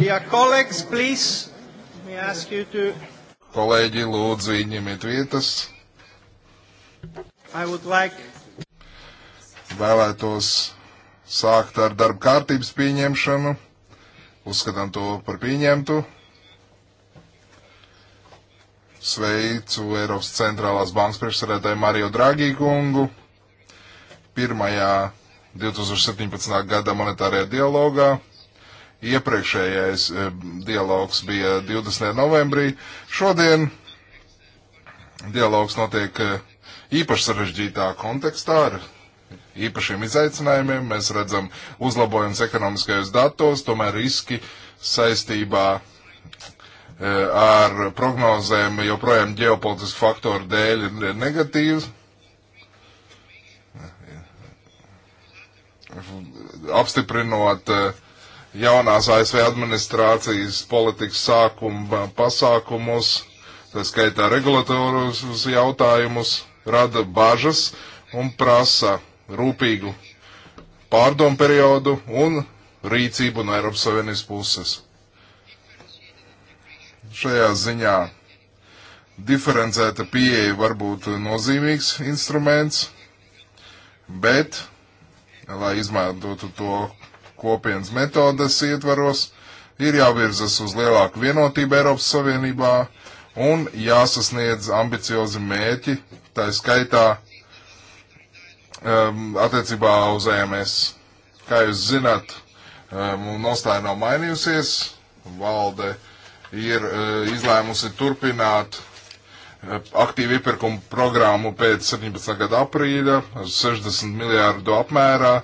Dear colleagues, please, we ask you to... Kolēģi, lūdzu, ieņemiet vietas. I would like... Vēlētos sākt ar darba kārtības pieņemšanu. Uzskatām to par pieņemtu. Sveicu Eiropas centrālās bankas priekšsarētāju Mario Dragī kungu. Pirmajā 2017. gada monetārajā dialogā Iepriekšējais eh, dialogs bija 20. novembrī. Šodien dialogs notiek eh, īpaši sarežģītā kontekstā ar īpašiem izaicinājumiem. Mēs redzam uzlabojums ekonomiskajos datos, tomēr riski saistībā eh, ar prognozēm joprojām ģeopolitisku faktoru dēļ ir negatīvs. Apstiprinot uh, jaunās ASV administrācijas politikas sākuma pasākumus, tā skaitā regulatorus jautājumus, rada bažas un prasa rūpīgu pārdomu periodu un rīcību no Eiropas Savienības puses. Šajā ziņā diferencēta pieeja var būt nozīmīgs instruments, bet, lai izmantotu to kopienas metodas ietvaros, ir jāvirzas uz lielāku vienotību Eiropas Savienībā un jāsasniedz ambiciozi mēķi, tā skaitā um, attiecībā uz EMS. Kā jūs zināt, um, nostāja nav mainījusies, valde ir uh, izlēmusi turpināt uh, aktīvu iepirkumu programmu pēc 17. gada aprīļa ar 60 miljārdu apmērā,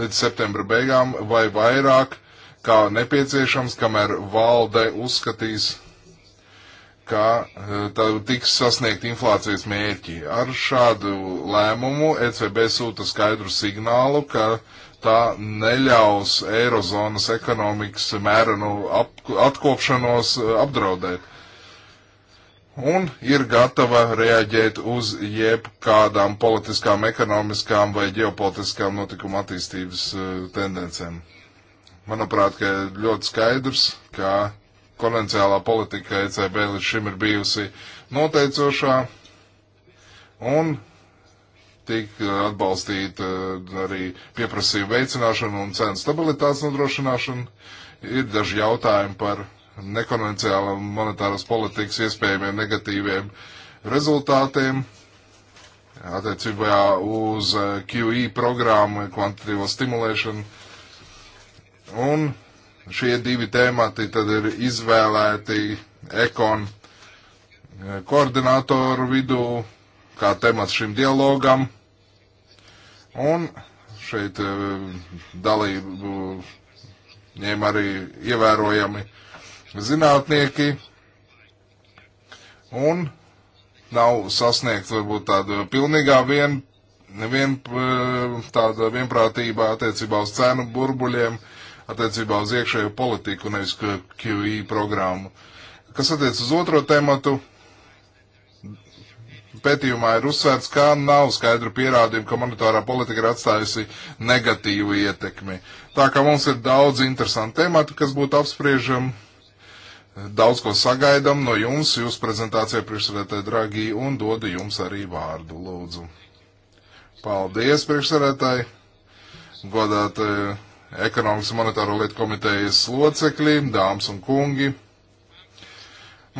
līdz septembra beigām vai vairāk, kā nepieciešams, kamēr valde uzskatīs, ka e, tiks sasniegt inflācijas mērķi. Ar šādu lēmumu ECB sūta skaidru signālu, ka tā neļaus Eirozonas ekonomikas mērenu ap, atkopšanos e, apdraudēt un ir gatava reaģēt uz jebkādām politiskām, ekonomiskām vai ģeopolitiskām notikuma attīstības uh, tendencēm. Manuprāt, ka ļoti skaidrs, ka konvencionālā politika ECB līdz šim ir bijusi noteicošā un tik eh, atbalstīta eh, arī pieprasījuma veicināšana un cenu stabilitātes nodrošināšana. Ir daži jautājumi par nekonvencionāla monetāras politikas iespējamiem negatīviem rezultātiem attiecībā uz eh, QE programmu, kvantitīvo stimulēšanu. Un šie divi tēmati tad ir izvēlēti ekon eh, koordinātoru vidū kā temats šim dialogam. Un šeit eh, dalību ņēma arī ievērojami uh, zinātnieki un nav sasniegt varbūt tādu pilnīgā vien, vien, eh, tāda vienprātība attiecībā uz cenu burbuļiem, attiecībā uz iekšējo politiku, nevis QE programmu. Kas attiec uz otro tematu, pētījumā ir uzsvērts, kā nav skaidru pierādījumu, ka monetārā politika ir atstājusi negatīvu ietekmi. Tā kā mums ir daudz interesanti temati, kas būtu apspriežami Daudz ko sagaidām no jums, jūs prezentācijā priekšsarētāji Dragī un dodu jums arī vārdu, lūdzu. Paldies, priekšsarētāji, godāt eh, ekonomikas monetāro lietu komitejas locekļi, dāmas un kungi.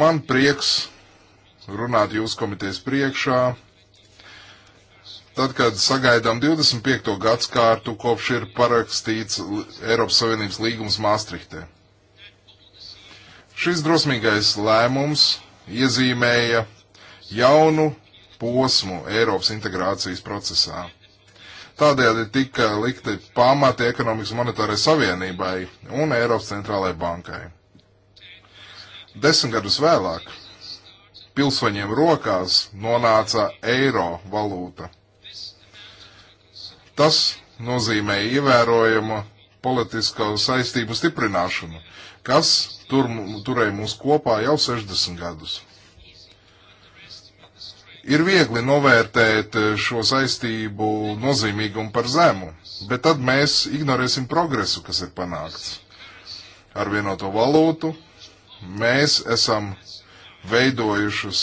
Man prieks runāt jūsu komitejas priekšā. Tad, kad sagaidām 25. gadskārtu, kopš ir parakstīts Eiropas Savienības līgums Māstrihtē. Šis drosmīgais lēmums iezīmēja jaunu posmu Eiropas integrācijas procesā. Tādējādi tika likti pamati ekonomikas monetārai savienībai un Eiropas centrālajai bankai. Desmit gadus vēlāk pilsoņiem rokās nonāca eiro valūta. Tas nozīmēja ievērojumu politisko saistību stiprināšanu, kas tur, turēja mūs kopā jau 60 gadus. Ir viegli novērtēt eh, šo saistību nozīmīgumu par zemu, bet tad mēs ignorēsim progresu, kas ir panākts. Ar vienoto valūtu mēs esam veidojušas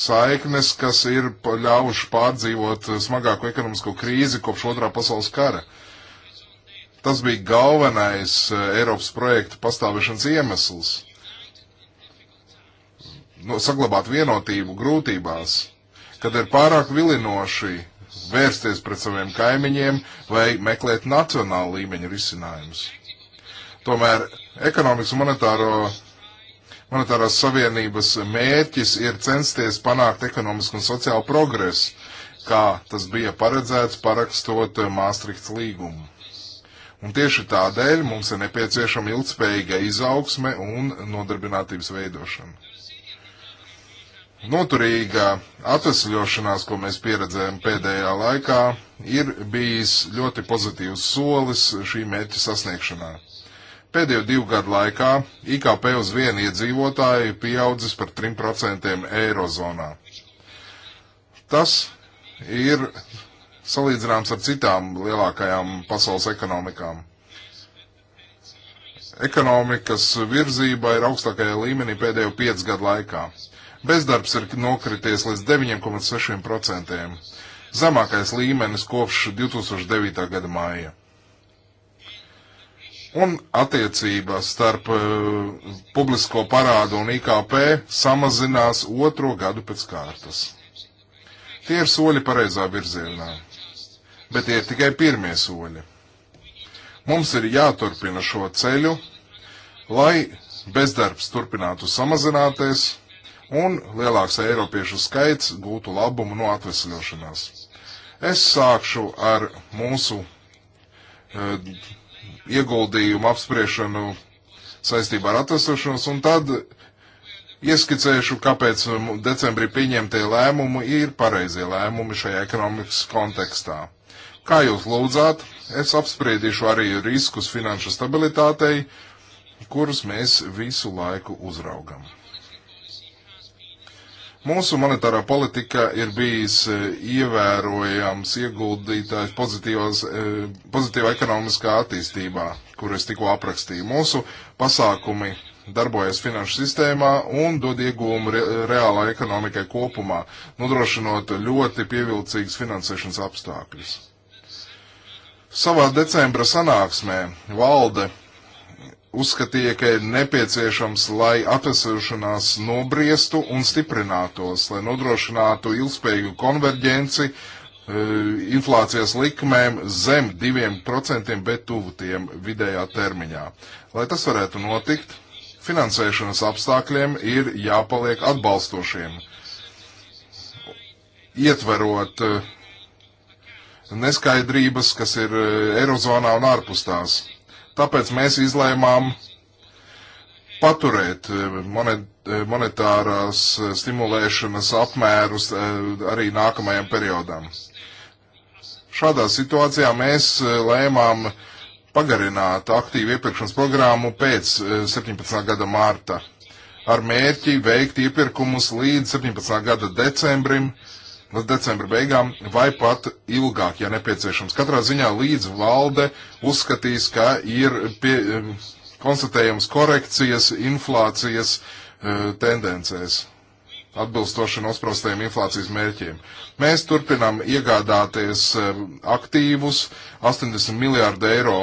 saiknes, kas ir ļāvuši pārdzīvot eh, smagāko ekonomisko krīzi kopš otrā pasaules kara. Tas bija galvenais eh, Eiropas projekta pastāvēšanas iemesls. Nu, saglabāt vienotību grūtībās, kad ir pārāk vilinoši vērsties pret saviem kaimiņiem vai meklēt nacionālu līmeņu risinājumus. Tomēr ekonomikas un monetāro Monetārās savienības mērķis ir censties panākt ekonomisku un sociālu progresu, kā tas bija paredzēts parakstot eh, Māstrihts līgumu. Un tieši tādēļ mums ir nepieciešama ilgspējīga izaugsme un nodarbinātības veidošana. Noturīga atvesļošanās, ko mēs pieredzējām pēdējā laikā, ir bijis ļoti pozitīvs solis šī mērķa sasniegšanā. Pēdējo divu gadu laikā IKP uz vienu iedzīvotāju pieaudzis par 3% eirozonā. Tas ir salīdzināms ar citām lielākajām pasaules ekonomikām. Ekonomikas virzība ir augstākajā līmenī pēdējo 5 gadu laikā. Bezdarbs ir nokrities līdz 9,6%, zemākais līmenis kopš 2009. gada māja. Un attiecības starp uh, publisko parādu un IKP samazinās otro gadu pēc kārtas. Tie ir soļi pareizā virzienā bet tie ir tikai pirmie soļi. Mums ir jāturpina šo ceļu, lai bezdarbs turpinātu samazināties un lielāks eiropiešu skaits gūtu labumu no atvesļošanās. Es sākšu ar mūsu e, ieguldījumu apspriešanu saistībā ar atvesļošanos, un tad ieskicēšu, kāpēc decembrī pieņemtie lēmumi ir pareizie lēmumi šajā ekonomikas kontekstā. Kā jūs lūdzāt, es apspriedīšu arī riskus finanšu stabilitātei, kurus mēs visu laiku uzraugam. Mūsu monetārā politika ir bijis eh, ievērojams ieguldītājs eh, pozitīvā ekonomiskā attīstībā, kur es tikko aprakstīju. Mūsu pasākumi darbojas finanšu sistēmā un dod iegūmu re, reālā ekonomikai kopumā, nodrošinot ļoti pievilcīgas finansēšanas apstākļus. Savā decembra sanāksmē valde uzskatīja, ka ir nepieciešams, lai atvesaļošanās nobriestu un stiprinātos, lai nodrošinātu ilgspējīgu konverģenci eh, inflācijas likmēm zem 2%, bet tuvu tiem vidējā termiņā. Lai tas varētu notikt, finansēšanas apstākļiem ir jāpaliek atbalstošiem, ietverot uh, neskaidrības, kas ir eh, Eirozonā un ārpus tās. Tāpēc mēs izlēmām paturēt eh, eh, monetārās stimulēšanas apmērus arī nākamajam periodam. Šādā situācijā mēs lēmām pagarināt aktīvu iepirkšanas programmu pēc 17. gada mārta ar mērķi veikt iepirkumus līdz 17. gada decembrim, līdz decembra beigām vai pat ilgāk, ja nepieciešams. Katrā ziņā līdz valde uzskatīs, ka ir pie, konstatējams korekcijas inflācijas e, tendencēs atbilstoši nosprostajiem inflācijas mērķiem. Mēs turpinām iegādāties e, aktīvus 80 miljārdu eiro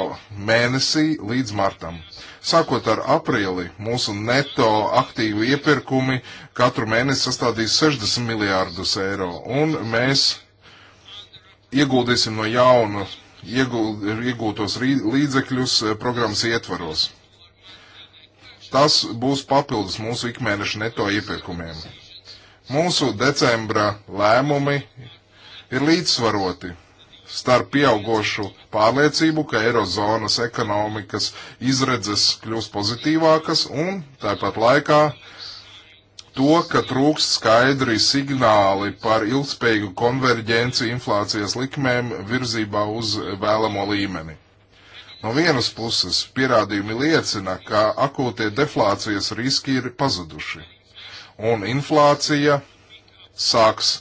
mēnesī līdz martam. Sākot ar aprīli, mūsu neto aktīvu iepirkumi katru mēnesi sastādīs 60 miljārdus eiro, un mēs ieguldīsim no jauna ieguld, iegūtos līdzekļus eh, programmas ietvaros. Tas būs papildus mūsu ikmēneša neto iepirkumiem. Mūsu decembra lēmumi ir līdzsvaroti starp pieaugošu pārliecību, ka Eirozonas ekonomikas izredzes kļūs pozitīvākas un tāpat laikā to, ka trūkst skaidri signāli par ilgspējīgu konverģenci inflācijas likmēm virzībā uz vēlamo līmeni. No vienas puses pierādījumi liecina, ka akūtie deflācijas riski ir pazuduši, un inflācija sāks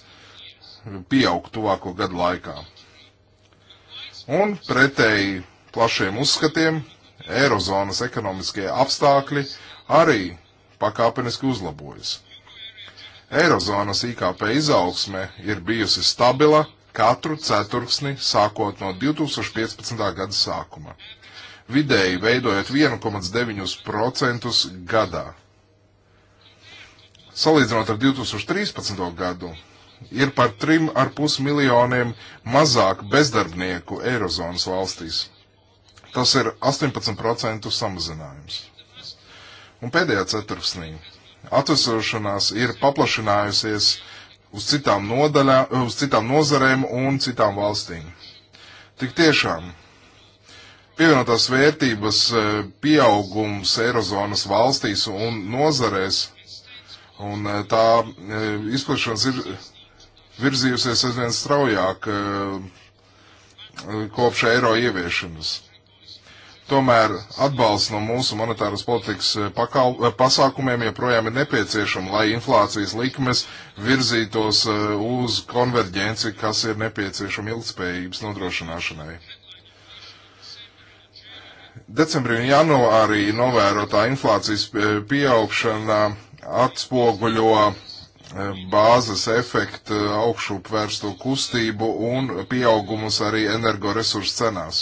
pieaugt tuvāko gadu laikā. Un pretēji plašiem uzskatiem, Eirozonas ekonomiskie apstākļi arī pakāpeniski uzlabojas. Eirozonas IKP izaugsme ir bijusi stabila katru ceturksni sākot no 2015. gada sākuma, vidēji veidojot 1,9% gadā. Salīdzinot ar 2013. gadu, ir par 3,5 miljoniem mazāk bezdarbnieku Eirozonas valstīs. Tas ir 18% samazinājums. Un pēdējā ceturksnī atvesošanās ir paplašinājusies uz citām, nodaļā, uz citām nozarēm un citām valstīm. Tik tiešām pievienotās vērtības e, pieaugums Eirozonas valstīs un nozarēs un e, tā e, izplatīšanās ir virzījusies aizvien straujāk eh, kopš eiro ieviešanas. Tomēr atbalsts no mūsu monetāras politikas eh, pakal, eh, pasākumiem joprojām ir nepieciešama, lai inflācijas likmes virzītos uz konverģenci, kas ir nepieciešama ilgspējības nodrošināšanai. Decembrī un janvārī novērotā inflācijas pieaugšana atspoguļo bāzes efektu eh, augšup vērsto kustību un pieaugumus arī energoresursu cenās.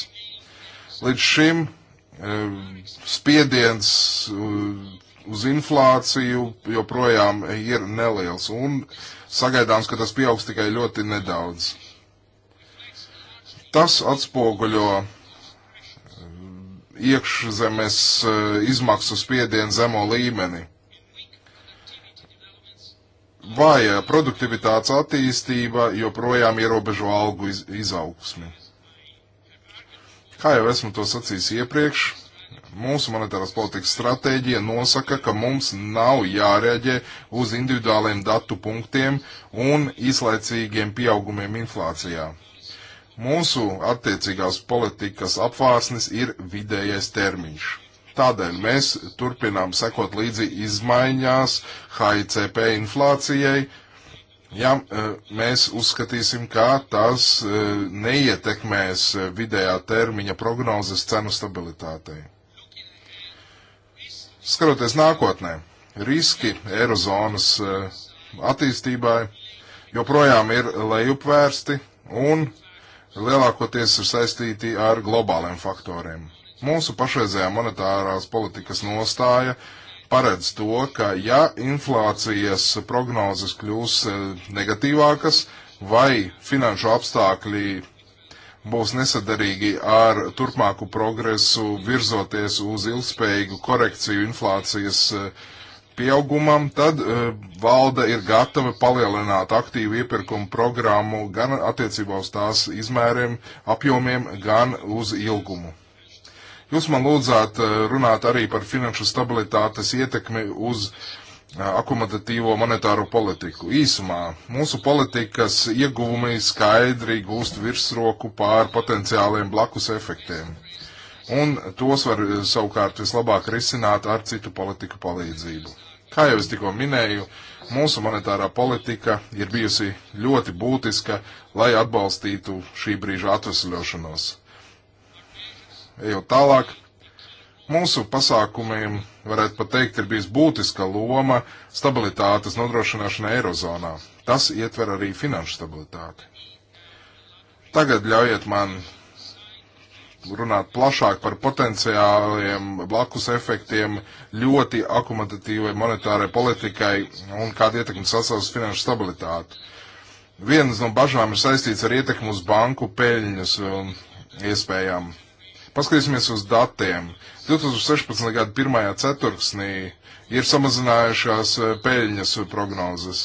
Līdz šim eh, spiediens eh, uz inflāciju joprojām ir neliels un sagaidāms, ka tas pieaugs tikai ļoti nedaudz. Tas atspoguļo iekšzemes izmaksu spiedienu zemo līmeni vāja eh, produktivitātes attīstība joprojām ierobežo algu iz, izaugsmi. Kā jau esmu to sacījis iepriekš, mūsu monetārās politikas stratēģija nosaka, ka mums nav jārēģē uz individuāliem datu punktiem un izlaicīgiem pieaugumiem inflācijā. Mūsu attiecīgās politikas apvārsnes ir vidējais termiņš. Tādēļ mēs turpinām sekot līdzi izmaiņās HICP inflācijai, ja e, mēs uzskatīsim, ka tas e, neietekmēs e, vidējā termiņa prognozes cenu stabilitātei. Skatoties nākotnē, riski Eirozonas attīstībai joprojām ir lejupvērsti un lielākoties ir saistīti ar globāliem faktoriem. Mūsu pašreizējā monetārās politikas nostāja paredz to, ka ja inflācijas prognozes kļūs e, negatīvākas vai finanšu apstākļi būs nesadarīgi ar turpmāku progresu virzoties uz ilgspējīgu korekciju inflācijas e, pieaugumam, tad e, valde ir gatava palielināt aktīvu iepirkumu programmu gan attiecībā uz tās izmēriem, apjomiem, gan uz ilgumu. Jūs man lūdzāt eh, runāt arī par finanšu stabilitātes ietekmi uz eh, akumulatīvo monetāro politiku. Īsumā mūsu politikas ieguvumi skaidri gūst virsroku pār potenciāliem blakus efektiem. Un tos var eh, savukārt vislabāk risināt ar citu politiku palīdzību. Kā jau es tikko minēju, mūsu monetārā politika ir bijusi ļoti būtiska, lai atbalstītu šī brīža atvesļošanos ejot tālāk, mūsu pasākumiem, varētu pat teikt, ir bijis būtiska loma stabilitātes nodrošināšana Eirozonā. Tas ietver arī finanšu stabilitāti. Tagad ļaujiet man runāt plašāk par potenciāliem blakus efektiem ļoti akumulatīvai monetārai politikai un kāda ietekme sasaucas finanšu stabilitāti. Vienas no bažām ir saistīts ar ietekmu uz banku peļņas um, iespējām. Paskatīsimies uz datiem. 2016. gada 1. ceturksnī ir samazinājušās eh, peļņas prognozes.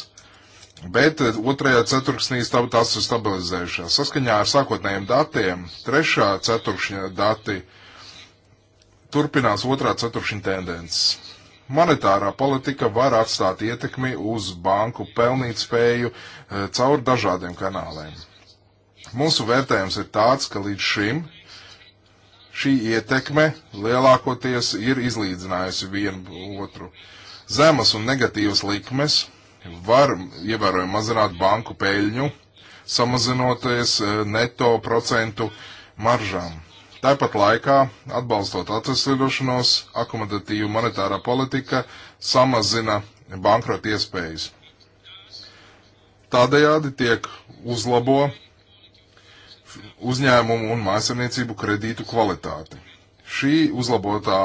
Bet eh, otrajā ceturksnī tās ir stabilizējušās. Saskaņā ar sākotnējiem datiem, trešā ceturkšņa dati turpinās otrā ceturkšņa tendences. Monetārā politika var atstāt ietekmi uz banku pelnīt spēju eh, caur dažādiem kanāliem. Mūsu vērtējums ir tāds, ka līdz šim šī ietekme lielākoties ir izlīdzinājusi vienu otru. Zemas un negatīvas likmes var ievērojami mazināt banku peļņu, samazinoties e, neto procentu maržām. Tāpat laikā, atbalstot atvesļošanos, akomodatīva monetārā politika samazina bankrota iespējas. Tādējādi tiek uzlabo uzņēmumu un mājasemniecību kredītu kvalitāti. Šī uzlabotā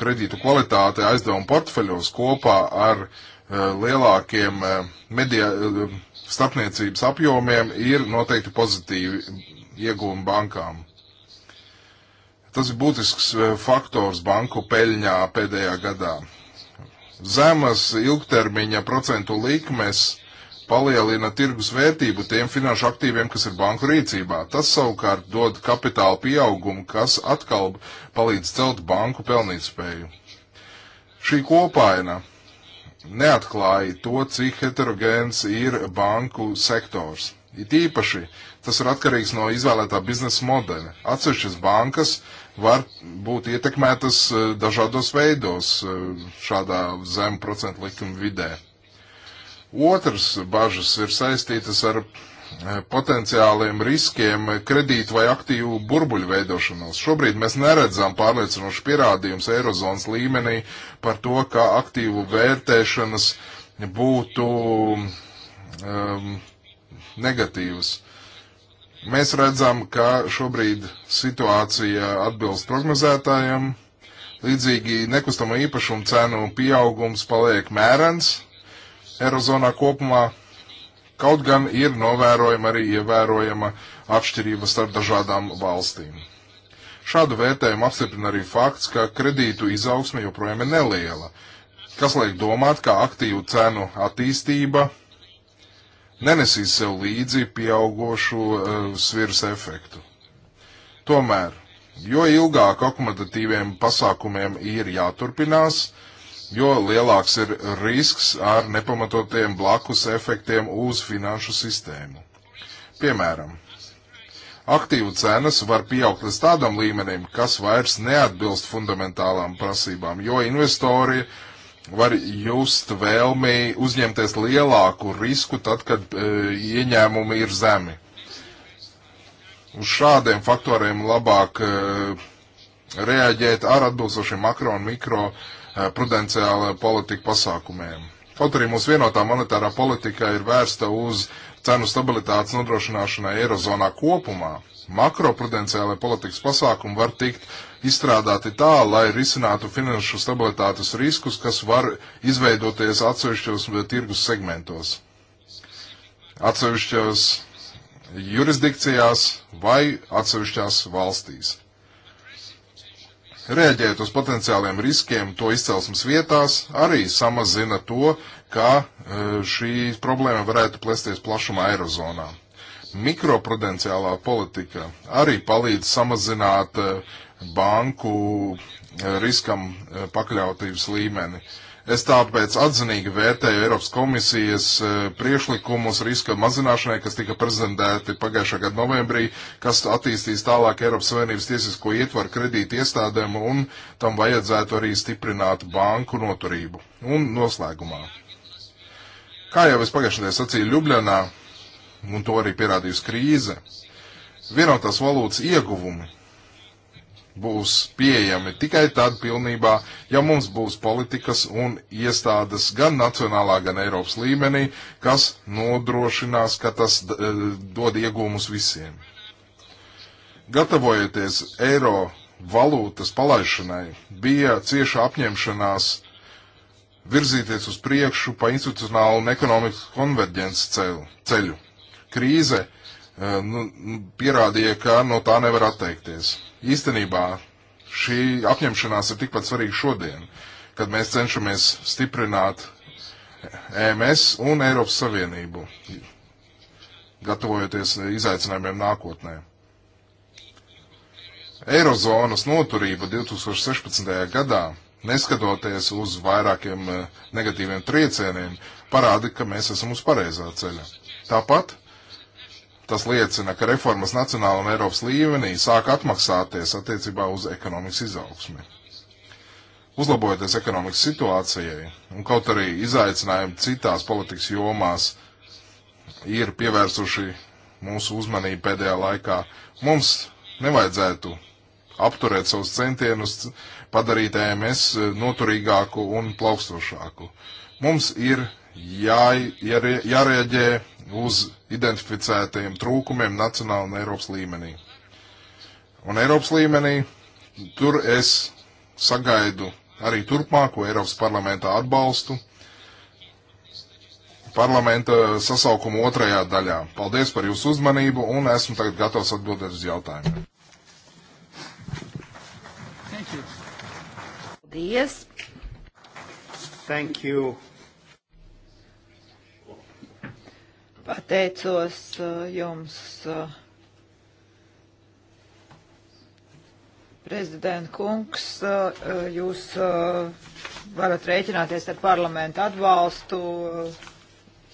kredītu kvalitāte aizdevuma portfeļos kopā ar uh, lielākiem uh, media, uh, starpniecības apjomiem ir noteikti pozitīvi iegūmi bankām. Tas ir būtisks faktors banku peļņā pēdējā gadā. Zemas ilgtermiņa procentu likmes palielina tirgus vērtību tiem finanšu aktīviem, kas ir banku rīcībā. Tas savukārt dod kapitāla pieaugumu, kas atkal palīdz celt banku pelnītspēju. Šī kopaina neatklāja to, cik heterogēns ir banku sektors. It īpaši tas ir atkarīgs no izvēlētā biznesa modeļa. Atsevišķas bankas var būt ietekmētas eh, dažādos veidos eh, šādā zemu procentu likuma vidē. Otrs bažas ir saistītas ar e, potenciāliem riskiem kredītu vai aktīvu burbuļu veidošanos. Šobrīd mēs neredzam pārliecinošu pierādījumus Eirozonas līmenī par to, ka aktīvu vērtēšanas būtu um, negatīvas. Mēs redzam, ka šobrīd situācija atbilst prognozētājiem. Līdzīgi nekustamo īpašumu cenu pieaugums paliek mērens, Eirozonā kopumā. Kaut gan ir novērojama arī ievērojama atšķirība starp dažādām valstīm. Šādu vērtējumu apstiprina arī fakts, ka kredītu izaugsme joprojām ir neliela, kas liek domāt, ka aktīvu cenu attīstība nenesīs sev līdzi pieaugošu uh, eh, svirs efektu. Tomēr, jo ilgāk akumulatīviem pasākumiem ir jāturpinās, uh, jo lielāks ir risks ar nepamatotiem blakus efektiem uz finanšu sistēmu. Piemēram, aktīvu cenas var pieaugt līdz tādam līmenim, kas vairs neatbilst fundamentālām prasībām, jo investori var just vēlmi uzņemties lielāku risku tad, kad e, ieņēmumi ir zemi. Uz šādiem faktoriem labāk e, reaģēt ar atbilstošiem makro un mikro e, Eh, prudenciāla politika pasākumiem. Kaut arī mūsu vienotā monetārā politika ir vērsta uz cenu stabilitātes nodrošināšanai Eirozonā kopumā, makroprudenciālai politikas pasākumi var tikt izstrādāti tā, lai risinātu finanšu stabilitātes riskus, kas var izveidoties atsevišķos eh, tirgus segmentos, atsevišķos jurisdikcijās vai atsevišķās valstīs reaģēt uz potenciāliem riskiem to izcelsmes vietās, arī samazina to, kā e, šī problēma varētu plēsties plašumā Eirozonā. Mikroprudenciālā politika arī palīdz samazināt e, banku e, riskam pakļautības līmeni. Uh, Es tāpēc atzinīgi vērtēju Eiropas komisijas e, priešlikumus riska mazināšanai, kas tika prezentēti pagājušā gada novembrī, kas attīstīs tālāk Eiropas Savienības tiesisko ietvaru kredīti iestādēm un tam vajadzētu arī stiprināt banku noturību. Un noslēgumā. Kā jau es pagājušajā sacīju Ljubljanā, un to arī pierādījusi krīze, vienotās valūtas ieguvumi būs pieejami tikai tad pilnībā, ja mums būs politikas un iestādes gan nacionālā, gan Eiropas līmenī, kas nodrošinās, ka tas e, dod iegūmus visiem. Gatavojoties eiro valūtas palaišanai, bija cieša apņemšanās virzīties uz priekšu pa institucionālu un ekonomikas konverģences ceļu. ceļu. Krīze e, nu, nu, pierādīja, ka no tā nevar atteikties. Īstenībā šī apņemšanās ir tikpat svarīga šodien, kad mēs cenšamies stiprināt EMS un Eiropas Savienību, gatavojoties izaicinājumiem nākotnē. Eirozonas noturība 2016. gadā, neskatoties uz vairākiem eh, negatīviem triecieniem, parāda, ka mēs esam uz pareizā ceļa. Tāpat Tas liecina, ka reformas nacionāla un Eiropas līmenī sāk atmaksāties attiecībā uz ekonomikas izaugsmi. Uzlabojoties ekonomikas situācijai, un kaut arī izaicinājumi citās politikas jomās ir pievērsuši mūsu uzmanību pēdējā laikā, mums nevajadzētu apturēt savus centienus, padarīt EMS noturīgāku un plaukstošāku. Mums ir jā, jā, jārēģē uz identificētajiem trūkumiem nacionāla un Eiropas līmenī. Un Eiropas līmenī tur es sagaidu arī turpmāko Eiropas parlamentā atbalstu parlamenta sasaukuma otrajā daļā. Paldies par jūsu uzmanību un esmu tagad gatavs atbildēt uz jautājumiem. Paldies. Thank you. Pateicos uh, jums, uh, prezidenta kungs, uh, jūs varat rēķināties ar parlamentu atbalstu,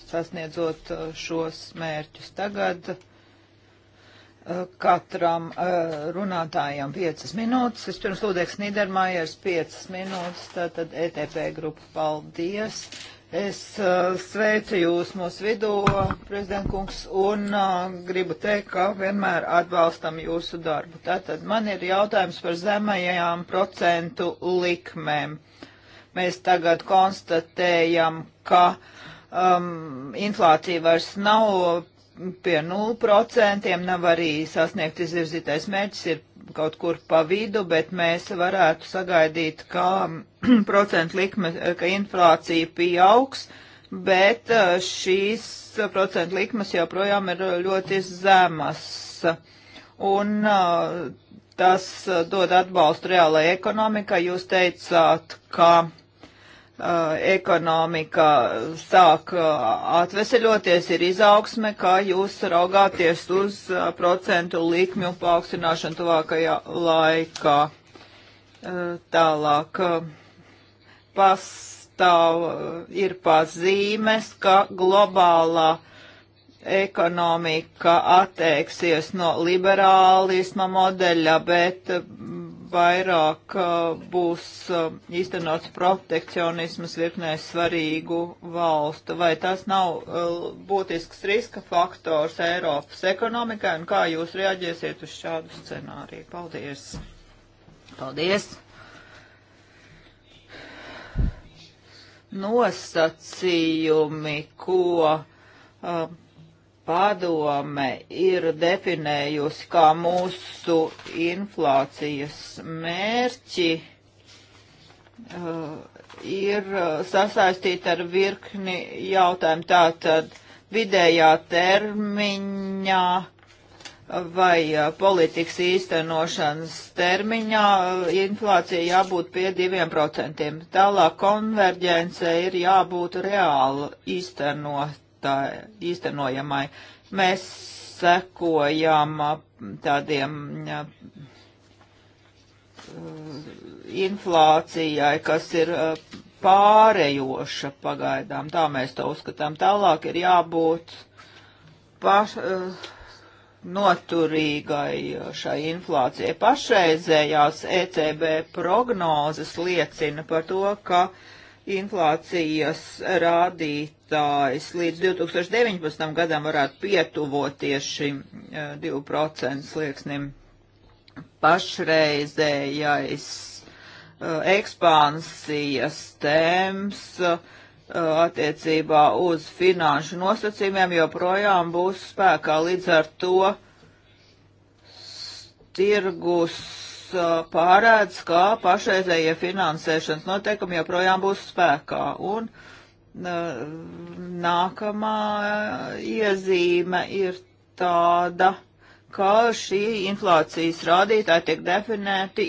sasniedzot šos mērķus tagad. Katram uh, runātājam 5 minūtes. Vispirms Lūdeks Nīdermājers 5 minūtes, tātad ETP grupa paldies. Es uh, sveicu jūs mūsu vidū, prezidentkungs, un uh, gribu teikt, ka vienmēr atbalstam jūsu darbu. Tātad man ir jautājums par zemajām procentu likmēm. Mēs tagad konstatējam, ka um, inflācija vairs nav pie 0%, nav arī sasniegt izvirzītais mērķis, ir kaut kur pa vidu, bet mēs varētu sagaidīt, ka procentu likme, ka inflācija pieaugs, bet uh, šīs procentu likmes joprojām ir ļoti zemas. Un uh, tas uh, dod atbalstu reālajai ekonomikai. Jūs teicāt, ka Eh, ekonomika sāk eh, atveseļoties, ir izaugsme, kā jūs raugāties uz eh, procentu likmju paaugstināšanu tuvākajā laikā. Tālāk pastāv ir pazīmes, ka globālā ekonomika atteiksies no liberālisma modeļa, bet vairāk būs uh, īstenots protekcionismas virknē svarīgu valstu, vai tas nav uh, būtisks riska faktors Eiropas ekonomikai, un kā jūs reaģēsiet uz šādu scenāriju? Paldies! Paldies! Nosacījumi, ko. Uh, padome ir definējusi kā mūsu inflācijas mērķi, uh, ir uh, sasaistīta ar virkni jautājumu. Tātad vidējā termiņā vai uh, politikas īstenošanas termiņā inflācija jābūt pie 2%. Tālāk konverģence ir jābūt reāli īstenot tā īstenojamai. Mēs sekojam uh, tādiem uh, inflācijai, kas ir uh, pārējoša pagaidām, tā mēs to uzskatām. Tālāk ir jābūt paš, noturīgai šai inflācijai. Pašreizējās ECB prognozes liecina par to, ka uh, inflācijas rādītājs līdz 2019. gadam varētu pietuvoties šim 2% eh, slieksnim. Pašreizējais eh, ekspansijas tēms eh, attiecībā uz finanšu nosacījumiem joprojām būs spēkā līdz ar to tirgus Uh, pārēdz, ka pašreizējie finansēšanas noteikumi joprojām būs spēkā. Un uh, nākamā iezīme ir tāda, ka šī inflācijas rādītāji tiek definēti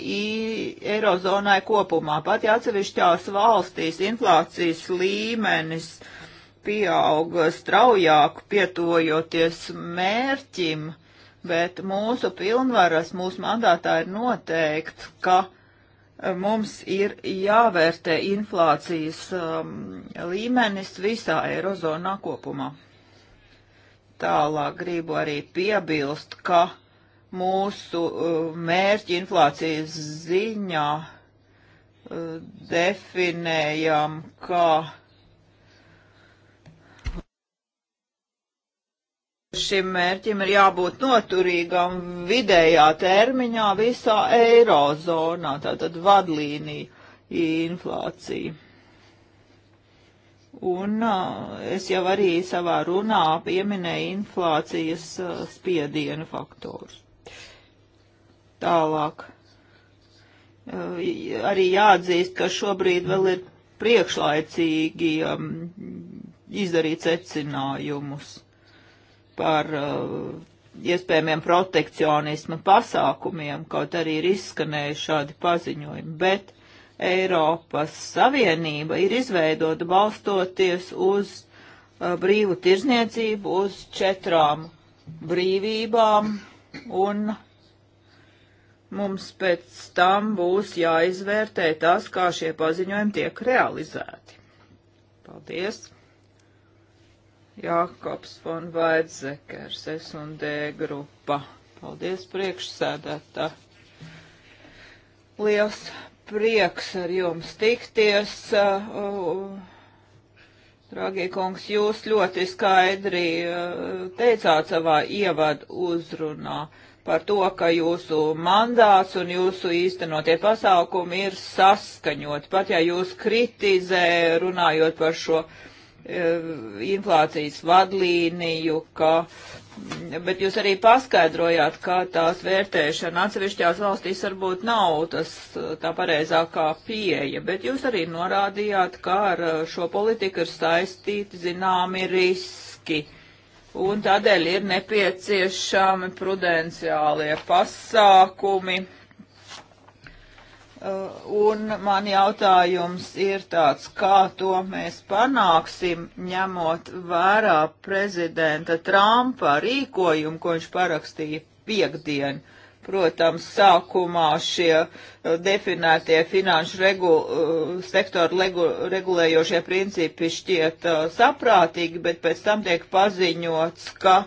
eirozonai kopumā. Pat ja atsevišķās valstīs inflācijas līmenis pieauga straujāk pietuvojoties mērķim, uh, bet mūsu pilnvaras, mūsu mandātā ir noteikts, ka e, mums ir jāvērtē inflācijas um, līmenis visā Eirozonā kopumā. Tālāk gribu arī piebilst, ka mūsu uh, mērķi inflācijas ziņā uh, definējam, ka Šim mērķim ir jābūt noturīgam vidējā termiņā visā eirozonā, tātad vadlīnija inflācija. Un es jau arī savā runā pieminēju inflācijas spiedienu faktors. Tālāk. Arī jāatzīst, ka šobrīd vēl ir priekšlaicīgi um, izdarīt secinājumus par eh, iespējamiem protekcionisma pasākumiem, kaut arī ir izskanējuši šādi paziņojumi, bet Eiropas Savienība ir izveidota balstoties uz eh, brīvu tirzniecību, uz četrām brīvībām, un mums pēc tam būs jāizvērtē tas, kā šie paziņojumi tiek realizēti. Paldies! Jākops un Vaidzekers, S un D grupa. Paldies priekšsēdētā. Liels prieks ar jums tikties. Uh, uh Dragie kungs, jūs ļoti skaidri uh, teicāt savā ievadu uzrunā par to, ka jūsu mandāts un jūsu īstenotie pasākumi ir saskaņot, pat ja jūs kritizē runājot par šo uh, Eh, inflācijas vadlīniju, ka, bet jūs arī paskaidrojāt, kā tās vērtēšana atsevišķās valstīs varbūt nav tas eh, tā pareizākā pieeja, bet jūs arī norādījāt, kā ar eh, šo politiku ir saistīti zināmi riski. Un tādēļ ir nepieciešami prudenciālie pasākumi Uh, un man jautājums ir tāds, kā to mēs panāksim, ņemot vērā prezidenta Trumpa rīkojumu, ko viņš parakstīja piekdien. Protams, sākumā šie uh, definētie finanšu regu, uh, sektoru regu, regulējošie principi šķiet saprātīgi, bet pēc tam tiek paziņots, ka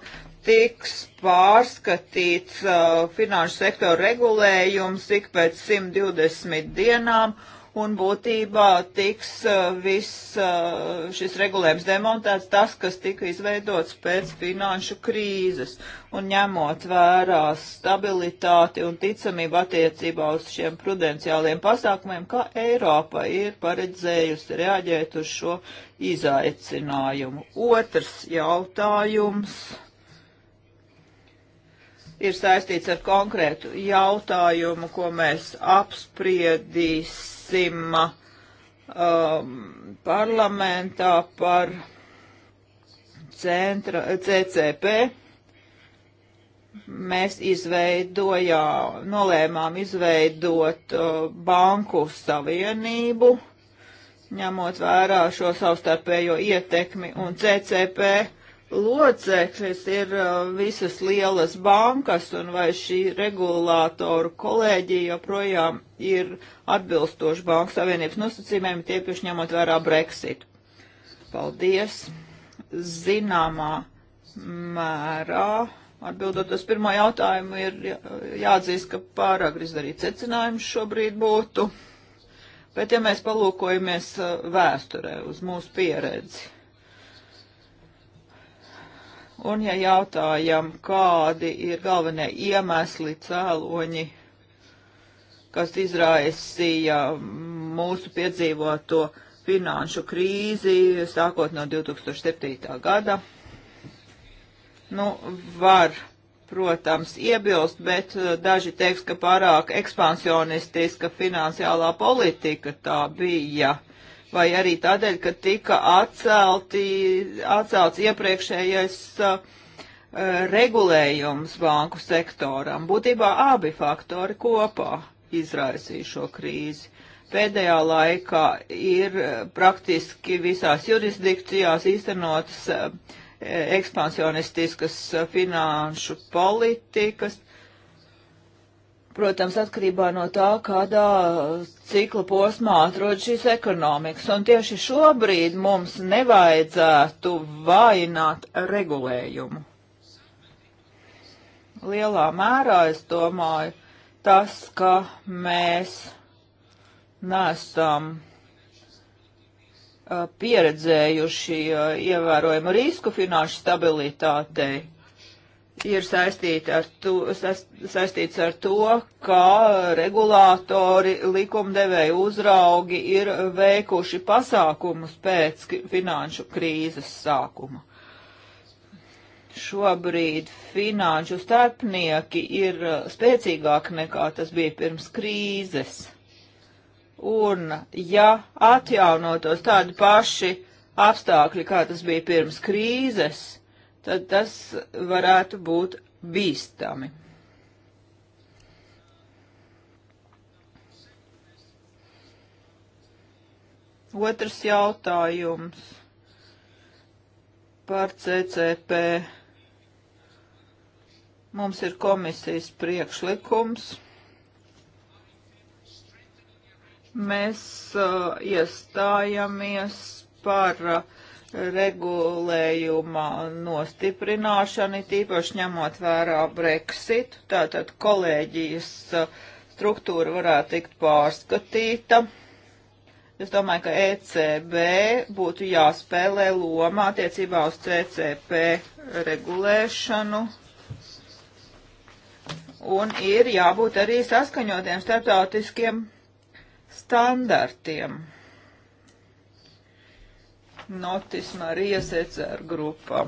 tiks pārskatīts uh, finanšu sektora regulējums ik pēc 120 dienām, un būtībā tiks uh, viss uh, šis regulējums demontēts tas, kas tika izveidots pēc finanšu krīzes, un ņemot vērā stabilitāti un ticamību attiecībā uz šiem prudenciāliem pasākumiem, kā Eiropa ir paredzējusi reaģēt uz šo izaicinājumu. Otrs jautājums ir saistīts ar konkrētu jautājumu, ko mēs apspriedīsim um, parlamentā par centra, CCP. Mēs izveidojām, nolēmām izveidot uh, banku savienību, ņemot vērā šo savstarpējo ietekmi un CCP loceklis ir uh, visas lielas bankas un vai šī regulātoru kolēģija joprojām ir atbilstoši Banku Savienības nosacījumiem, tiepaši ņemot vērā Brexit. Paldies! Zināmā mērā, atbildot uz pirmo jautājumu, ir jāatzīst, ka pārāk izdarīt secinājumus šobrīd būtu. Bet ja mēs palūkojamies uh, vēsturē uz mūsu pieredzi, Un, ja jautājam, kādi ir galvenie iemesli cēloņi, kas izraisīja mūsu piedzīvoto finanšu krīzi, sākot no 2007. gada, nu, var, protams, iebilst, bet eh, daži teiks, ka pārāk ekspansionistiska finansiālā politika tā bija vai arī tādēļ, ka tika atcelti, atcelts iepriekšējais uh, uh, regulējums banku sektoram. Būtībā abi faktori kopā izraisīja šo krīzi. Pēdējā laikā ir uh, praktiski visās jurisdikcijās īstenotas uh, ekspansionistiskas uh, finanšu politikas, protams, atkarībā no tā, kādā cikla posmā atrodas šīs ekonomikas. Un tieši šobrīd mums nevajadzētu vājināt regulējumu. Lielā mērā, es domāju, tas, ka mēs nesam pieredzējuši ievērojumu risku finanšu stabilitātei ir saistīti ar to, saistīts ar to, ka regulātori, likumdevēji uzraugi ir veikuši pasākumus pēc finanšu krīzes sākuma. Šobrīd finanšu starpnieki ir spēcīgāki nekā tas bija pirms krīzes. Un ja atjaunotos tādi paši apstākļi, kā tas bija pirms krīzes, tad tas varētu būt bīstami. Otrs jautājums par CCP. Mums ir komisijas priekšlikums. Mēs uh, iestājamies par uh, regulējuma nostiprināšana, tīpaši ņemot vērā Brexitu, tātad kolēģijas uh, struktūra varētu tikt pārskatīta. Es domāju, ka ECB būtu jāspēlē loma attiecībā uz CCP regulēšanu. Un ir jābūt arī saskaņotiem starptautiskiem standartiem. Notis Marijas ECR grupa.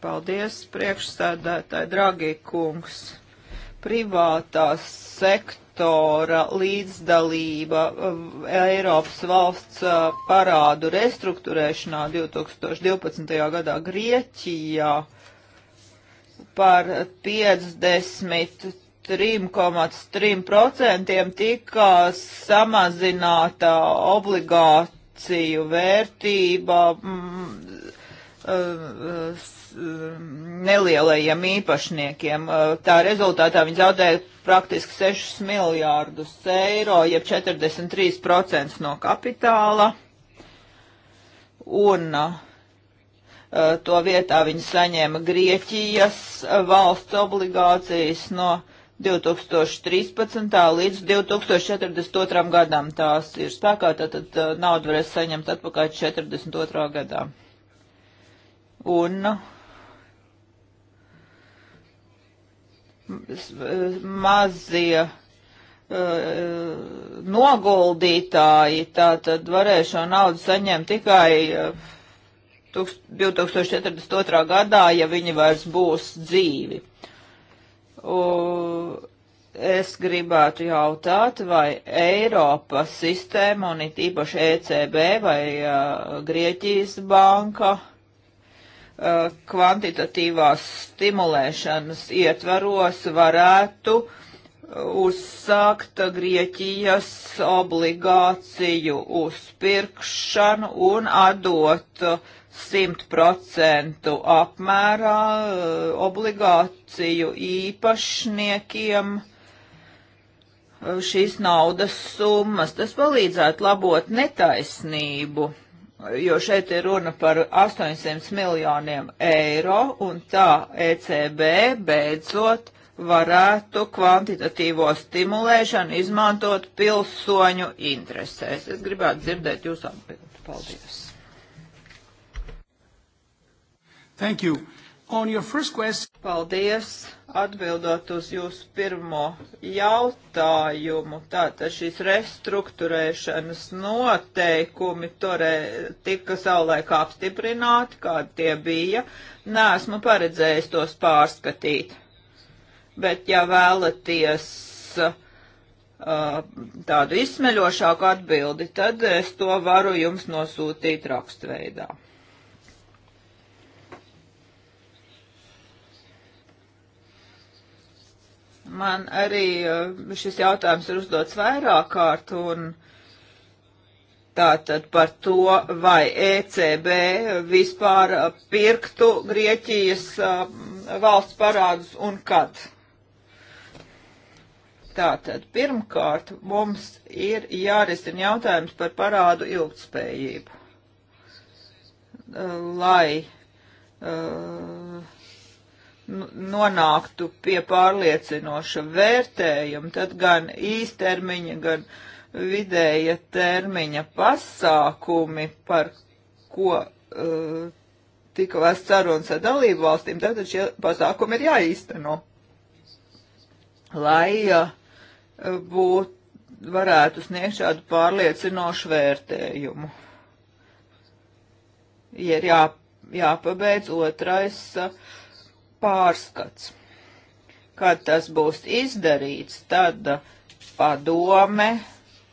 Paldies, priekšsēdētāji, dragi kungs. Privātā sektora līdzdalība eh, Eiropas valsts eh, parādu restruktūrēšanā 2012. gadā Grieķijā par 50 3,3% tika samazināta obligāciju vērtība mm, mm, nelielajiem īpašniekiem. Tā rezultātā viņi zaudēja praktiski 6 miljārdus eiro, jeb 43% no kapitāla. Un eh, to vietā viņi saņēma Grieķijas valsts obligācijas no 2013. līdz 2042. gadam tās ir spēkā, tad, tad uh, naudu varēs saņemt atpakaļ 42. gadā. Un mazie uh, uh noguldītāji tātad varēs šo naudu saņemt tikai uh, 2042. gadā, ja viņi vairs būs dzīvi. Uh, es gribētu jautāt, vai Eiropas sistēma un it īpaši ECB vai uh, Grieķijas banka uh, kvantitatīvās stimulēšanas ietvaros varētu uzsākt Grieķijas obligāciju uzpirkšanu un atdot uh, 100% apmērā eh, obligāciju īpašniekiem eh, šīs naudas summas. Tas palīdzētu labot netaisnību, jo šeit ir runa par 800 miljoniem eiro, un tā ECB beidzot varētu kvantitatīvo stimulēšanu izmantot pilsoņu interesēs. Es gribētu dzirdēt jūsu atbildi. Paldies! Thank you. On your first question. Paldies. Atbildot uz jūsu pirmo jautājumu, tātad šīs restruktūrēšanas noteikumi toreiz tika savulaik apstiprināti, kādi tie bija. Nesmu paredzējis tos pārskatīt. Bet, ja vēlaties uh, tādu izsmeļošāku atbildi, tad es to varu jums nosūtīt rakstveidā. Man arī eh, šis jautājums ir uzdots vairāk kārt un tātad par to, vai ECB vispār pirktu Grieķijas eh, valsts parādus un kad. Tātad pirmkārt mums ir jārisina jautājums par parādu ilgtspējību. Eh, lai uh, nonāktu pie pārliecinoša vērtējuma, tad gan īstermiņa, gan vidēja termiņa pasākumi, par ko uh, tika vēst sarunas ar dalību valstīm, tad šie pasākumi ir jāīsteno, lai uh, būt, varētu sniegt šādu pārliecinošu vērtējumu. Ja ir jā, jāpabeidz otrais uh, pārskats. Kad tas būs izdarīts, tad padome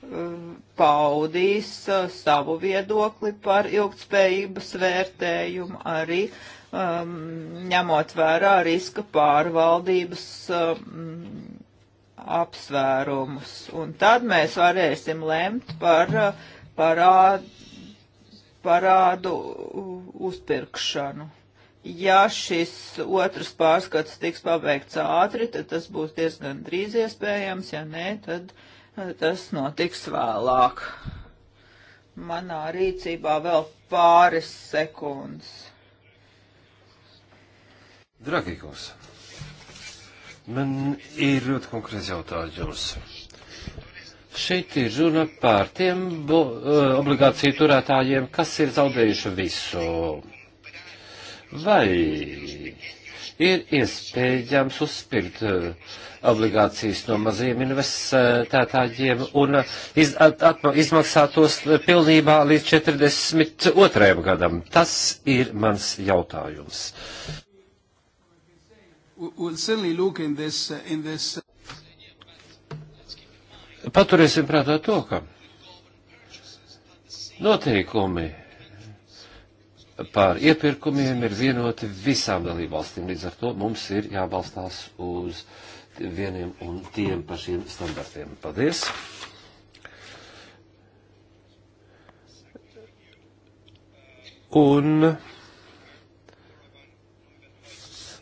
mm, paudīs uh, savu viedokli par ilgtspējības vērtējumu arī um, ņemot vērā riska pārvaldības um, apsvērumus. Un tad mēs varēsim lemt par uh, parādu, parādu uzpirkšanu. Ja šis otrs pārskats tiks pabeigts ātri, tad tas būs diezgan drīz iespējams, ja nē, tad eh, tas notiks vēlāk. Manā rīcībā vēl pāris sekundes. Drakīkos, man ir ļoti konkrēts jautājums. Šeit ir runa par tiem eh, obligāciju turētājiem, kas ir zaudējuši visu vai ir iespējams uzspirt eh, obligācijas no maziem investētājiem un iz, at, at, izmaksāt tos eh, pilnībā līdz 42. gadam. Tas ir mans jautājums. Eh, Paturēsim prātā to, ka noteikumi pār iepirkumiem ir vienoti visām dalībvalstīm. Līdz ar to mums ir jābalstās uz vieniem un tiem pašiem standartiem. Paldies! Un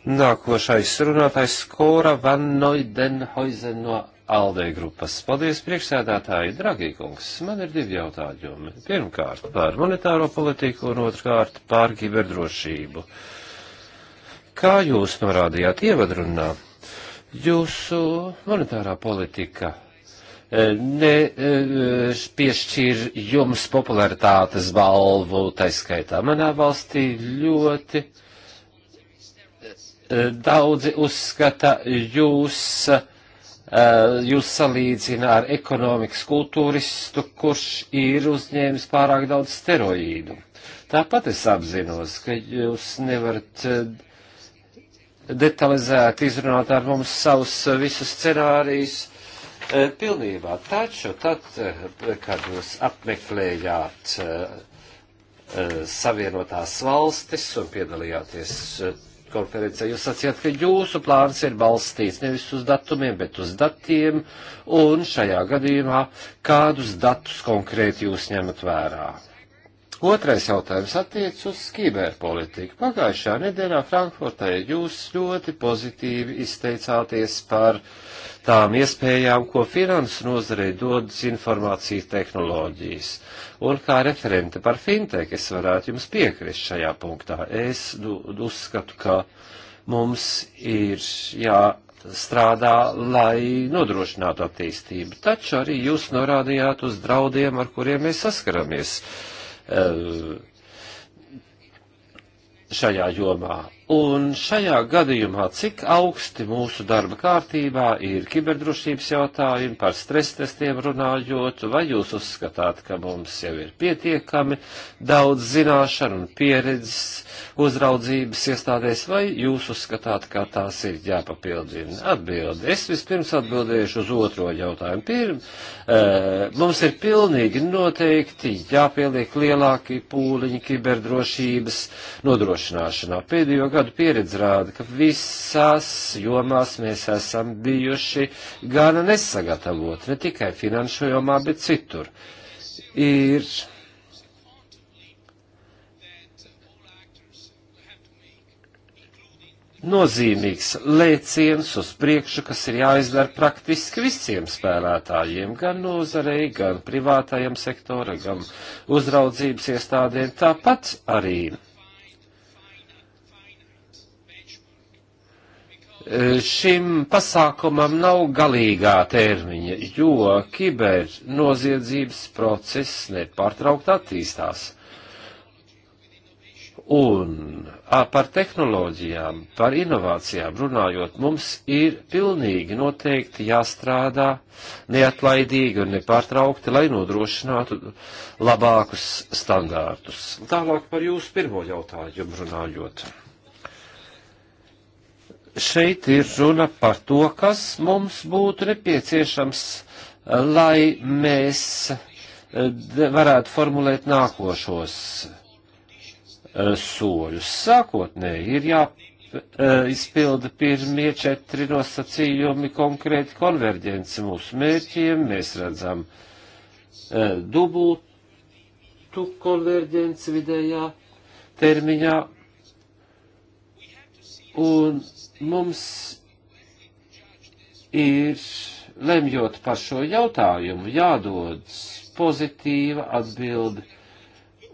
nākošais runātājs Skora Van Noidenhoizen no Aldei grupas. Paldies, priekšsēdētāji, dragī kungs. Man ir divi jautājumi. Pirmkārt, par monetāro politiku un otrkārt par kiberdrošību. Kā jūs norādījāt ievadrunā, jūsu monetārā politika e, ne e, piešķir jums popularitātes balvu, taiskaitā manā valstī ļoti e, daudzi uzskata jūs uh, Eh, jūs salīdzina ar ekonomikas kultūristu, kurš ir uzņēmis pārāk daudz steroīdu. Tāpat es apzinos, ka jūs nevarat eh, detalizēti izrunāt ar mums savus eh, visus scenārijus pilnībā. Taču tad, kad jūs apmeklējāt Savienotās valstis un piedalījāties konferencē. Jūs sacījāt, ka jūsu plāns ir balstīts nevis uz datumiem, bet uz datiem, un šajā gadījumā kādus datus konkrēti jūs ņemat vērā. Otrais jautājums attiec uz kiberpolitiku. Pagājušā nedēļā Frankfurtē jūs ļoti pozitīvi izteicāties par tām iespējām, ko finanses nozarei dodas informācijas tehnoloģijas. Un kā referente par fintech es varētu jums piekrist šajā punktā. Es nu, uzskatu, ka mums ir jāstrādā, lai nodrošinātu attīstību. Taču arī jūs norādījāt uz draudiem, ar kuriem mēs saskaramies Eh, šajā jomā. Un šajā gadījumā, cik augsti mūsu darba kārtībā ir kiberdrošības jautājumi, par stres testiem runājot, vai jūs uzskatāt, ka mums jau ir pietiekami daudz zināšanu un pieredzes uzraudzības iestādēs, vai jūs uzskatāt, kā tās ir jāpapildina? Atbildi. Es vispirms atbildēšu uz otro jautājumu. Pirm, uh, mums ir pilnīgi noteikti jāpieliek lielāki pūliņi kiberdrošības nodrošināšanā. Pēdējo gadu pieredze rāda, ka visās jomās mēs esam bijuši gana nesagatavoti, ne tikai finanšu jomā, bet citur. Ir nozīmīgs lēciens uz priekšu, kas ir jāizdara praktiski visiem spēlētājiem, gan nozarei, gan privātajam sektoram, gan uzraudzības iestādēm, tāpat arī e, šim pasākumam nav galīgā termiņa, jo kibernoziedzības process nepārtraukt attīstās. Un par tehnoloģijām, par inovācijām runājot, mums ir pilnīgi noteikti jāstrādā neatlaidīgi un nepārtraukti, lai nodrošinātu labākus standārtus. Tālāk par jūsu pirmo jautājumu runājot. Šeit ir runa par to, kas mums būtu nepieciešams, lai mēs eh, varētu formulēt nākošos Eh, soļus. Sākotnēji ir jāizpilda eh, pirmie četri nosacījumi konkrēti konverģenci mūsu mērķiem. Mēs redzam eh, dubultu konverģenci vidējā termiņā. Un mums ir, lemjot par šo jautājumu, jādod pozitīva atbildi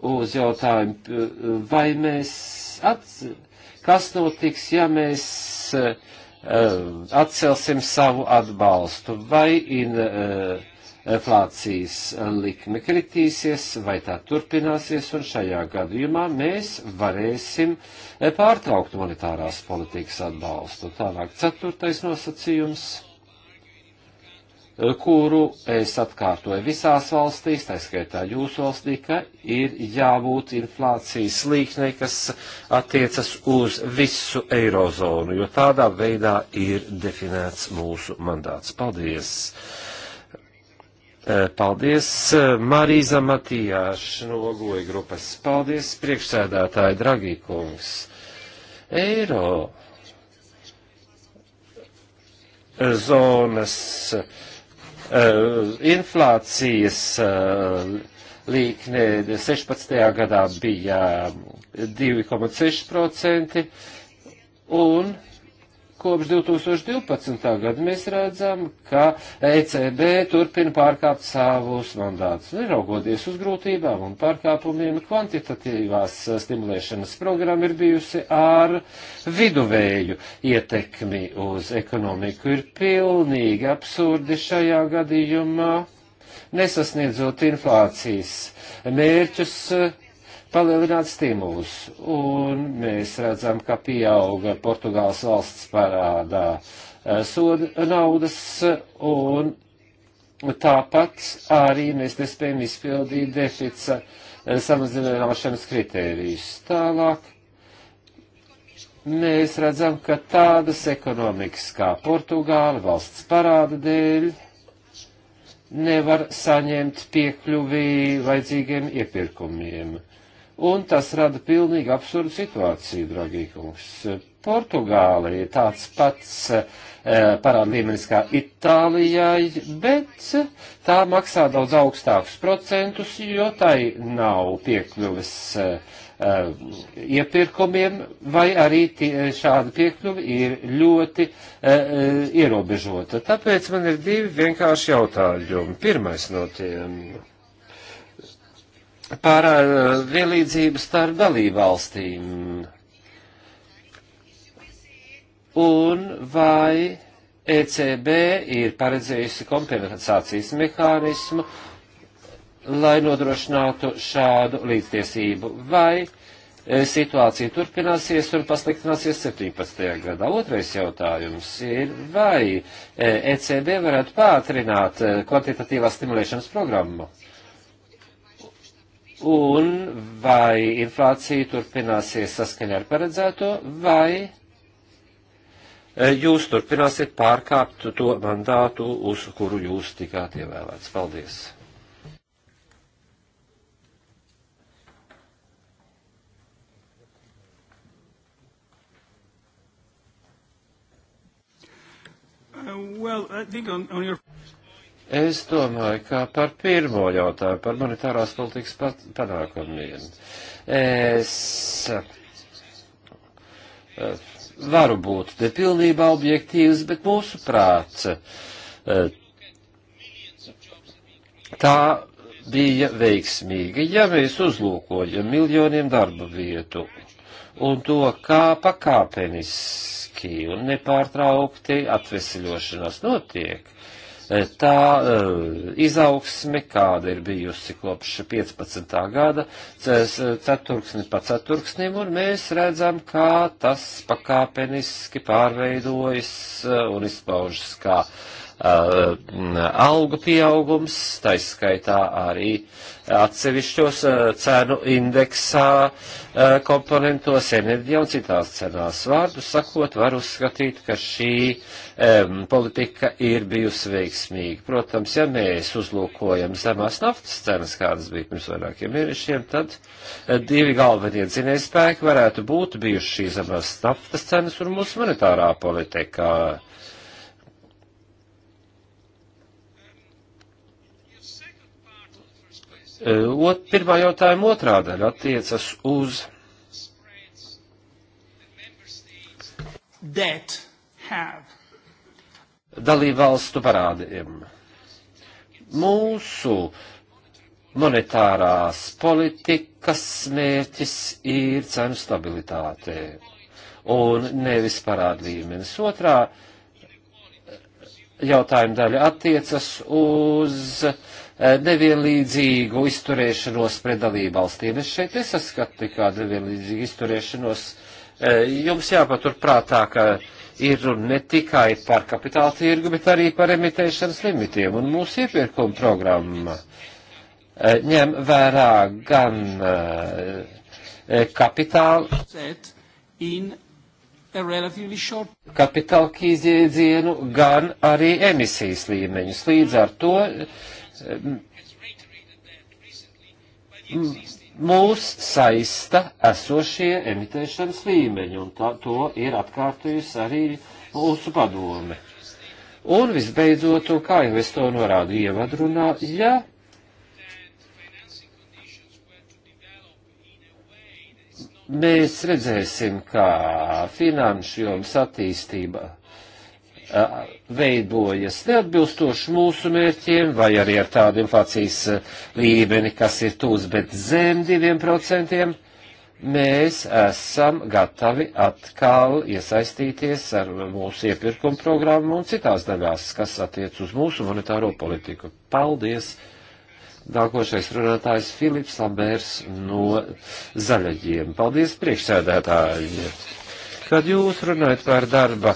uz jautājumu, vai mēs, ats, kas notiks, ja mēs uh, atcelsim savu atbalstu, vai in, uh, inflācijas likme kritīsies, vai tā turpināsies, un šajā gadījumā mēs varēsim eh, pārtraukt monetārās politikas atbalstu. Tālāk, ceturtais nosacījums kuru es atkārtoju visās valstīs, tā skaitā jūsu valstī, ka ir jābūt inflācijas līknei, kas attiecas uz visu eirozonu, jo tādā veidā ir definēts mūsu mandāts. Paldies! Eh, paldies, Marīza Matījāša no Ogoja grupas. Paldies, priekšsēdētāji, dragī kungs. Eiro zonas uh, Eh, inflācijas eh, līkne 16. gadā bija 2,6% eh, un kopš 2012. gada mēs redzam, ka ECB turpina pārkāpt savus mandātus, neraugoties uz grūtībām un pārkāpumiem. Kvantitatīvās stimulēšanas programma ir bijusi ar viduvēju ietekmi uz ekonomiku. Ir pilnīgi absurdi šajā gadījumā, nesasniedzot inflācijas mērķus palielināt stimulus. Un mēs redzam, ka pieauga Portugāles valsts parādā eh, soda naudas un tāpat arī mēs nespējam izpildīt defica eh, samazināšanas kritērijus. Tālāk mēs redzam, ka tādas ekonomikas kā Portugāla valsts parāda dēļ nevar saņemt piekļuvī vajadzīgiem iepirkumiem. Un tas rada pilnīgi absurdu situāciju, dragī kungs. Portugāla ir tāds pats e, parāda līmenis kā Itālijai, bet tā maksā daudz augstākus procentus, jo tai nav piekļuves e, iepirkumiem, vai arī tie, šāda piekļuva ir ļoti e, ierobežota. Tāpēc man ir divi vienkārši jautājumi. Pirmais no tiem par eh, vienlīdzību starp dalībvalstīm. Un vai ECB ir paredzējusi kompensācijas mehānismu, lai nodrošinātu šādu līdztiesību, vai eh, situācija turpināsies un pasliktināsies 17. gadā. Otrais jautājums ir, vai ECB eh, e varētu pātrināt kvantitatīvās stimulēšanas programmu? Uh, un vai inflācija turpināsies saskaņā ar paredzēto, vai e, jūs turpināsiet pārkāpt to mandātu, uz kuru jūs tikāt ievēlēts. Paldies! Uh, well, I think on, on your... Es domāju, ka par pirmo jautājumu, par monetārās politikas panākumiem, es eh, varu būt nepilnībā objektīvs, bet mūsu prāts eh, tā bija veiksmīga. Ja mēs uzlūkojam miljoniem darba vietu un to kā pakāpeniski un nepārtraukti atvesļošanās notiek, Eh, tā eh, izaugsme, kāda ir bijusi kopš 15. gada, eh, ceturksni pa ceturksnim, un mēs redzam, kā tas pakāpeniski pārveidojas un izpaužas kā uh, Uh, uh, algu pieaugums, taiskaitā arī atsevišķos uh, cenu indeksā komponentos enerģija un citās cenās. Vārdu sakot, var uzskatīt, ka šī um, politika ir bijusi veiksmīga. Protams, ja mēs uzlūkojam zemās naftas cenas, kādas bija pirms vairākiem mēnešiem, tad divi galvenie dzinēja spēki varētu būt bijuši šī zemās naftas cenas un mūsu monetārā politikā Eh, ot, pirmā jautājuma otrā daļa attiecas uz. Dalībvalstu parādiem. Mūsu monetārās politikas mērķis ir cenu stabilitāte un nevis parāda līmenis. Otrā jautājuma daļa attiecas uz uh, Eh, nevienlīdzīgu izturēšanos pret dalību valstīm. Es šeit nesaskatu nekādu nevienlīdzīgu izturēšanos. Eh, jums jāpatur prātā, ka ir runa ne tikai par kapitāla tirgu, bet arī par emitēšanas limitiem. Un mūsu iepirkuma programma eh, ņem vērā gan kapitāla. Kapitāla kīziedzienu, gan arī emisijas līmeņus. Līdz ar to uh, mūs saista esošie emitēšanas līmeņi, un tā, to ir atkārtojusi arī mūsu padome. Un visbeidzot, un kā jau es to norādu ievadrunā, ja mēs redzēsim, kā finanšu jomas attīstība veidojas neatbilstoši mūsu mērķiem, vai arī ar tādu inflācijas līmeni, kas ir tūs, bet zem diviem procentiem, mēs esam gatavi atkal iesaistīties ar mūsu iepirkuma programmu un citās daļās, kas attiec uz mūsu monetāro politiku. Paldies! Nākošais runātājs Filips Lambērs no Zaļaģiem. Paldies, priekšsēdētāji! Kad jūs runājat par darba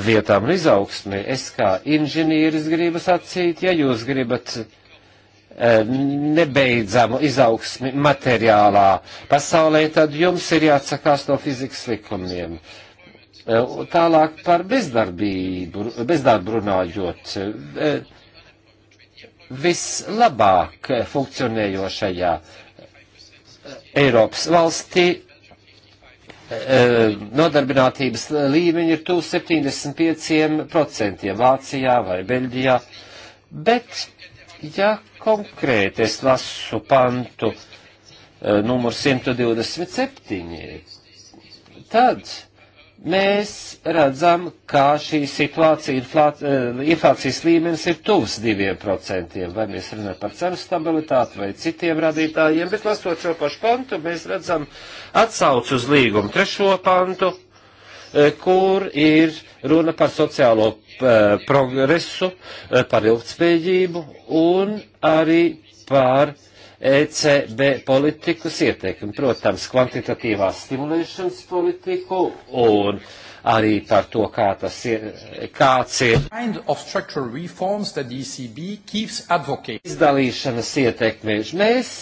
vietām un izaugsmi. Es kā inženieris gribu sacīt, ja jūs gribat e, nebeidzamu izaugsmi materiālā pasaulē, tad jums ir jāatsakās no fizikas likumiem. E, tālāk par bezdarbību, bezdarbu runājot, e, vislabāk funkcionējošajā Eiropas valstī Eh, nodarbinātības līmeņi ir tuvu 75% Vācijā vai Beļģijā. Bet, ja konkrēti es lasu pantu eh, numur 127, tad mēs redzam, ka šī situācija, inflāt, eh, inflācijas līmenis ir tuvs diviem procentiem, vai mēs runājam par cenu stabilitāti vai citiem radītājiem, bet lasot šo pašu pantu, mēs redzam atsauc uz līgumu trešo pantu, eh, kur ir runa par sociālo eh, progresu, par ilgtspējību un arī par uh, ECB politikas ieteikumu, protams, kvantitatīvās stimulēšanas politiku un arī par to, kā tas ir, kāds ir kind of e izdalīšanas ietekme. Mēs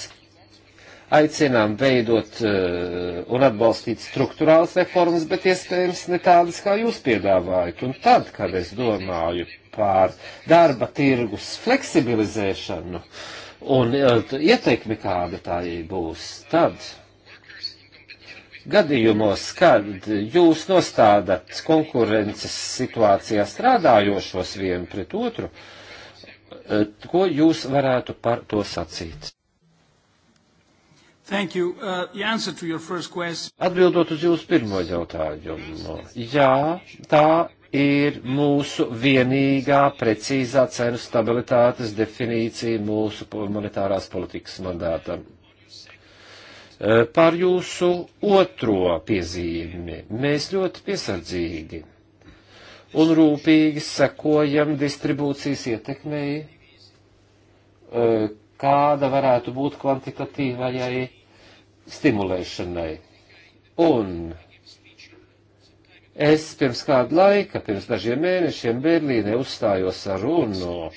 aicinām veidot eh, un atbalstīt struktūrāls reformas, bet iespējams ne tādas, kā jūs piedāvājat. Un tad, kad es domāju par darba tirgus fleksibilizēšanu, uh, un e, ietekmi kāda tā būs, tad gadījumos, kad jūs nostādat konkurences situācijā strādājošos vienu pret otru, e, ko jūs varētu par to sacīt? Thank you. Uh, the answer to your first question. Atbildot uz jūsu pirmo jautājumu. Jā, tā ir mūsu vienīgā precīzā cenu stabilitātes definīcija mūsu monetārās politikas mandātam. E, par jūsu otro piezīmi mēs ļoti piesardzīgi un rūpīgi sekojam distribūcijas ietekmei, e, kāda varētu būt kvantitatīvajai stimulēšanai. Un Es pirms kādu laika, pirms dažiem mēnešiem Berlīnē uzstājos ar runu,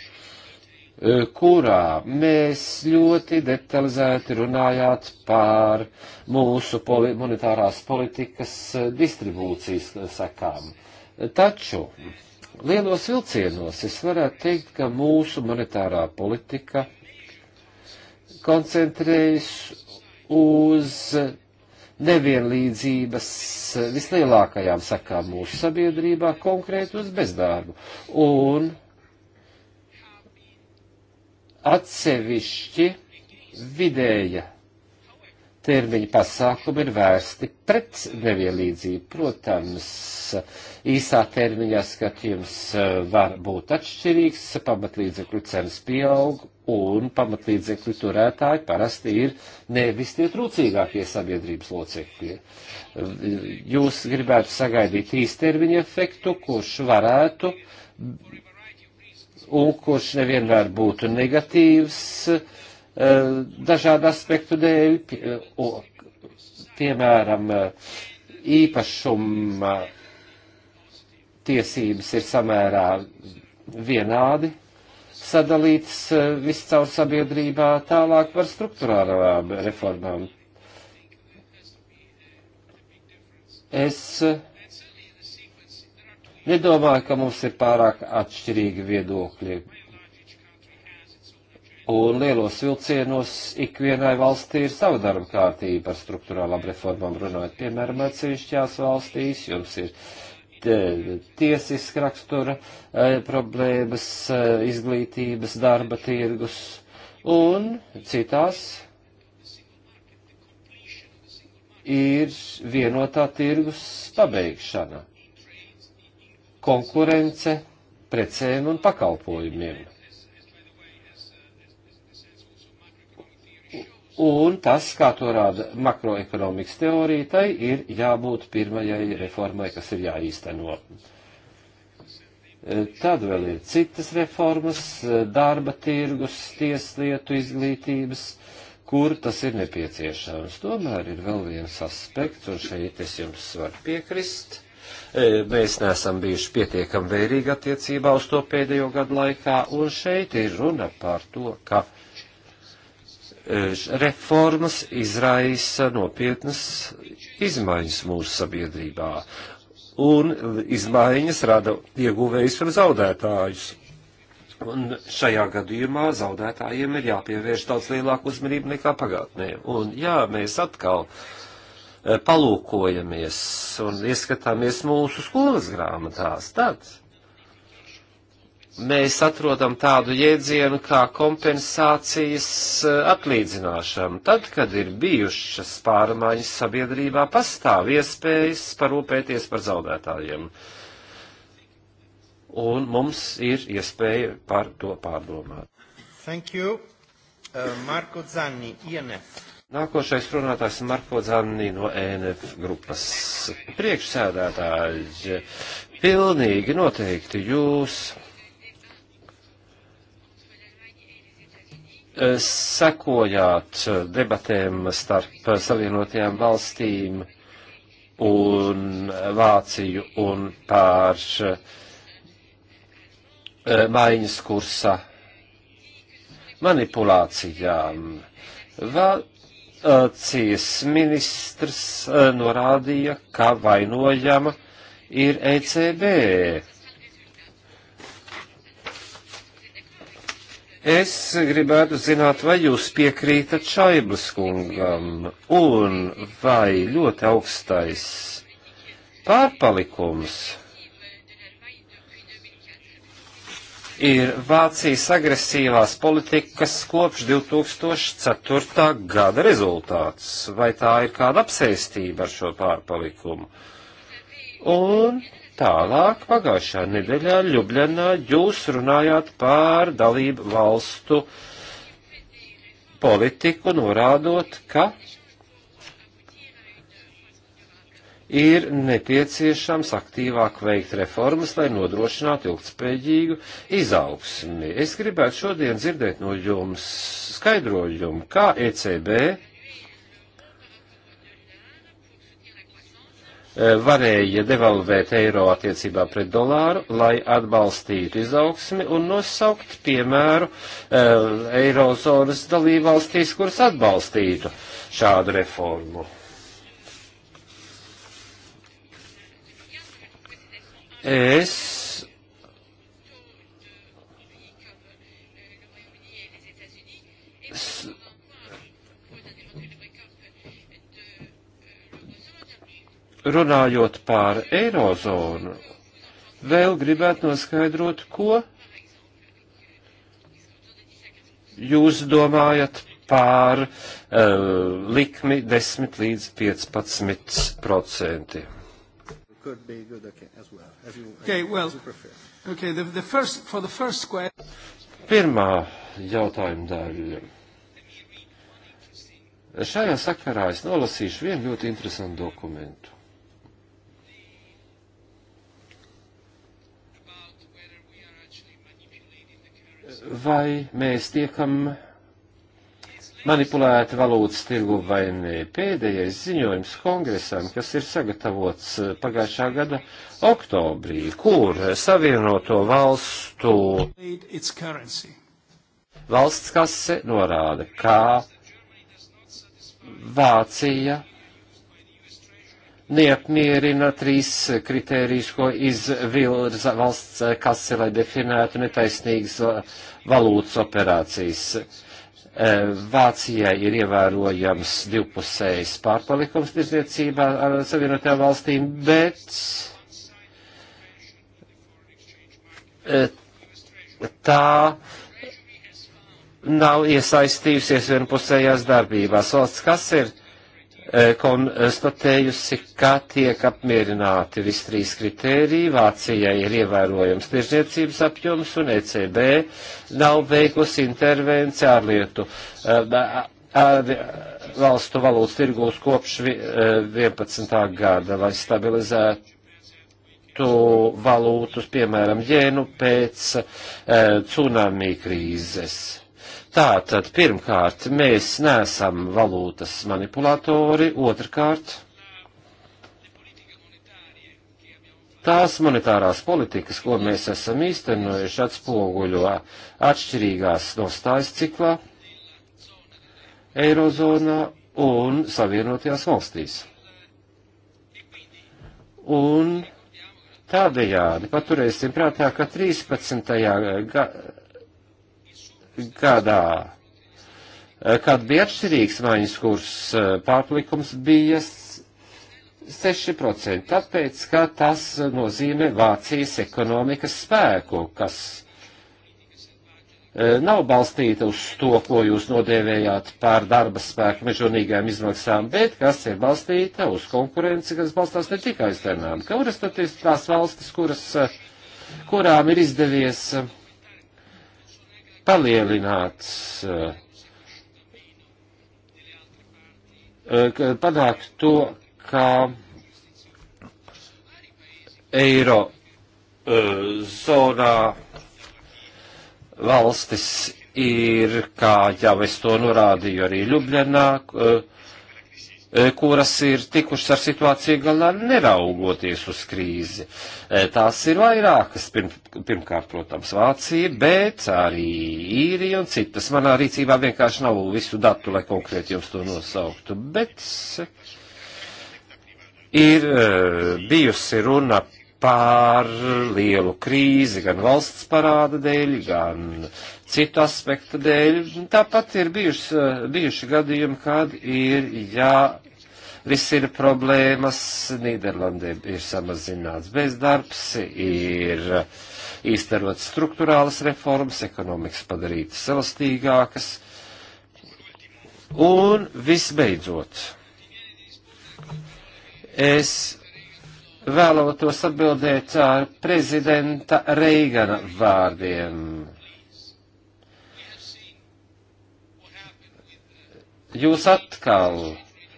e, kurā mēs ļoti detalizēti runājāt pār mūsu poli monetārās politikas e, distribūcijas e, sekām. Taču lielos vilcienos es varētu teikt, ka mūsu monetārā politika koncentrējas uz nevienlīdzības vislielākajām sakām mūsu sabiedrībā, konkrēti uz bezdarbu. Un atsevišķi vidēja termiņa pasākumi ir vērsti pret nevienlīdzību. Protams, uh, īsā termiņā skatījums eh, var būt atšķirīgs, pamatlīdzekļu cenas pieaug un pamatlīdzekļu turētāji parasti ir nevis tie trūcīgākie sabiedrības locekļi. Jūs gribētu sagaidīt īstermiņa efektu, kurš varētu un kurš nevienmēr būtu negatīvs eh, dažādu aspektu dēļ, piemēram, eh, īpašuma tiesības ir samērā vienādi sadalītas e, viscaur sabiedrībā tālāk par struktūrālām reformām. Es e, nedomāju, ka mums ir pārāk atšķirīgi viedokļi. Un lielos vilcienos ikvienai valstī ir sava darba kārtība par struktūrālām reformām runājot. Piemēram, atsevišķās valstīs jums ir tiesiska rakstura e, problēmas, e, izglītības, darba tirgus un citās ir vienotā tirgus pabeigšana, konkurence precēm un pakalpojumiem. Un tas, kā to rāda makroekonomikas teorija, tai ir jābūt pirmajai reformai, kas ir jāīsteno. Eh, tad vēl ir citas reformas, eh, darba tirgus, tieslietu izglītības, kur tas ir nepieciešams. Tomēr ir vēl viens aspekts, un šeit es jums varu piekrist. Eh, mēs neesam bijuši pietiekami vērīgi attiecībā uz to pēdējo gadu laikā, un šeit ir runa par to, ka reformas izraisa nopietnas izmaiņas mūsu sabiedrībā, un izmaiņas rada ieguvējus un zaudētājus. Un šajā gadījumā zaudētājiem ir jāpievērš daudz lielāku uzmanību nekā pagātnē. Un jā, mēs atkal e, palūkojamies un ieskatāmies mūsu skolas grāmatās, tad mēs atrodam tādu jēdzienu kā kompensācijas eh, atlīdzināšana. Tad, kad ir bijušas pārmaiņas sabiedrībā, pastāv iespējas parūpēties par zaudētājiem. Un mums ir iespēja par to pārdomāt. Thank you. Uh, Marko Zanni, INF. Nākošais runātājs Marko Zanni no ENF grupas. Priekšsēdētāji, pilnīgi noteikti jūs Eh, sekojāt eh, debatēm starp Savienotajām valstīm un Vāciju un pār eh, maiņas kursa manipulācijām. Vācijas ministrs norādīja, ka vainojama ir ECB Es gribētu zināt, vai jūs piekrītat Šaiblis kungam un vai ļoti augstais pārpalikums ir Vācijas agresīvās politikas kopš 2004. gada rezultāts, vai tā ir kāda apsēstība ar šo pārpalikumu. Un Tālāk pagājušā nedēļā Ljubljanā jūs runājāt pār dalību valstu politiku, norādot, ka ir nepieciešams aktīvāk veikt reformas, lai nodrošinātu ilgspējīgu izaugsmi. Es gribētu šodien dzirdēt no jums skaidrojumu, kā ECB Eh, varēja devalvēt eiro attiecībā pret dolāru, lai atbalstītu izaugsmi un nosaukt piemēru eh, eirozonas dalībvalstīs, kuras atbalstītu šādu reformu. Es runājot par eirozonu, vēl gribētu noskaidrot, ko jūs domājat pār uh, eh, likmi 10 līdz 15 procenti. Pirmā jautājuma daļa. Šajā sakarā es nolasīšu vienu ļoti interesantu dokumentu. vai mēs tiekam manipulēti valūtas tirgu vai nē. Pēdējais ziņojums kongresam, kas ir sagatavots pagājušā gada oktobrī, kur savienoto valstu valsts kase norāda, kā Vācija neapmierina trīs kritērijus, ko izvilza valsts kase, lai definētu netaisnīgas valūtas operācijas. E, Vācijai ir ievērojams divpusējs pārpalikums tirzniecībā ar Savienotajām valstīm, bet e, tā nav iesaistījusies vienpusējās darbībās. Valsts kas ir? Eh, konstatējusi, ka tiek apmierināti visi trīs kritēriji. Vācijai ir ievērojams tirzniecības apjoms un ECB nav veikusi intervenci ārlietu eh, ar valstu valūtas tirgūs kopš 11. Eh, gada, lai stabilizētu valūtus, piemēram, jēnu pēc tsunami krīzes Tātad, pirmkārt, mēs neesam valūtas manipulatori, otrkārt, tās monetārās politikas, ko mēs esam īstenojuši, atspoguļo atšķirīgās nostājas ciklā, Eirozonā un Savienotajās valstīs. Un tādējādi paturēsim prātā, ka 13. gadā gadā, kad bija atšķirīgs maiņas kurs, pārplikums bija 6%, tāpēc, ka tas nozīmē Vācijas ekonomikas spēku, kas eh, nav balstīta uz to, ko jūs nodēvējāt par darba spēku mežonīgajām izmaksām, bet kas ir balstīta uz konkurenci, kas balstās ne tikai uz cenām. Kuras tad ir tās valstis, kuras, eh, kurām ir izdevies uh, palielināt, eh, eh, panākt to, kā eiro eh, zonā valstis ir, kā jau es to norādīju arī Ljubljanā, E, kuras ir tikušas ar situāciju galā neraugoties uz krīzi. E, tās ir vairākas, pirm, pirmkārt, protams, Vācija, bet arī īrija un citas. Manā rīcībā vienkārši nav visu datu, lai konkrēti jums to nosauktu, bet ir e, bijusi runa pār lielu krīzi, gan valsts parāda dēļ, gan citu aspektu dēļ. Tāpat ir bijuši, bijuši gadījumi, kad ir jā risina problēmas. Nīderlandē ir samazināts bezdarbs, ir īstenots struktūrālas reformas, ekonomikas padarītas elastīgākas. Un visbeidzot, es vēlētos atbildēt ar prezidenta Reigana vārdiem. Jūs atkal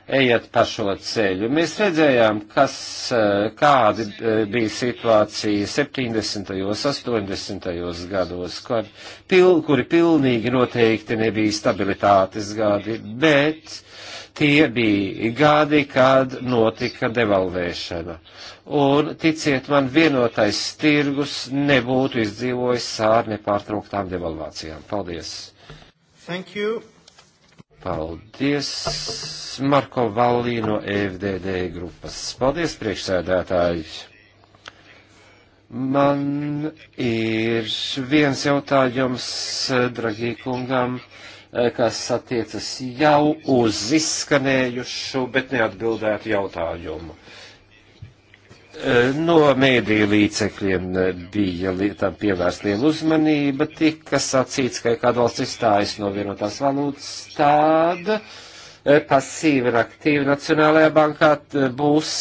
ejiet pa šo ceļu. Mēs redzējām, kas, eh, kāda eh, bija situācija 70. un 80. gados, kur, pil, kuri pilnīgi noteikti nebija stabilitātes gadi, bet tie bija gadi, kad notika devalvēšana. Un, ticiet man, vienotais tirgus nebūtu izdzīvojis ar nepārtrauktām devalvācijām. Paldies! Thank you. Paldies, Marko Vallī no e FDD grupas. Paldies, priekšsēdētāji. Man ir viens jautājums, dragī kungam, eh, kas attiecas jau uz izskanējušu, bet neatbildētu jautājumu. No mēdīju līdzekļiem bija tam pievērst liela uzmanība, tika sacīts, ka kāda valsts izstājas no vienotās valūtas tāda e, pasīva un aktīva Nacionālajā bankā būs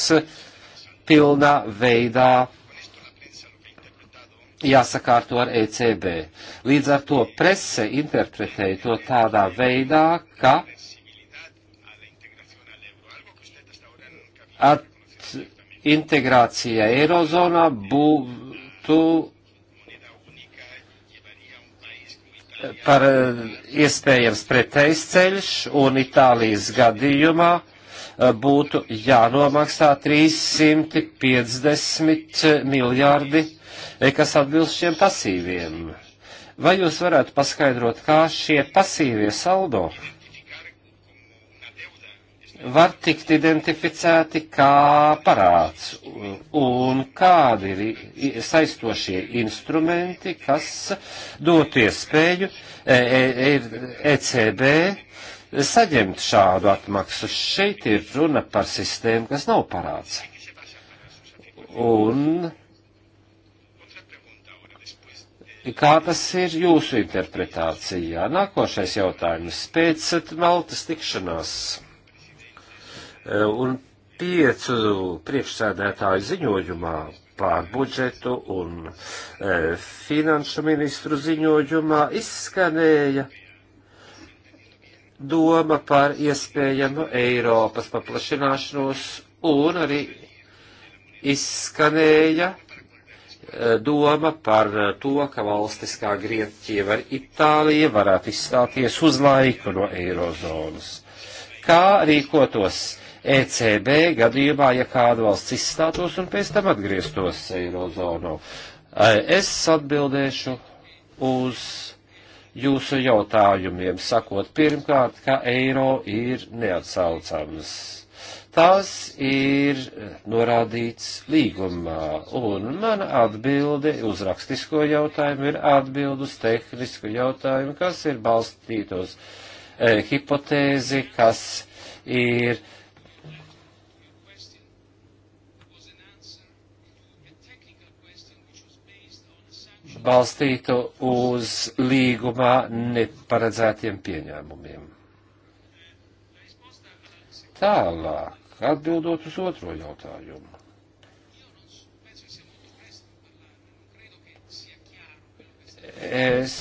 pilnā veidā jāsakārto ar ECB. Līdz ar to prese interpretēja to tādā veidā, ka ar integrācija Eirozonā būtu par eh, iespējams pretējs ceļš un Itālijas gadījumā eh, būtu jānomaksā 350 miljārdi, eh, kas atbilst šiem pasīviem. Vai jūs varētu paskaidrot, kā šie pasīvie saldo? Uh, var tikt identificēti kā parāds un kādi ir saistošie instrumenti, kas dotu iespēju ECB e, e, e saņemt šādu atmaksu. Šeit ir runa par sistēmu, kas nav parāds. Un Kā tas ir jūsu interpretācijā? Nākošais jautājums. Pēc Maltas tikšanās Eh, un piecu priekšsēdētāju ziņojumā pār budžetu un e, finanšu ministru ziņojumā izskanēja doma par iespējamu Eiropas paplašināšanos un arī izskanēja eh, doma par to, ka valstis kā Grieķija vai Itālija varētu izstāties uz laiku no Eirozonas. Kā rīkotos ECB gadījumā, ja kāda valsts izstātos un pēc tam atgrieztos eirozonu. Es atbildēšu uz jūsu jautājumiem, sakot pirmkārt, ka eiro ir neatsaucams. Tas ir norādīts līgumā, un mana atbilde uz rakstisko jautājumu ir atbild uz tehnisku jautājumu, kas ir balstītos e, hipotēzi, kas ir balstītu uz līgumā neparedzētiem pieņēmumiem. Tālāk, atbildot uz otro jautājumu. Es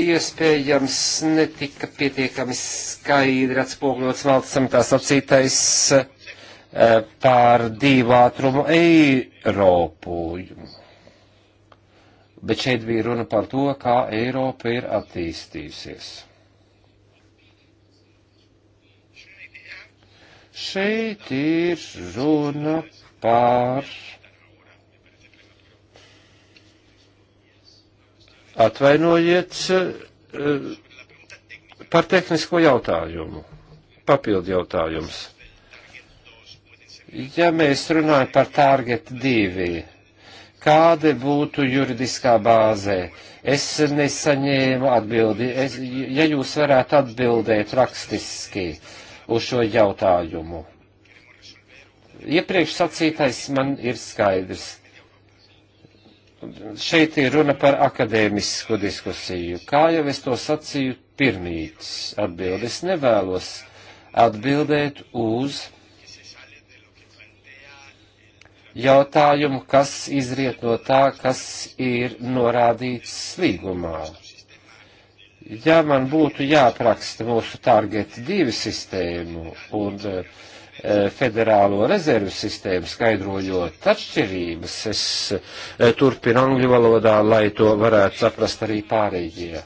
iespējams netika pietiekami skaidri atspoguļots valsts samitā sacītais Eh, par divu ātrumu Eiropu. Bet šeit bija runa par to, kā Eiropa ir attīstījusies. Šeit ir runa par atvainojiet eh, par tehnisko jautājumu, papildu jautājums. Ja mēs runājam par Target 2, kāda būtu juridiskā bāzē? Es nesaņēmu atbildi. Es, ja jūs varētu atbildēt rakstiski uz šo jautājumu. Iepriekš sacītais man ir skaidrs. Šeit ir runa par akadēmisku diskusiju. Kā jau es to sacīju, pirmīts atbildes nevēlos atbildēt uz jautājumu, kas izriet no tā, kas ir norādīts līgumā. Ja man būtu jāapraksta mūsu target divi sistēmu un e, federālo rezervu sistēmu skaidrojot atšķirības, es e, turpinu angļu valodā, lai to varētu saprast arī pārējie.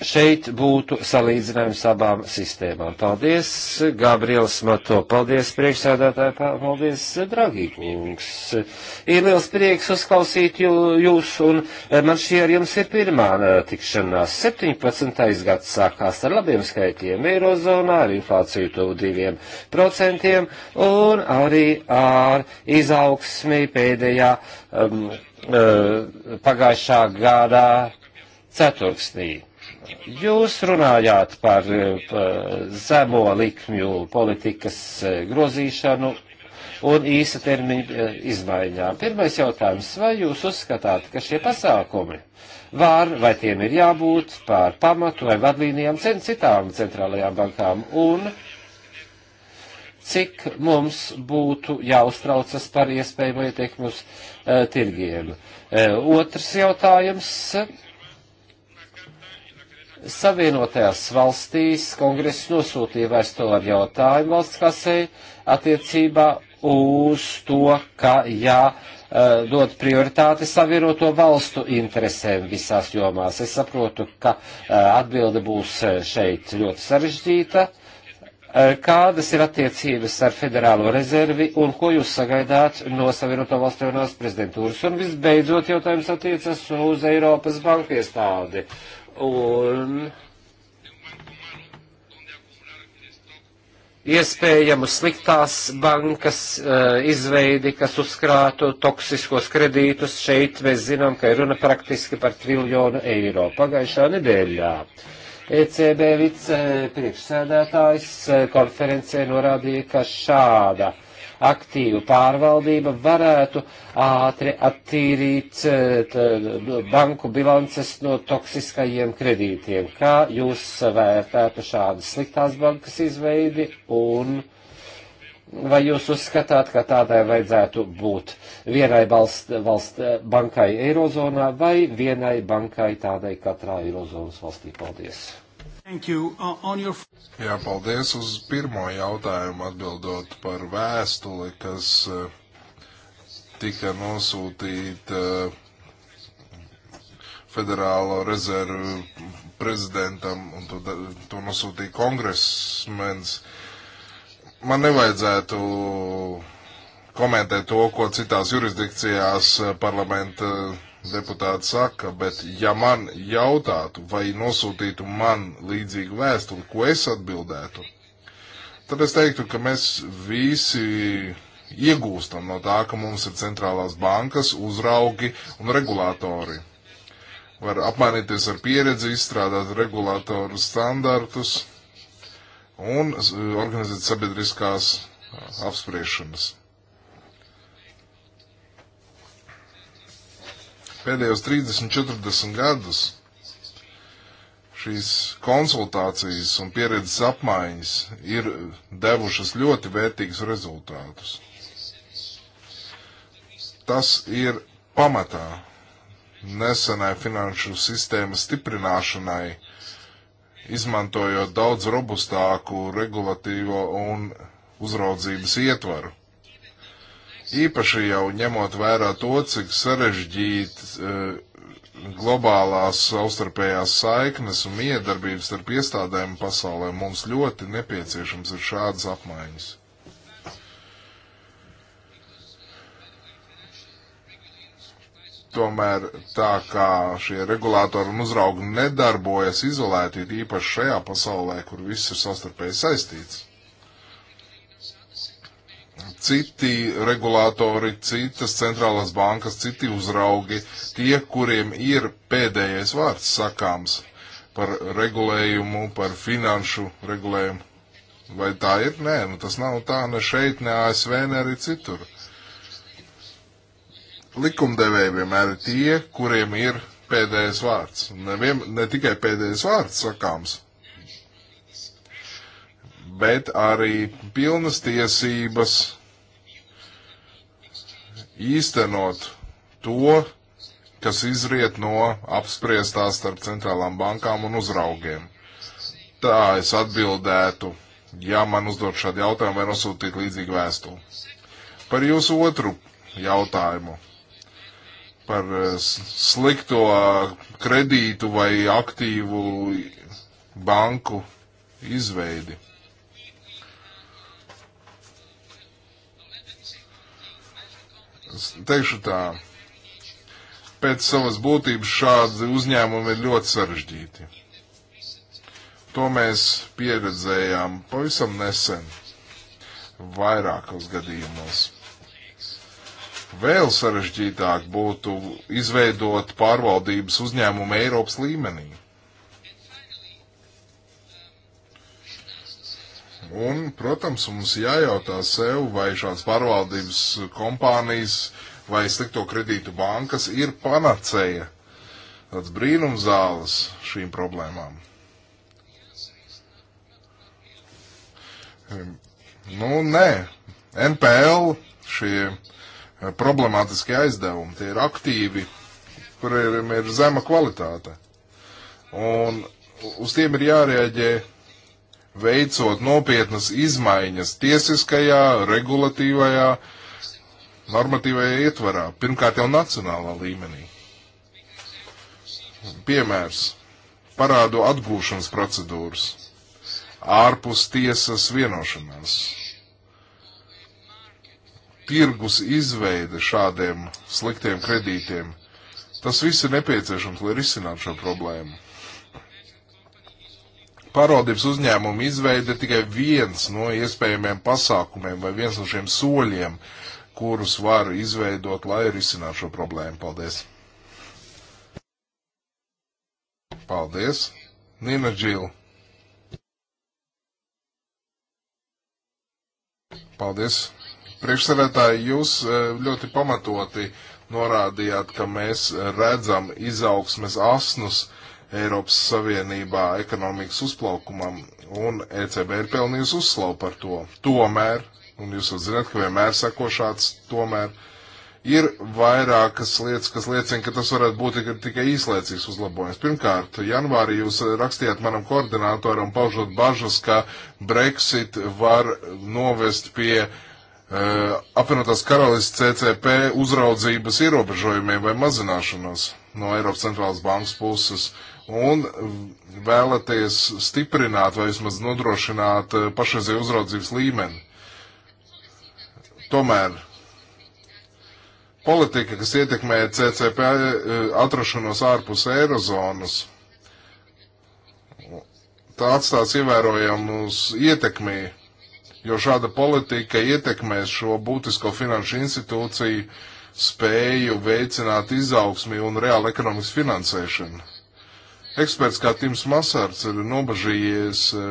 šeit būtu salīdzinājums abām sistēmām. Paldies, Gabriels Mato, paldies priekšsēdētāji, paldies, dragīgums. Ir liels prieks uzklausīt jūs, un e, man šī ar jums ir pirmā e, tikšanās. 17. gads sākās ar labiem skaitļiem Eirozonā, ar inflāciju tuvu diviem procentiem, un arī ar izaugsmi pēdējā um, uh, pagājušā gadā ceturksnī Jūs runājāt par zemo likmju politikas eh, grozīšanu un īsa termiņa eh, izmaiņām. Pirmais jautājums, vai jūs uzskatāt, ka šie pasākumi var vai tiem ir jābūt pār pamatu vai vadlīnijām citām centrālajām bankām un cik mums būtu jāuztraucas par iespējamo ietekmi uz uh, tirgiem. Uh, otrs jautājums. Uh, Savienotajās valstīs kongress nosūtīja vēstuli ar jautājumu valsts kasē attiecībā uz to, ka jā, eh, dot prioritāti savienoto valstu interesēm visās jomās. Es saprotu, ka eh, atbilde būs eh, šeit ļoti sarežģīta. Kādas ir attiecības ar federālo rezervi un ko jūs sagaidāt no Savienoto valstu jaunās prezidentūras? Un visbeidzot jautājums attiecas uz Eiropas banku iestādi un iespējamu sliktās bankas uh, izveidi, kas uzkrātu toksiskos kredītus. Šeit mēs zinām, ka ir runa praktiski par triljonu eiro pagājušā nedēļā. ECB vicepriekšsēdētājs eh, konferencē norādīja, ka šāda uh, aktīvu pārvaldība varētu ātri attīrīt e, banku bilances no toksiskajiem kredītiem. Kā jūs vērtētu šādas sliktās bankas izveidi un vai jūs uzskatāt, ka tādai vajadzētu būt vienai valst, valst bankai Eirozonā vai vienai bankai tādai katrā Eirozonas valstī? Paldies! You. Uh, your... Jā, paldies uz pirmo jautājumu atbildot par vēstuli, kas uh, tika nosūtīta uh, Federālo rezervu prezidentam un to, to nosūtīja kongresmens. Man nevajadzētu komentēt to, ko citās jurisdikcijās uh, parlamenta deputāti saka, bet ja man jautātu vai nosūtītu man līdzīgu vēstuli, ko es atbildētu, tad es teiktu, ka mēs visi iegūstam no tā, ka mums ir centrālās bankas, uzraugi un regulātori. Var apmainīties ar pieredzi, izstrādāt regulātoru standartus un organizēt sabiedriskās apspriešanas. pēdējos 30, 40 gadus šīs konsultācijas un pieredzes apmaiņas ir devušas ļoti vērtīgus rezultātus. Tas ir pamatā nesenai finanšu sistēmas stiprināšanai, izmantojot daudz robustāku regulatīvo un uzraudzības ietvaru. Īpaši jau ņemot vērā to, cik sarežģīti e, globālās savstarpējās saiknes un miedarbības starp iestādēm pasaulē mums ļoti nepieciešams ir šādas apmaiņas. Tomēr tā kā šie regulātori un uzraugi nedarbojas izolēti, īpaši šajā pasaulē, kur viss ir savstarpēji saistīts citi regulātori, citas centrālās bankas, citi uzraugi, tie, kuriem ir pēdējais vārds sakāms par regulējumu, par finanšu regulējumu. Vai tā ir? Nē, nu tas nav tā ne šeit, ne ASV, ne arī citur. Likumdevēji vienmēr ir tie, kuriem ir pēdējais vārds. Ne, vien, ne tikai pēdējais vārds sakāms, bet arī pilnas tiesības īstenot to, kas izriet no apspriestās starp centrālām bankām un uzraugiem. Tā es atbildētu, ja man uzdod šādu jautājumu vai nosūtīt līdzīgu vēstuli. Par jūsu otru jautājumu. Par eh, slikto kredītu vai aktīvu banku izveidi. teikšu tā, pēc savas būtības šādi uzņēmumi ir ļoti sarežģīti. To mēs pieredzējām pavisam nesen, vairākos gadījumos. Vēl sarežģītāk būtu izveidot pārvaldības uzņēmumu Eiropas līmenī. Un, protams, mums jājautā sev, vai šāds pārvaldības kompānijas vai slikto kredītu bankas ir panacēja, tāds brīnumzāles šīm problēmām. Nu, nē, NPL šie eh, problemātiskie aizdevumi, tie ir aktīvi, kuriem ir zema kvalitāte. Un uz tiem ir jārēģē veicot nopietnas izmaiņas tiesiskajā, regulatīvajā, normatīvajā ietvarā, pirmkārt jau nacionālā līmenī. Piemērs - parādu atgūšanas procedūras, ārpus tiesas vienošanās, tirgus izveide šādiem sliktiem kredītiem. Tas viss ir nepieciešams, lai risinātu šo problēmu pārvaldības uzņēmumu izveide tikai viens no iespējamiem pasākumiem vai viens no šiem soļiem, kurus var izveidot, lai risinātu šo problēmu. Paldies! Paldies! Nina Džila! Paldies! Priekšsēdētāji, jūs e, ļoti pamatoti norādījāt, ka mēs redzam izaugsmes asnus Eiropas Savienībā ekonomikas uzplaukumam, un ECB ir pelnījusi uzslavu par to. Tomēr, un jūs jau zināt, ka vienmēr sako šāds tomēr, ir vairākas lietas, kas liecina, ka tas varētu būt tikai īslaicīgs uzlabojums. Pirmkārt, janvārī jūs rakstījāt manam koordinātoram paužot bažas, ka Brexit var novest pie uh, Uh, apvienotās karalists CCP uzraudzības ierobežojumiem vai mazināšanos no Eiropas centrālās bankas puses un vēlaties stiprināt vai vismaz nodrošināt eh, pašreizēju uzraudzības līmeni. Tomēr politika, kas ietekmē CCP eh, atrašanos ārpus eirozonas, tā atstās ievērojamus ietekmī, jo šāda politika ietekmēs šo būtisko finanšu institūciju spēju veicināt izaugsmi un reāli ekonomikas finansēšanu. Eksperts kā Tims Masards ir nobažījies, e,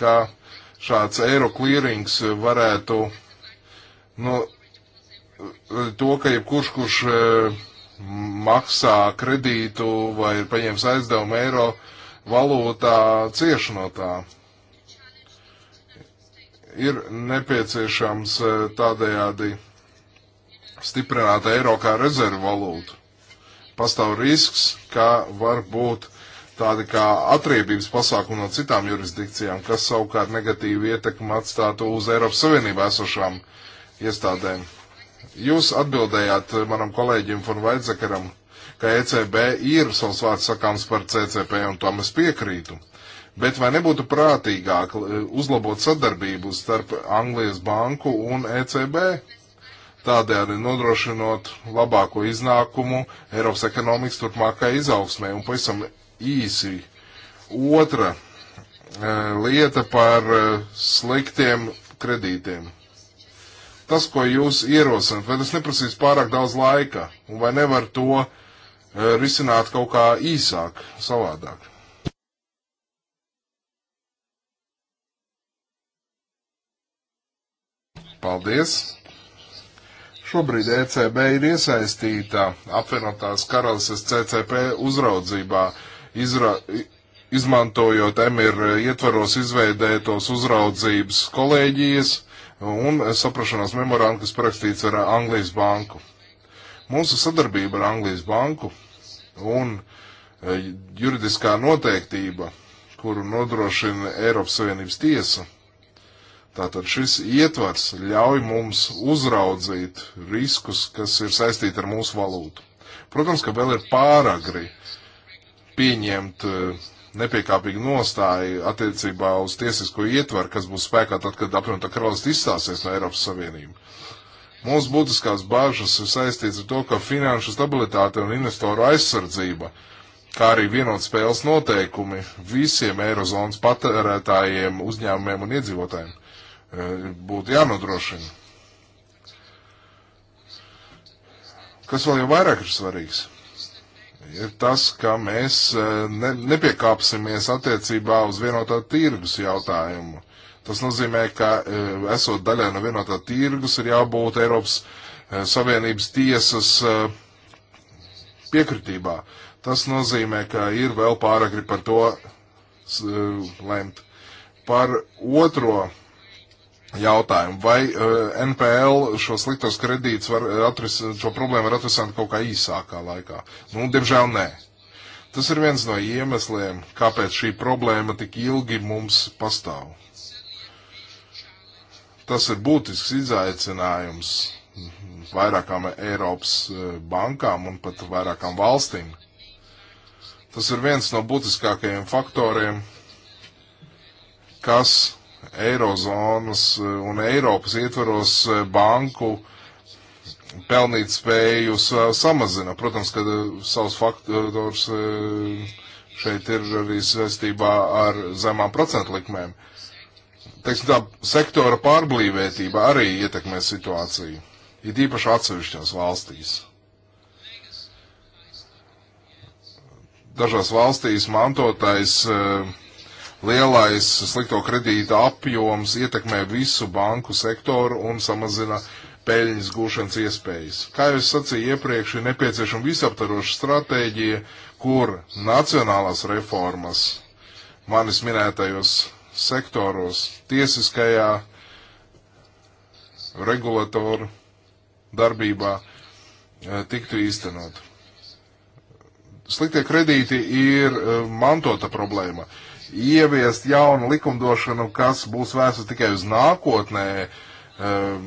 ka šāds eiro klīrings varētu nu, to, ka jebkurš, kurš e, maksā kredītu vai ir paņēmis aizdevumu eiro valūtā, cieši no tā. Ir nepieciešams tādējādi stiprināt eiro kā rezervu valūtu. Pastāv risks, ka var būt tādi kā atriebības pasākumi no citām jurisdikcijām, kas savukārt negatīvi ietekmi atstātu uz Eiropas Savienībā esošām iestādēm. Jūs atbildējāt manam kolēģim von Vaidzekaram, ka ECB ir savs vārds sakāms par CCP, un tam es piekrītu. Bet vai nebūtu prātīgāk eh, uzlabot sadarbību starp Anglijas banku un ECB? tādējādi nodrošinot labāko iznākumu Eiropas ekonomikas turpmākai izaugsmē. Un pavisam īsi. Otra eh, lieta par eh, sliktiem kredītiem. Tas, ko jūs ierosināt, vai tas neprasīs pārāk daudz laika, un vai nevar to eh, risināt kaut kā īsāk, savādāk? Paldies! Šobrīd ECB ir iesaistīta apvienotās karalises CCP uzraudzībā izra, izmantojot emir eh, ietvaros izveidētos uzraudzības kolēģijas un saprašanās memorandu, kas parakstīts ar Anglijas banku. Mūsu sadarbība ar Anglijas banku un eh, juridiskā noteiktība, kuru nodrošina Eiropas Savienības tiesa, tātad šis ietvars ļauj mums uzraudzīt riskus, kas ir saistīti ar mūsu valūtu. Protams, ka vēl ir pāragri pieņemt e, nepiekāpīgu nostāju attiecībā uz tiesisko ietvaru, kas būs spēkā tad, kad apvienotā karalists izstāsies no Eiropas Savienības. Mūsu būtiskās bāžas ir saistīts ar to, ka finanšu stabilitāte un investoru aizsardzība, kā arī vienot spēles noteikumi visiem Eirozonas patērētājiem, uzņēmumiem un iedzīvotājiem, e, būtu jānodrošina. Kas vēl jau vairāk ir svarīgs? ir tas, ka mēs e, ne, nepiekāpsimies attiecībā uz vienotā tirgus jautājumu. Tas nozīmē, ka e, esot daļai no vienotā tirgus, ir jābūt Eiropas e, Savienības tiesas piekritībā. Tas nozīmē, ka ir vēl pāragri par to lemt. Par otro jautājumu. Vai uh, eh, NPL šo sliktos kredītus var atrisināt, šo problēmu var atrisināt kaut kā īsākā laikā? Nu, diemžēl nē. Tas ir viens no iemesliem, kāpēc šī problēma tik ilgi mums pastāv. Tas ir būtisks izaicinājums vairākām Eiropas eh, bankām un pat vairākām valstīm. Tas ir viens no būtiskākajiem faktoriem, kas Eirozonas e, un Eiropas ietvaros e, banku pelnīt spēju samazina. Protams, ka e, savs faktors šeit ir arī saistībā ar zemām procentu likmēm. Teiksim tā, sektora pārblīvētība arī ietekmē situāciju, it īpaši atsevišķās valstīs. Dažās valstīs mantotais uh, lielais slikto kredīta apjoms ietekmē visu banku sektoru un samazina peļņas gūšanas iespējas. Kā jau es sacīju iepriekš, ir nepieciešama visaptaroša stratēģija, kur nacionālās reformas manis minētajos sektoros, tiesiskajā, regulatoru darbībā eh, tiktu īstenot. Sliktie kredīti ir eh, mantota problēma. Uh, ieviest jaunu likumdošanu, kas būs vērsta tikai uz nākotnē, um,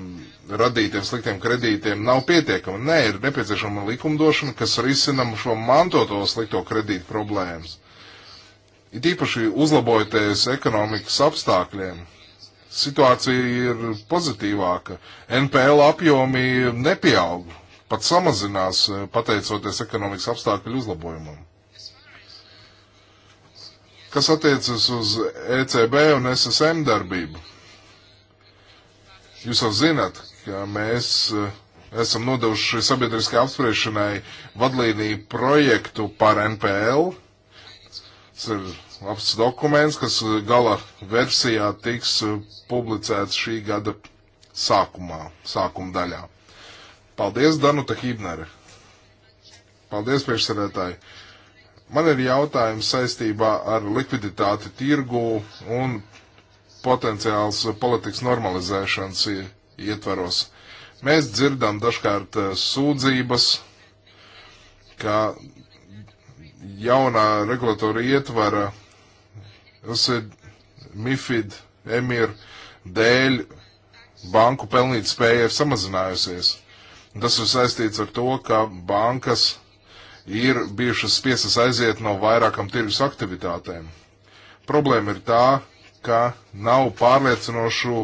radītiem sliktiem kredītiem, nav pietiekama. Nē, ir nepieciešama likumdošana, kas risinam šo mantoto slikto kredītu problēmas. It īpaši uzlabojoties ekonomikas apstākļiem, situācija ir pozitīvāka. NPL apjomi nepieaug, pat samazinās pateicoties ekonomikas apstākļu uzlabojumam. Kas attiecas uz ECB un SSM darbību? Jūs jau zināt, ka mēs eh, esam nodevuši sabiedriskai apspriešanai vadlīniju projektu par NPL. Tas ir labs dokuments, kas gala versijā tiks eh, publicēts šī gada sākumā, sākuma daļā. Paldies, Danuta Hībnere! Paldies, priekšsēdētāji! Man ir jautājums saistībā ar likviditāti tirgu un potenciāls politikas normalizēšanas ietvaros. Mēs dzirdam dažkārt eh, sūdzības, ka jaunā regulatora ietvara, tas ir MIFID, EMIR dēļ banku pelnīt spēja ir samazinājusies. Tas ir saistīts ar to, ka bankas ir bijušas spiesas aiziet no vairākam tirgus aktivitātēm. Problēma ir tā, ka nav pārliecinošu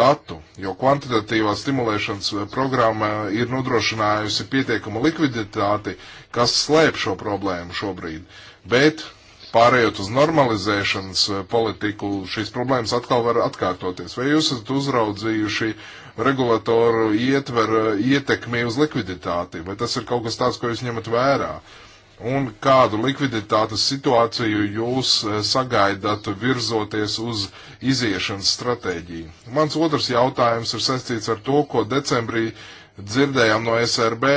datu, jo kvantitatīvā stimulēšanas programma ir nodrošinājusi pietiekamu likviditāti, kas slēp šo problēmu šobrīd. Bet pārējot uz normalizēšanas eh, politiku, šīs problēmas atkal var atkārtoties. Vai jūs esat uzraudzījuši regulatoru ietveru ietekmi uz likviditāti, vai tas ir kaut kas tāds, ko jūs ņemat vērā? un kādu likviditātes situāciju jūs eh, sagaidat virzoties uz iziešanas stratēģiju. Mans otrs jautājums ir saistīts ar to, ko decembrī dzirdējām no SRB.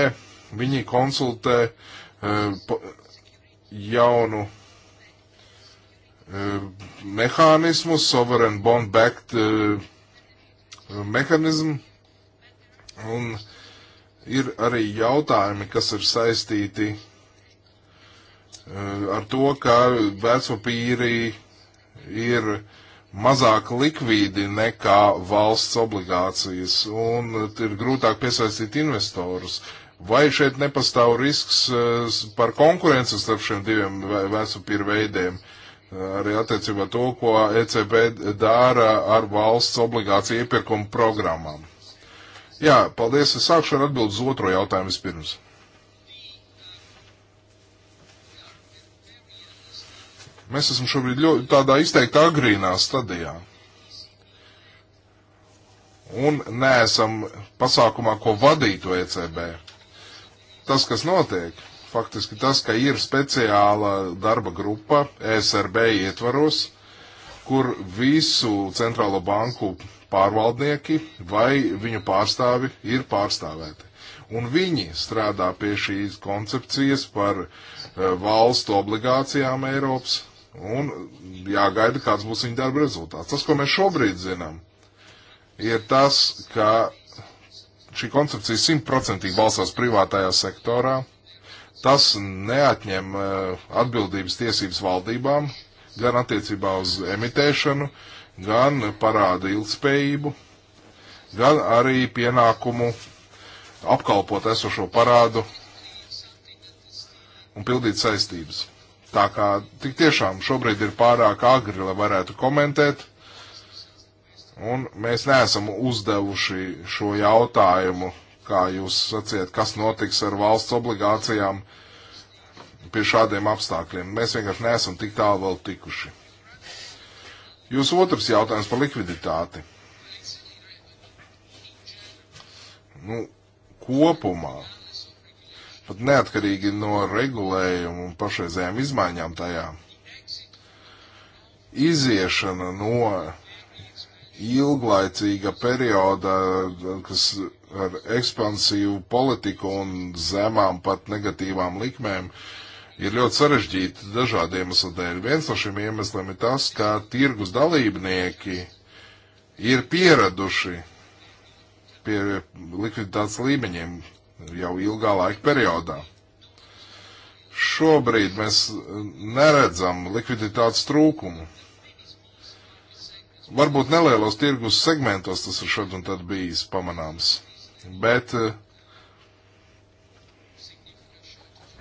Viņi konsultē uh, jaunu Eh, mehānismu, sovereign bond backed uh, eh, mehānismu. Un ir arī jautājumi, kas ir saistīti uh, ar to, ka vecpapīri ir mazāk likvīdi nekā valsts obligācijas un ir grūtāk piesaistīt investorus. Vai šeit nepastāv risks uh, par konkurences starp šiem diviem vecpapīru veidiem? Uh, arī attiecībā to, ko ECB dara ar valsts obligāciju iepirkumu programmām. Jā, paldies. Es sākšu ar atbildu uz otro jautājumu vispirms. Mēs esam šobrīd ļoti tādā izteikti agrīnā stadijā. Un neesam pasākumā, ko vadītu ECB. Tas, kas notiek, faktiski tas, ka ir speciāla darba grupa ESRB ietvaros, kur visu centrālo banku pārvaldnieki vai viņu pārstāvi ir pārstāvēti. Un viņi strādā pie šīs koncepcijas par eh, valstu obligācijām Eiropas un jāgaida, kāds būs viņa darba rezultāts. Tas, ko mēs šobrīd zinām, ir tas, ka šī koncepcija simtprocentīgi balstās privātajā sektorā Tas neatņem eh, atbildības tiesības valdībām gan attiecībā uz emitēšanu, gan parāda ilgspējību, gan arī pienākumu apkalpot esošo parādu un pildīt saistības. Tā kā tik tiešām šobrīd ir pārāk agri, lai varētu komentēt, un mēs neesam uzdevuši šo jautājumu kā jūs sacījat, kas notiks ar valsts obligācijām pie šādiem apstākļiem. Mēs vienkārši neesam tik tālu vēl tikuši. Jūsu otrs jautājums par likviditāti. Nu, kopumā, pat neatkarīgi no regulējumu un pašreizējām izmaiņām tajā, iziešana no ilglaicīga perioda, kas ar ekspansīvu politiku un zemām pat negatīvām likmēm ir ļoti sarežģīti dažādu iemeslu dēļ. Viens no šiem iemesliem ir tas, ka tirgus dalībnieki ir pieraduši pie likviditātes līmeņiem jau ilgā laika periodā. Šobrīd mēs neredzam likviditātes trūkumu. Varbūt nelielos tirgus segmentos tas ir šad un tad bijis pamanāms bet eh,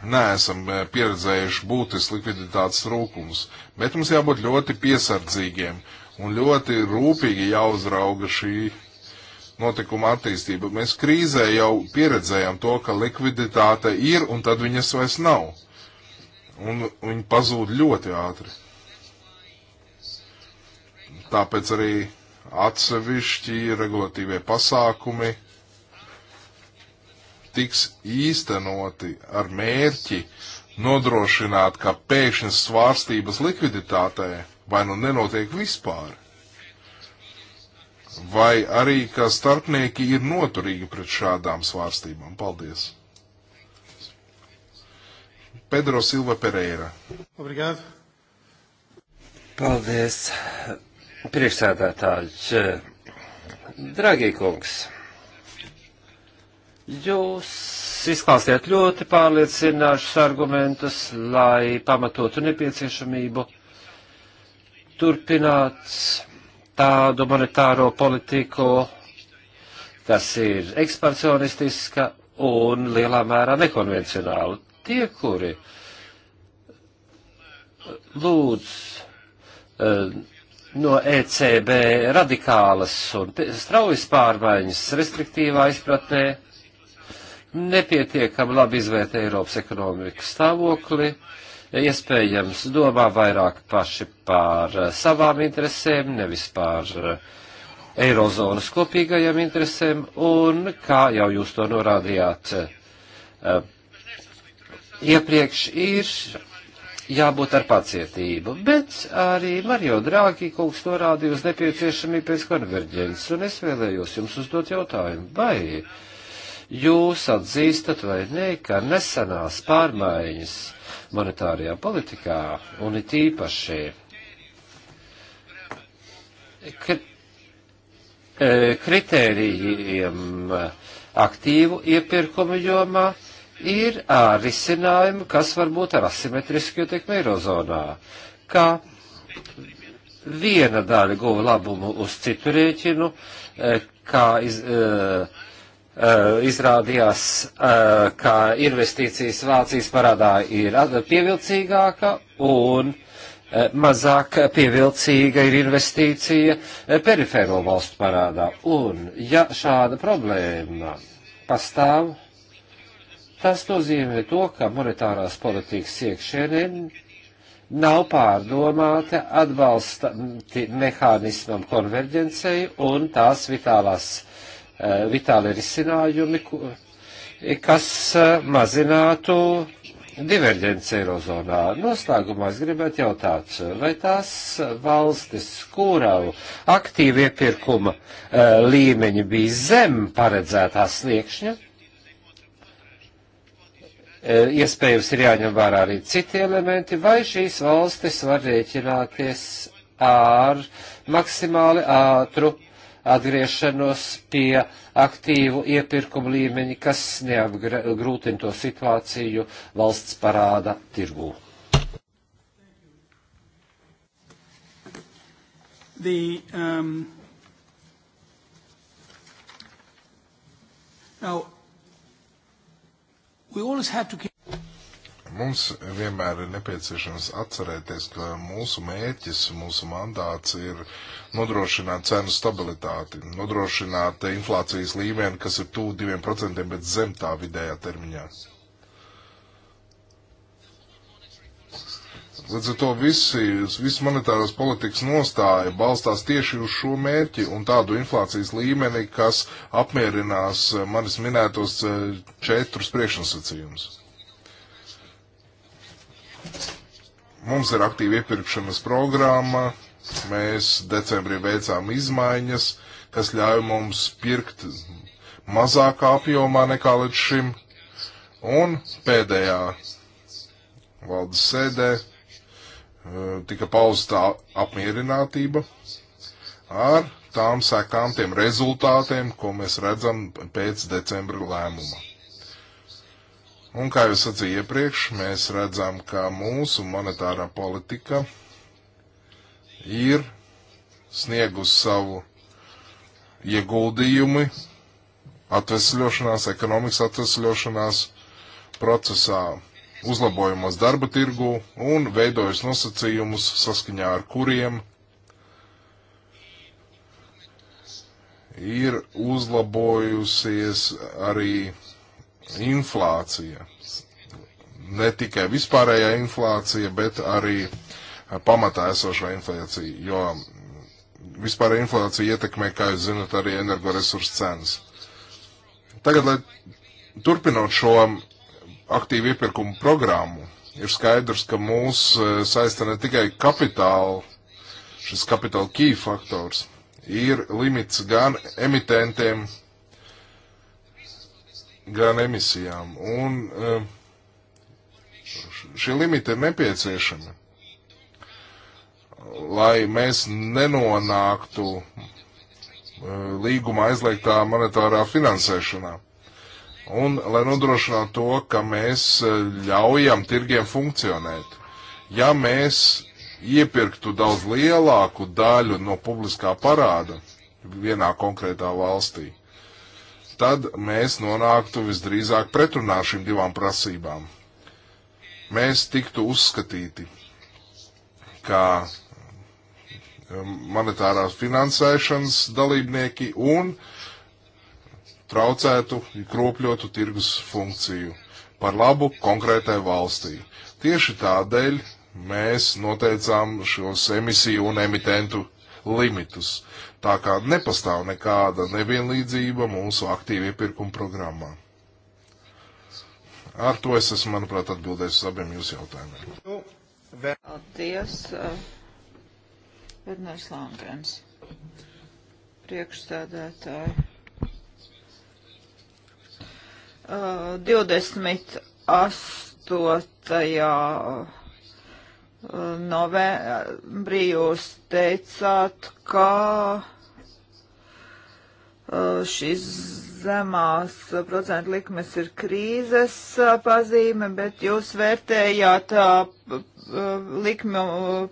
neesam eh, pieredzējuši būtisks likviditātes trūkums. Bet mums jābūt ļoti piesardzīgiem un ļoti rūpīgi jāuzrauga šī notikuma attīstība. Mēs krīzē jau pieredzējām to, ka likviditāte ir un tad viņas vairs nav. Un viņi pazūd ļoti ātri. Tāpēc arī atsevišķi regulatīvie pasākumi tiks īstenoti ar mērķi nodrošināt, ka pēkšņas svārstības likviditātē vai nu nenotiek vispār, vai arī, ka starpnieki ir noturīgi pret šādām svārstībām. Paldies! Pedro Silva Pereira. Obrigado. Paldies, priekšsēdētāji. Dragie kungs, Jūs izklāstījāt ļoti pārliecinošus argumentus, lai pamatotu nepieciešamību turpināt tādu monetāro politiku, kas ir ekspansionistiska un lielā mērā nekonvencionāla. Tie, kuri lūdz eh, no ECB radikālas un straujas pārmaiņas restriktīvā izpratnē, nepietiekami labi izvērtē Eiropas ekonomikas stāvokli, iespējams domā vairāk paši par eh, savām interesēm, nevis par eh, Eirozonas kopīgajām interesēm, un, kā jau jūs to norādījāt eh, iepriekš, ir jābūt ar pacietību, bet arī Mario Drāgi kungs norādīja uz nepieciešamību pēc konverģences, un es vēlējos jums uzdot jautājumu, vai jūs atzīstat vai nē, ka nesenās pārmaiņas monetārajā politikā un it īpaši e, kritērijiem aktīvu iepirkumu jomā ir risinājumi, kas var būt ar asimetrisku ietekmi Eirozonā, kā viena daļa guva labumu uz citu rēķinu, e, kā iz, uh, Uh, izrādījās, uh, ka investīcijas Vācijas parādā ir pievilcīgāka un eh, mazāk pievilcīga ir investīcija perifēro valstu parādā. Un, ja šāda problēma pastāv, tas nozīmē to, ka monetārās politikas iekšēnē nav pārdomāta atbalsta mehānismam konverģencei un tās vitālās Eh, vitāli risinājumi, eh, kas eh, mazinātu diverģence Eirozonā. Noslēgumā es gribētu jautāt, vai tās valstis, kurām aktīva iepirkuma uh, līmeņi bija zem paredzētā sliekšņa, uh, iespējams ir jāņem vērā arī citi elementi, vai šīs valstis var rēķināties ar maksimāli ātru uh, atgriešanos pie aktīvu iepirkumu līmeņa, kas neapgrūtina to situāciju valsts parāda tirgū. The, um, now, we always have to keep Mums vienmēr ir nepieciešams atcerēties, ka mūsu mērķis, mūsu mandāts ir nodrošināt cenu stabilitāti, nodrošināt inflācijas līmeni, kas ir tūl 2%, bet zem tā vidējā termiņā. Līdz ar to visi, visi monetāras politikas nostāja balstās tieši uz šo mērķi un tādu inflācijas līmeni, kas apmierinās manis minētos eh, četrus priekšnosacījumus. Mums ir aktīva iepirkšanas programma, mēs decembrī veicām izmaiņas, kas ļauj mums pirkt mazākā apjomā nekā līdz šim. Un pēdējā valdes sēdē eh, tika pausta apmierinātība ar tām sekām, tiem rezultātiem, ko mēs redzam pēc decembra lēmuma. Un, kā jau sacīju iepriekš, mēs redzam, ka mūsu monetārā politika ir sniegusi savu ieguldījumi atvesļošanās, ekonomikas atvesļošanās procesā, uzlabojumos darba tirgu un veidojas nosacījumus, saskaņā ar kuriem ir uzlabojusies arī inflācija. Ne tikai vispārējā inflācija, bet arī pamatā esošā inflācija, jo vispārējā inflācija ietekmē, kā jūs zinat, arī energoresursu cenas. Tagad, lai turpinot šo aktīvu iepirkumu programmu, ir skaidrs, ka mūs e, saista ne tikai kapitāla, šis kapitāla key faktors, ir limits gan emitentiem, gan emisijām. Un eh, šie limiti ir nepieciešami, lai mēs nenonāktu eh, līguma aizliegtā monetārā finansēšanā. Un lai nodrošinātu to, ka mēs eh, ļaujam tirgiem funkcionēt. Ja mēs iepirktu daudz lielāku daļu no publiskā parāda vienā konkrētā valstī, tad mēs nonāktu visdrīzāk pretrunā ar šīm divām prasībām. Mēs tiktu uzskatīti kā um, monetārās finansēšanas dalībnieki un traucētu, kropļotu tirgus funkciju par labu konkrētai valstī. Tieši tādēļ mēs noteicām šos emisiju un emitentu limitus. Tā kā nepastāv nekāda nevienlīdzība mūsu aktīvu iepirkumu programmā. Ar to es esmu, manuprāt, atbildējis uz abiem jūsu jautājumiem. Nu, Paldies, Verners uh, Langens, priekšstādētāji. 28. Uh, novembrī jūs teicāt, ka šis zemās procentu likmes ir krīzes pazīme, bet jūs vērtējāt likmju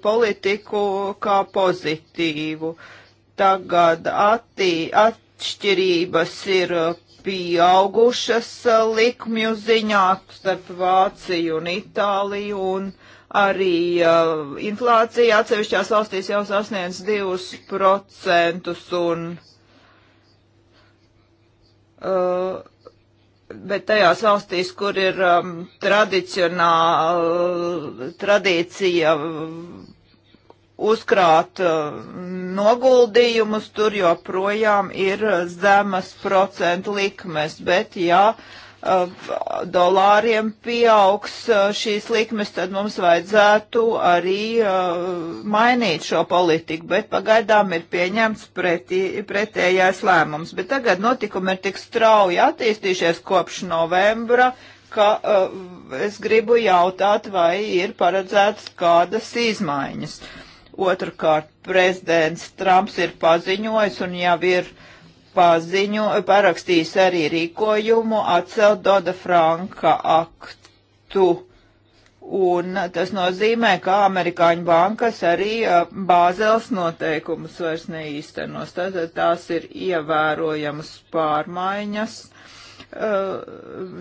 politiku kā pozitīvu. Tagad attī, atšķirības ir pieaugušas likmju ziņā starp Vāciju un Itāliju, un arī uh, inflācija atsevišķās valstīs jau sasniedz 2%, un, uh, bet tajās valstīs, kur ir um, tradicionāla uh, tradīcija. Uh, uzkrāt uh, noguldījumus, tur joprojām ir zemas procentu likmes, bet ja uh, dolāriem pieaugs uh, šīs likmes, tad mums vajadzētu arī uh, mainīt šo politiku, bet pagaidām ir pieņemts pretī, pretējais lēmums. Bet tagad notikumi ir tik strauji attīstījušies kopš novembra, ka uh, es gribu jautāt, vai ir paredzētas kādas izmaiņas. Uh, Otrkārt, prezidents Trumps ir paziņojis un jau ir paziņo, parakstījis arī rīkojumu atcelt Doda Franka aktu. Un tas nozīmē, ka amerikāņu bankas arī bāzels noteikumus vairs neīstenos. Tātad tās ir ievērojamas pārmaiņas.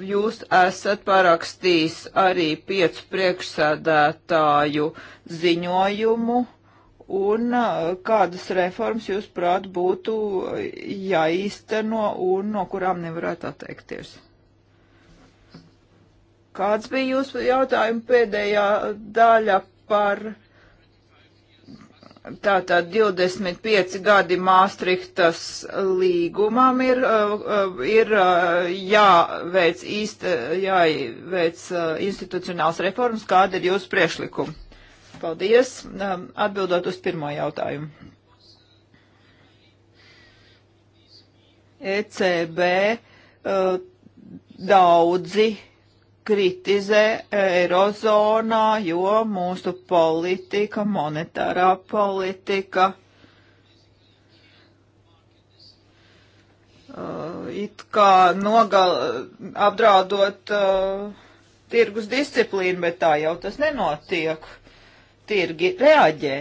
Jūs esat parakstījis arī piecu priekšsēdētāju ziņojumu un kādas reformas jūs prāt būtu jāīsteno un no kurām nevarētu atteikties? Kāds bija jūsu jautājuma pēdējā daļa par tātad 25 gadi Māstrihtas līgumam ir, ir jāveic, īsta, jāveic institucionāls reformas, kāda ir jūsu priešlikuma? Paldies. Um, atbildot uz pirmo jautājumu. ECB uh, daudzi kritizē Eirozonā, jo mūsu politika, monetārā politika uh, it kā nogal, apdraudot uh, tirgus disciplīnu, bet tā jau tas nenotiek tirgi reaģē.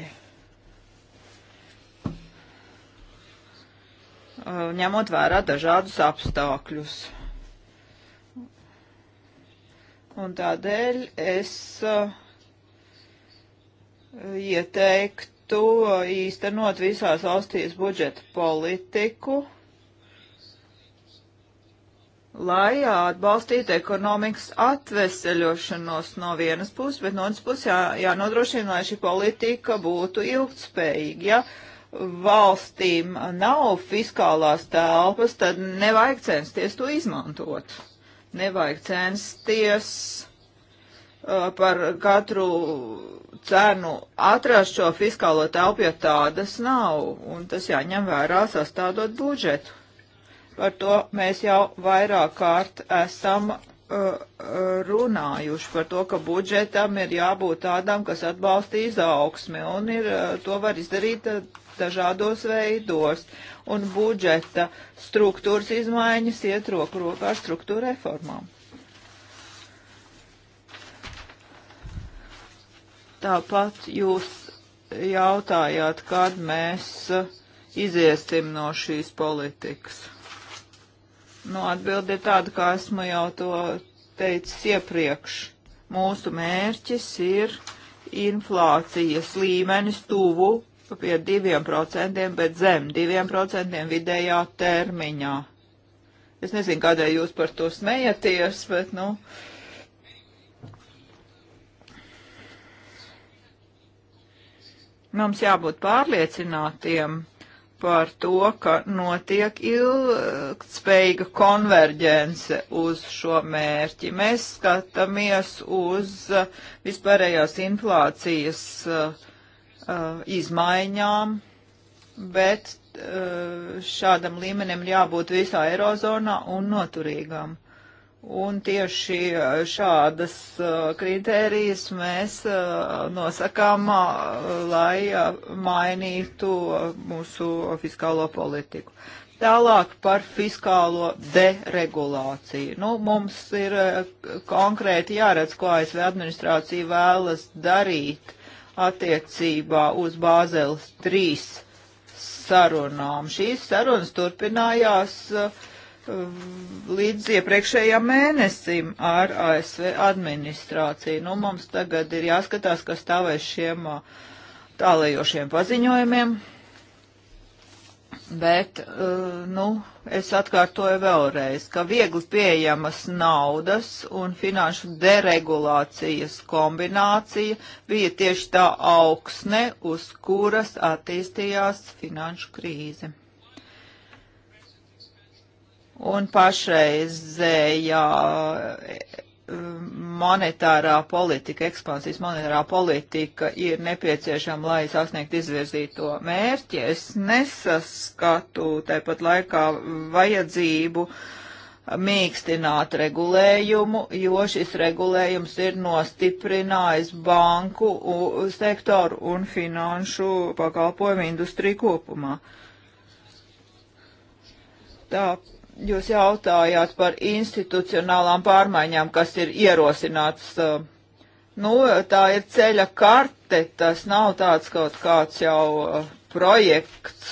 Uh, ņemot vērā dažādus apstākļus. Un tādēļ es uh, ieteiktu īstenot visās valstīs budžeta politiku lai atbalstītu ekonomikas atveseļošanos no vienas puses, bet no otras puses jā, jānodrošina, lai šī politika būtu ilgtspējīga. Ja valstīm nav fiskālās telpas, tad nevajag censties to izmantot. Nevajag censties uh, par katru cenu atrast šo fiskālo telpu, jo tādas nav, un tas jāņem vērā sastādot budžetu. Par to mēs jau vairāk kārt esam uh, runājuši par to, ka budžetam ir jābūt tādam, kas atbalsta izaugsmi, un ir, uh, to var izdarīt uh, dažādos veidos. Un budžeta struktūras izmaiņas iet roku rokā ar struktūra reformām. Tāpat jūs jautājāt, kad mēs iziesim no šīs politikas. Nu, atbilde ir tāda, kā esmu jau to teicis iepriekš. Mūsu mērķis ir inflācijas līmenis tuvu pie 2%, bet zem 2% vidējā termiņā. Es nezinu, kādēļ jūs par to smejaties, bet, nu. Mums jābūt pārliecinātiem, par to, ka notiek ilgspējīga konverģence uz šo mērķi. Mēs skatāmies uz uh, vispārējās inflācijas uh, uh, izmaiņām, bet šādam līmenim jābūt visā Eirozonā un noturīgam. Un tieši šādas kritērijas mēs nosakām, lai mainītu mūsu fiskālo politiku. Tālāk par fiskālo deregulāciju. Nu, mums ir konkrēti jāredz, ko ASV administrācija vēlas darīt attiecībā uz Bāzeles 3 sarunām. Šīs sarunas turpinājās uh, līdz iepriekšējām mēnesim ar ASV administrāciju. Nu, mums tagad ir jāskatās, kas stāvēs šiem uh, tālējošiem paziņojumiem. Bet, uh, nu, es atkārtoju vēlreiz, ka viegli pieejamas naudas un finanšu deregulācijas kombinācija bija tieši tā augsne, uz kuras attīstījās finanšu krīze un pašreizējā e, monetārā politika, ekspansijas monetārā politika ir nepieciešama, lai sasniegt izvirzīto mērķi. Es nesaskatu tāpat laikā vajadzību mīkstināt regulējumu, jo šis regulējums ir nostiprinājis banku sektoru un finanšu pakalpojumu industriju kopumā. Tāpēc Jūs jautājāt par institucionālām pārmaiņām, kas ir ierosināts. Uh, nu, tā ir ceļa karte, tas nav tāds kaut kāds jau uh, projekts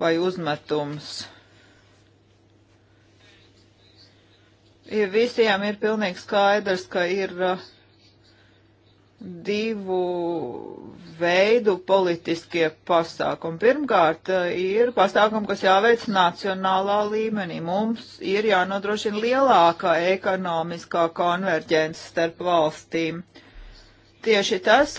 vai uzmetums. Ja visiem ir pilnīgi skaidrs, ka ir uh, divu veidu politiskie pasākumi. Pirmkārt, eh, ir pasākumi, kas jāveic nacionālā līmenī. Mums ir jānodrošina lielākā ekonomiskā konverģence starp valstīm. Tieši tas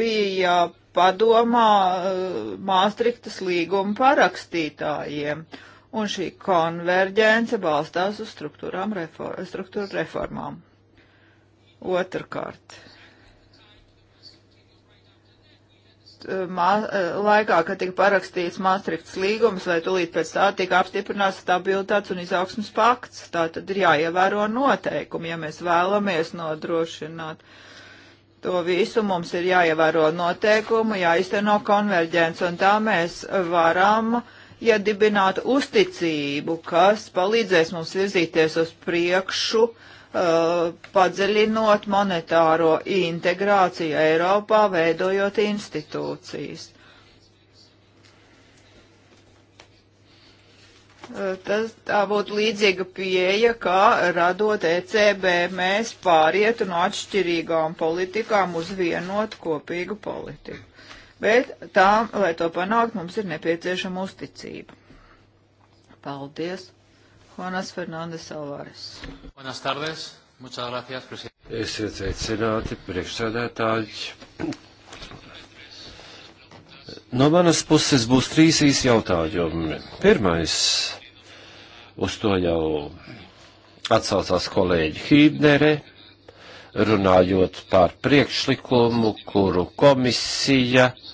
bija padomā eh, Māstriktas līguma parakstītājiem. Un šī konverģence balstās uz struktūrām, reform, struktūra reformām. Otrkārt Eh, eh, laikā, kad tika parakstīts Maastrichts līgums, vai tūlīt pēc tā tika apstiprināts stabilitātes un izaugsmas pakts. Tā tad ir jāievēro noteikumi, ja mēs vēlamies nodrošināt. To visu mums ir jāievēro noteikumu, jāizteno konverģents, un tā mēs varam iedibināt uzticību, kas palīdzēs mums virzīties uz priekšu uh, Uh, padziļinot monetāro integrāciju Eiropā, veidojot institūcijas. Uh, tas tā būtu līdzīga pieeja, kā radot ECB mēs pārietu no atšķirīgām politikām uz vienotu kopīgu politiku. Bet tā, lai to panākt, mums ir nepieciešama uzticība. Paldies! Juanas Fernandes Alvarez. Buenas tardes. Muchas gracias, presidente. Esiet sveicināti, priekšsēdētāji. No manas puses būs trīs īsi jautājumi. Pirmais, uz to jau atsaucās kolēģi Hībnere, runājot par priekšlikumu, kuru komisija uh,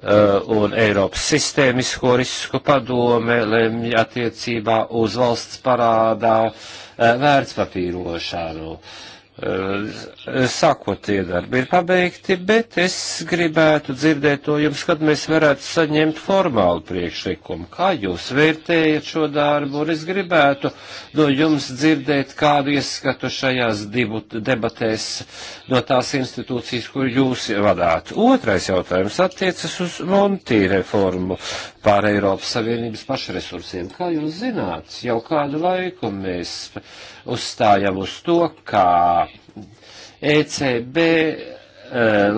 Uh, un Eiropas sistēmisko risku padome lemj attiecībā uz valsts parādā uh, vērtspapīrošanu. Uh, Eh, sākotie darbi ir pabeigti, bet es gribētu dzirdēt to jums, kad mēs varētu saņemt formālu priekšlikumu. Kā jūs vērtējat šo darbu, un es gribētu no jums dzirdēt kādu ieskatu šajās divu debatēs no tās institūcijas, kur jūs vadāt. Otrais jautājums attiecas uz Monti reformu pār Eiropas Savienības pašresursiem. Kā jūs zināt, jau kādu laiku mēs uzstājam uz to, kā ECB e,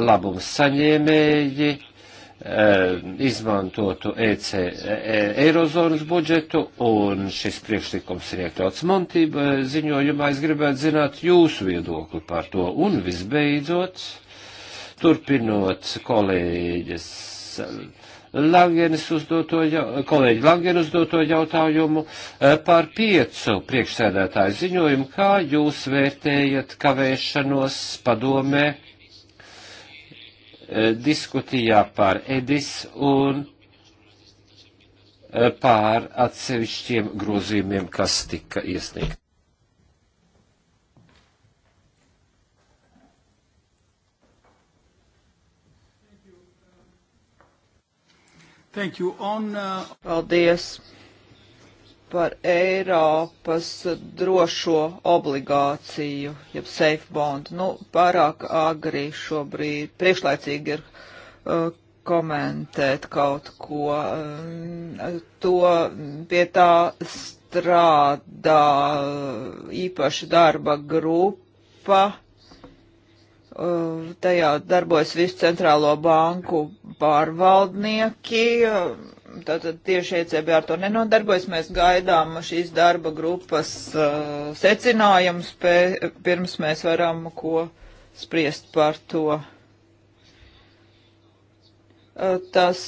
labums saņēmēji e, izmantotu EC, e, Eirozonas budžetu, un šis priekšlikums ir iekļauts Montība ziņojumā. Es gribētu zināt jūsu viedokli par to. Un visbeidzot, turpinot kolēģis Langenes uzdoto, kolēģi Langen uzdoto jautājumu e, par piecu priekšsēdētāju ziņojumu. Kā jūs vērtējat kavēšanos padomē? E, Diskutījā par Edis un e, pār atsevišķiem grozījumiem, kas tika iesniegti. Thank you. On, uh... Paldies par Eiropas drošo obligāciju, jeb safe bond. Nu, pārāk agri šobrīd, priekšlaicīgi ir uh, komentēt kaut ko. Uh, to pie tā strādā īpaša darba grupa Eh, tajā darbojas visu centrālo banku pārvaldnieki. Eh, tātad tieši ECB ar to nenodarbojas. Mēs gaidām šīs darba grupas uh, secinājumus, pirms mēs varam ko spriest par to. Tas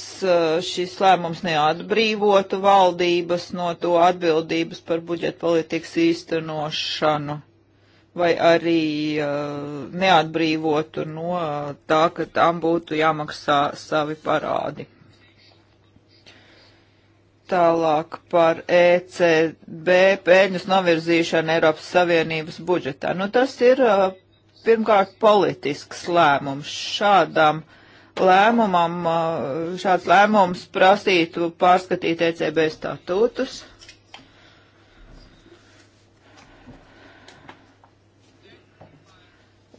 šis lēmums neatbrīvotu valdības no to atbildības par budžeta politikas īstenošanu vai arī uh, neatbrīvotu no uh, tā, ka tām būtu jāmaksā savi parādi. Tālāk par ECB pēļņus novirzīšanu Eiropas Savienības budžetā. Nu, tas ir uh, pirmkārt politisks lēmums. Šādam lēmumam, uh, šāds lēmums prasītu pārskatīt ECB statūtus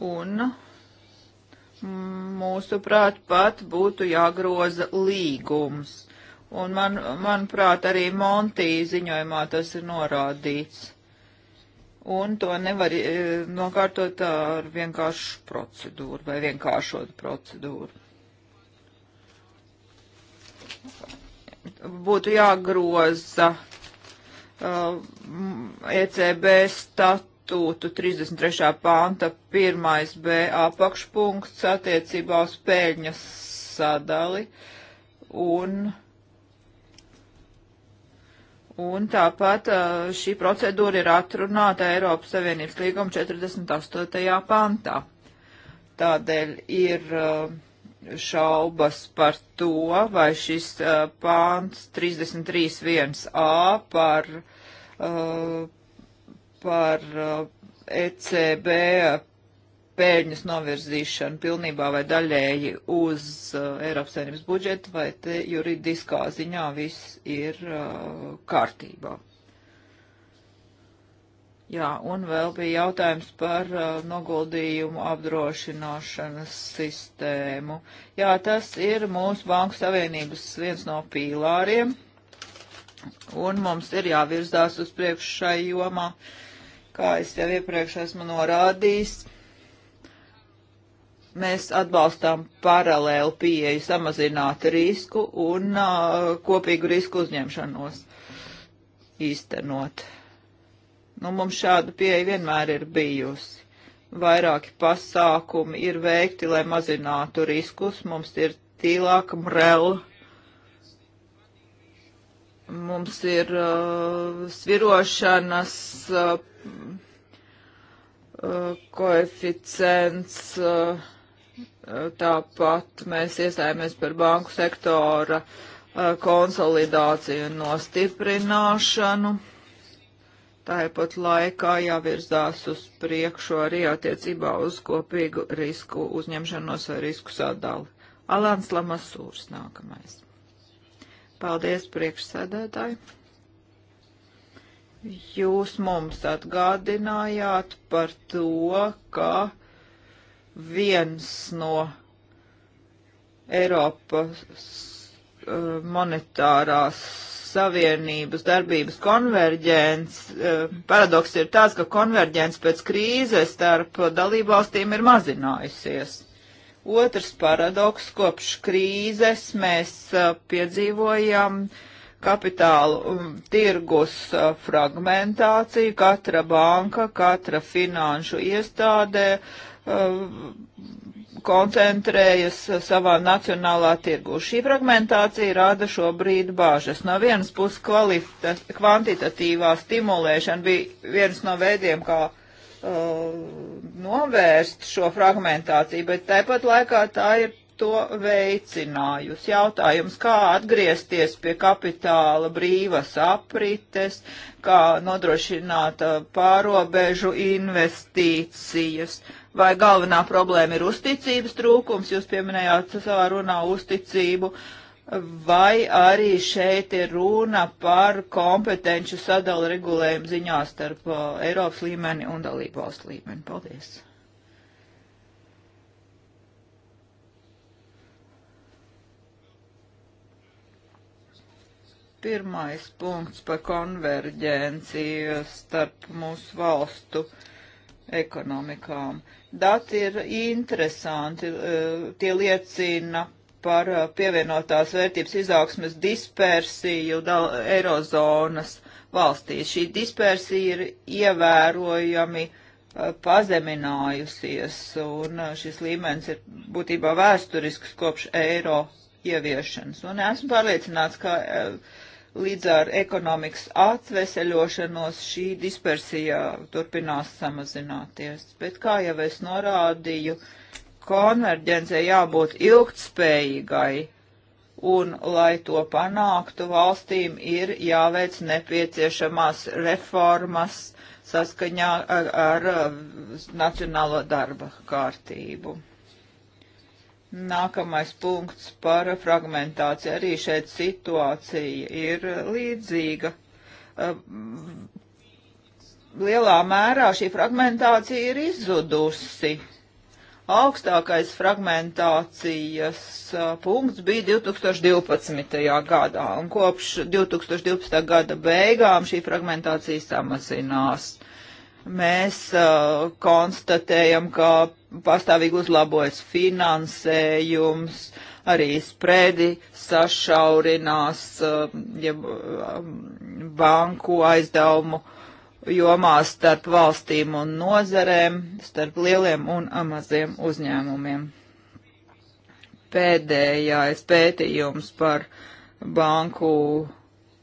un mūsuprāt pat būtu jāgroza līgums. Un man, manuprāt, arī Montī ziņojumā tas ir norādīts. Un to nevar e, nokārtot ar vienkāršu procedūru vai vienkāršotu procedūru. Būtu jāgroza uh, e, ECB statu statūtu 33. panta 1. B apakšpunkts attiecībā uz pēļņas sadali un, un tāpat šī procedūra ir atrunāta Eiropas Savienības līguma 48. pantā. Tādēļ ir uh, šaubas par to, vai šis uh, pāns 33.1a par uh, par uh, ECB pēļņas novirzīšanu pilnībā vai daļēji uz uh, Eiropas Savienības budžetu, vai te juridiskā ziņā viss ir uh, kārtībā. Jā, un vēl bija jautājums par uh, noguldījumu apdrošināšanas sistēmu. Jā, tas ir mūsu Banku Savienības viens no pīlāriem, un mums ir jāvirzās uz priekšu šai jomā. Uh, Kā es jau iepriekš esmu norādījis, mēs atbalstām paralēlu pieeju samazināt risku un uh, kopīgu risku uzņemšanos īstenot. Nu, mums šāda pieeja vienmēr ir bijusi. Vairāki pasākumi ir veikti, lai mazinātu riskus. Mums ir tīlāka mrela. Mums ir uh, svirošanas uh, koeficients. Eh, tāpat mēs iestājāmies par banku sektora eh, konsolidāciju un nostiprināšanu. Tāpat laikā jāvirzās uz priekšu arī attiecībā uz kopīgu risku uzņemšanos vai risku sadali. Alans Lamasūrs nākamais. Paldies priekšsēdētāji! Jūs mums atgādinājāt par to, ka viens no Eiropas eh, monetārās savienības darbības konverģents. Eh, paradoks ir tāds, ka konverģents pēc krīzes starp dalībvalstīm ir mazinājusies. Otrs paradoks, kopš krīzes mēs eh, piedzīvojam uh, kapitālu um, tirgus uh, fragmentāciju, katra banka, katra finanšu iestādē uh, koncentrējas savā nacionālā tirgu. Šī fragmentācija rada šobrīd bāžas. No vienas puses kvantitatīvā stimulēšana bija viens no veidiem, kā uh, novērst šo fragmentāciju, bet tāpat laikā tā ir to veicinājusi. Jautājums, kā atgriezties pie kapitāla brīvas aprites, kā nodrošināt uh, pārobežu investīcijas. Vai galvenā problēma ir uzticības trūkums, jūs pieminējāt savā runā uzticību, vai arī šeit ir runa par kompetenci sadali regulējumu ziņā starp uh, Eiropas līmeni un dalību valstu līmeni. Paldies! Pirmais punkts par konverģenciju starp mūsu valstu ekonomikām. Dati ir interesanti, eh, tie liecina par eh, pievienotās vērtības izaugsmes dispersiju Eirozonas valstīs. Šī dispersija ir ievērojami eh, pazeminājusies, un šis līmenis ir būtībā vēsturisks kopš eiro ieviešanas. Un esmu pārliecināts, ka Līdz ar ekonomikas atveseļošanos šī dispersija turpinās samazināties. Bet, kā jau es norādīju, konverģencei jābūt ilgtspējīgai, un, lai to panāktu, valstīm ir jāveic nepieciešamās reformas saskaņā ar, ar uh, nacionālo darba kārtību. Nākamais punkts par fragmentāciju. Arī šeit situācija ir līdzīga. Lielā mērā šī fragmentācija ir izzudusi. Augstākais fragmentācijas punkts bija 2012. gadā, un kopš 2012. gada beigām šī fragmentācija samazinās mēs uh, konstatējam, ka pastāvīgi uzlabojas finansējums, arī spredi sašaurinās uh, ja, um, banku aizdevumu jomā starp valstīm un nozarēm, starp lieliem un maziem uzņēmumiem. Pēdējais pētījums par banku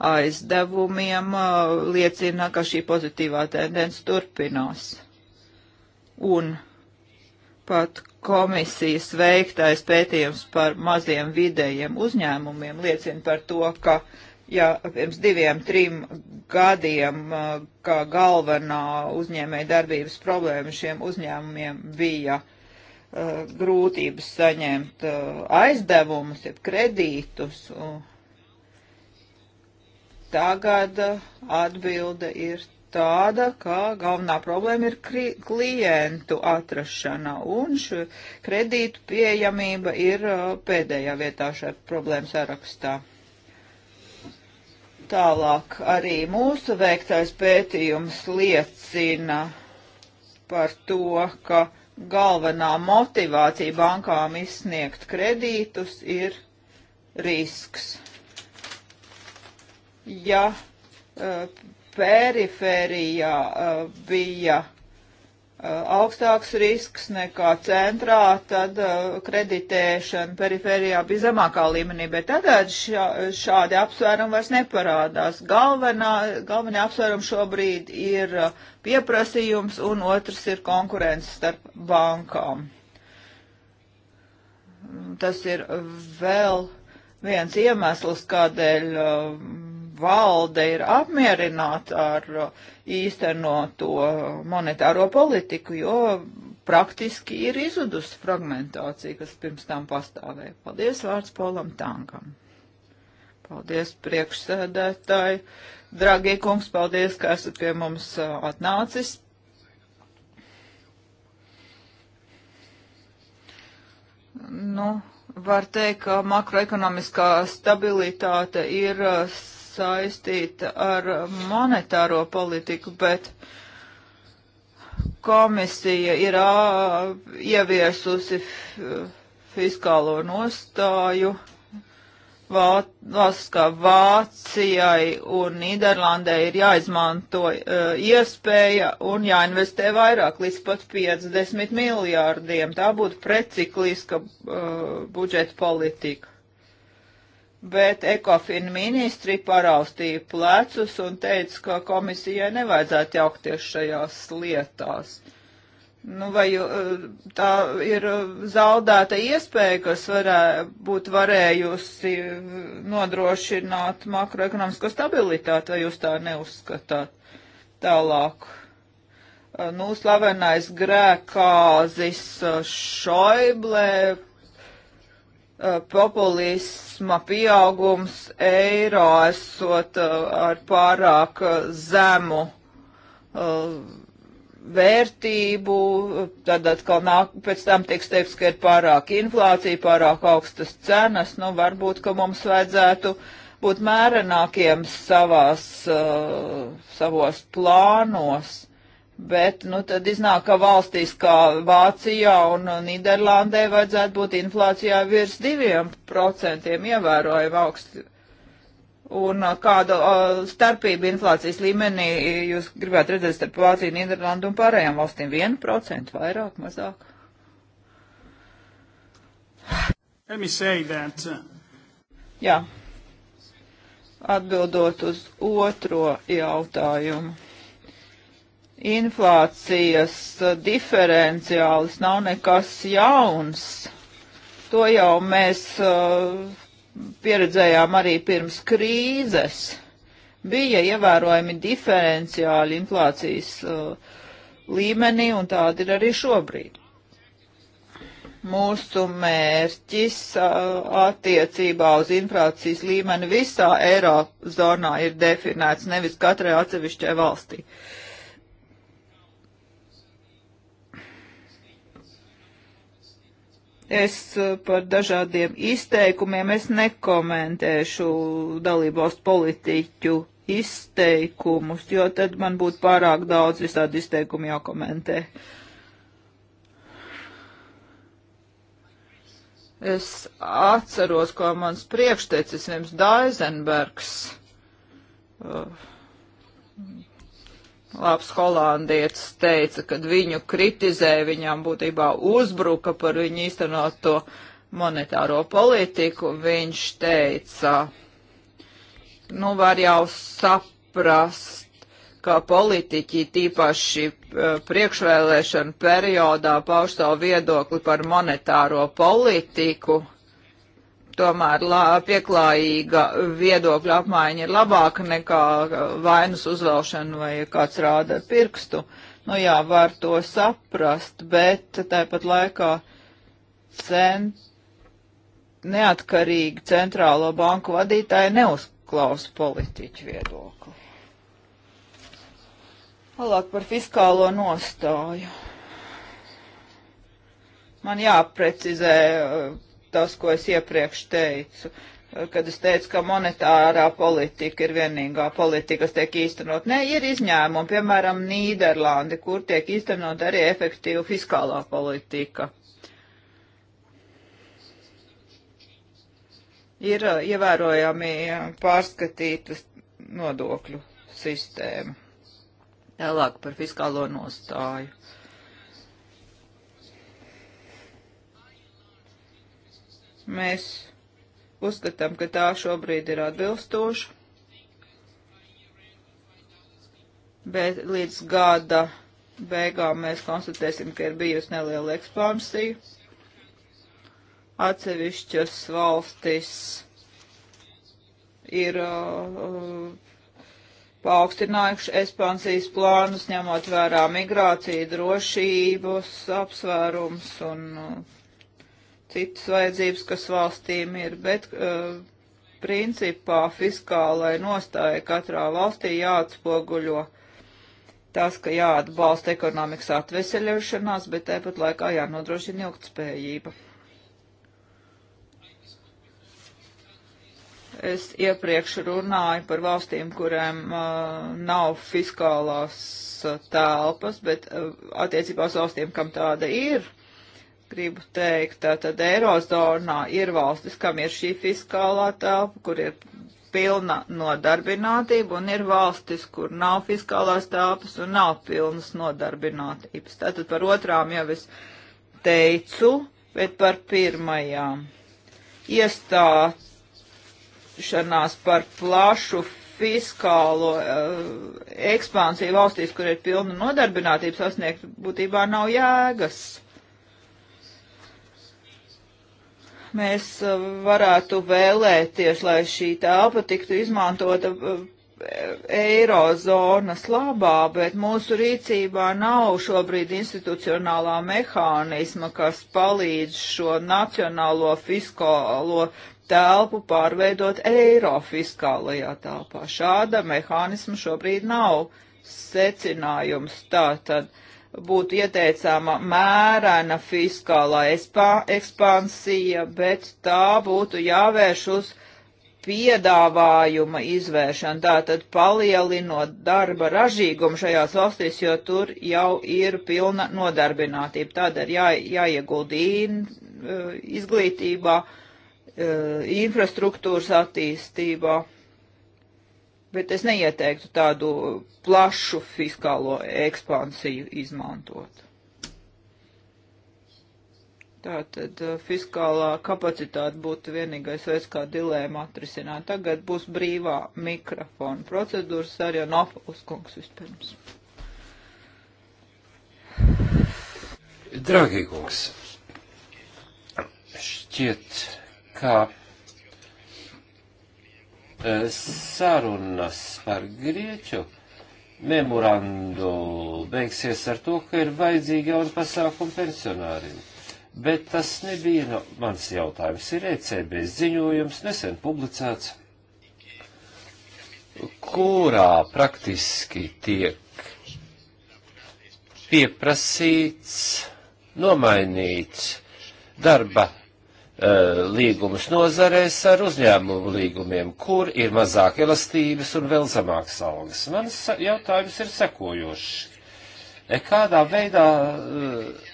aizdevumiem uh, liecina, ka šī pozitīvā tendence turpinās. Un pat komisijas veiktais pētījums par maziem vidējiem uzņēmumiem liecina par to, ka ja pirms diviem, trim gadiem, uh, kā galvenā uzņēmēja darbības problēma šiem uzņēmumiem bija uh, grūtības saņemt uh, aizdevumus, jeb kredītus, uh, Tagad atbilde ir tāda, ka galvenā problēma ir klientu atrašana, un šo kredītu pieejamība ir uh, pēdējā vietā šajā problēmu sarakstā. Tālāk arī mūsu veiktais pētījums liecina par to, ka galvenā motivācija bankām izsniegt kredītus ir risks ja eh, perifērijā eh, bija eh, augstāks risks nekā centrā, tad kreditēšana perifērijā bija zemākā līmenī, bet tagad šā, šādi apsvērumi vairs neparādās. Galvenā, galvenie apsvērumi šobrīd ir pieprasījums un otrs ir konkurence starp bankām. Tas ir vēl viens iemesls, kādēļ valde ir apmierināta ar īstenoto monetāro politiku, jo praktiski ir izudusi fragmentācija, kas pirms tam pastāvēja. Paldies vārds Polam Tankam. Paldies priekšsēdētāji. Dragie kungs, paldies, ka esat pie mums atnācis. Nu, var teikt, ka makroekonomiskā stabilitāte ir saistīta ar monetāro politiku, bet komisija ir ieviesusi fiskālo nostāju valsts kā Vācijai un Nīderlandē ir jāizmanto uh, iespēja un jāinvestē vairāk līdz pat 50 miljārdiem. Tā būtu precikliska uh, budžeta politika bet ekofina ministri paraustīja plecus un teica, ka komisijai nevajadzētu jaukties šajās lietās. Nu, vai eh, tā ir zaudēta iespēja, kas varē, būt varējusi nodrošināt makroekonomisko stabilitāti, vai jūs tā neuzskatāt tālāk? Eh, nu, slavenais grēkāzis Šoiblē eh, Eh, populisma pieaugums eiro esot eh, ar pārāk eh, zemu vērtību, tad atkal nāk, pēc tam tiks teiks, ka ir pārāk inflācija, pārāk augstas cenas, nu varbūt, ka mums vajadzētu būt mērenākiem savās, uh, savos plānos. Bet, nu, tad iznāk, ka valstīs kā Vācijā un Nīderlandē vajadzētu būt inflācijā virs diviem procentiem ievērojami augstu. Un kādu uh, uh starpību inflācijas līmenī jūs gribētu redzēt starp Vāciju, Nīderlandu un pārējām valstīm? Vienu procentu vairāk, mazāk? Let me say that. Uh, Jā. Atbildot uz otro jautājumu Inflācijas diferenciālis nav nekas jauns. To jau mēs uh, pieredzējām arī pirms krīzes. Bija ievērojami diferenciāli inflācijas uh, līmenī, un tāda ir arī šobrīd. Mūsu mērķis uh, attiecībā uz inflācijas līmeni visā Eirozonā ir definēts, nevis katrai atsevišķai valstī. Uh, Es eh, par dažādiem izteikumiem es nekomentēšu dalībvalstu politiķu izteikumus, jo tad man būtu pārāk daudz visādi izteikumi jākomentē. Es atceros, ko mans priekštecis Vims Daizenbergs uh, labs holandietis teica, kad viņu kritizēja, viņām būtībā uzbruka par viņu īstenoto monetāro politiku, viņš teica, nu var jau saprast, ka politiķi tīpaši eh, priekšvēlēšana periodā pauž savu viedokli par monetāro politiku tomēr lā, pieklājīga viedokļa apmaiņa ir labāka nekā uh, vainas uzvelšana vai kāds rāda ar pirkstu. Nu jā, var to saprast, bet tāpat laikā cent neatkarīgi centrālo banku vadītāji neuzklausa politiķu viedokli. Tālāk par fiskālo nostāju. Man jāprecizē uh, tas, ko es iepriekš teicu, kad es teicu, ka monetārā politika ir vienīgā politika, kas tiek īstenot. Nē, ir izņēmumi, piemēram, Nīderlandi, kur tiek īstenot arī efektīva fiskālā politika. Ir uh, ievērojami uh, pārskatītas nodokļu sistēma. Tālāk par fiskālo nostāju. Mēs uzskatām, ka tā šobrīd ir atbilstoša, bet līdz gada beigām mēs konstatēsim, ka ir bijusi neliela ekspansija. Atsevišķas valstis ir uh, paaugstinājuši ekspansijas plānus, ņemot vērā migrāciju, drošības apsvērums un uh, citas vajadzības, kas valstīm ir, bet uh, principā fiskālai nostāja katrā valstī jāatspoguļo tas, ka jāatbalsta ekonomikas atveseļošanās, bet tāpat laikā jānodrošina ilgtspējība. Es iepriekš runāju par valstīm, kurām uh, nav fiskālās uh, telpas, bet uh, attiecībā uz valstīm, kam tāda ir, uh, gribu teikt, tātad Eirozonā ir valstis, kam ir šī fiskālā telpa, kur ir pilna nodarbinātība, un ir valstis, kur nav fiskālās telpas un nav pilnas nodarbinātības. Tātad par otrām jau es teicu, bet par pirmajām. Iestāšanās par plašu fiskālo uh, ekspansiju valstīs, kur ir pilna nodarbinātība, sasniegt būtībā nav jēgas Mēs uh, varētu vēlēties, lai šī telpa tiktu izmantota uh, eirozonas labā, bet mūsu rīcībā nav šobrīd institucionālā mehānisma, kas palīdz šo nacionālo fiskālo telpu pārveidot eiro fiskālajā telpā. Šāda mehānisma šobrīd nav secinājums. Tātad būtu ieteicama mērena fiskālā ekspansija, bet tā būtu jāvērš uz piedāvājuma izvēršana, tātad palielinot darba ražīgumu šajās valstīs, jo tur jau ir pilna nodarbinātība. Tādēļ jā, jāiegulda in, eh, izglītībā, eh, infrastruktūras attīstībā bet es neieteiktu tādu plašu fiskālo ekspansiju izmantot. Tātad eh, fiskālā kapacitāte būtu vienīgais veids, kā dilēma atrisināt. Tagad būs brīvā mikrofona procedūras arī Nofalus kungs vispirms. Dragie kungs, šķiet, kā Eh, sarunas par Grieķu memorandu beigsies ar to, ka ir vajadzīgi jauni pasākumi pensionāriem. Bet tas nebija no mans jautājums. Ir ECB ziņojums nesen publicēts, kurā praktiski tiek pieprasīts nomainīt darba Uh, līgumus nozarēs ar uzņēmumu līgumiem, kur ir mazāk elastības un vēl zamākas algas. Mans jautājums ir sekojošs. E, kādā veidā uh,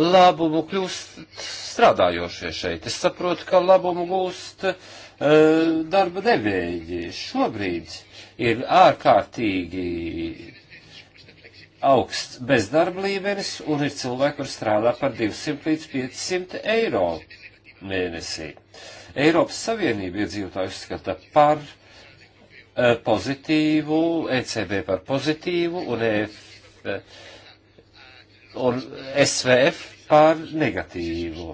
labumu kļūst strādājošie šeit? Es saprotu, ka labumu gūst uh, darba devēji. Šobrīd ir ārkārtīgi augsts bezdarba līmenis un ir cilvēki, kur strādā par 200 līdz 500 eiro mēnesī. Eiropas Savienība iedzīvotāju uzskata par uh, pozitīvu, ECB par pozitīvu un, EF, uh, eh, un SVF par negatīvu.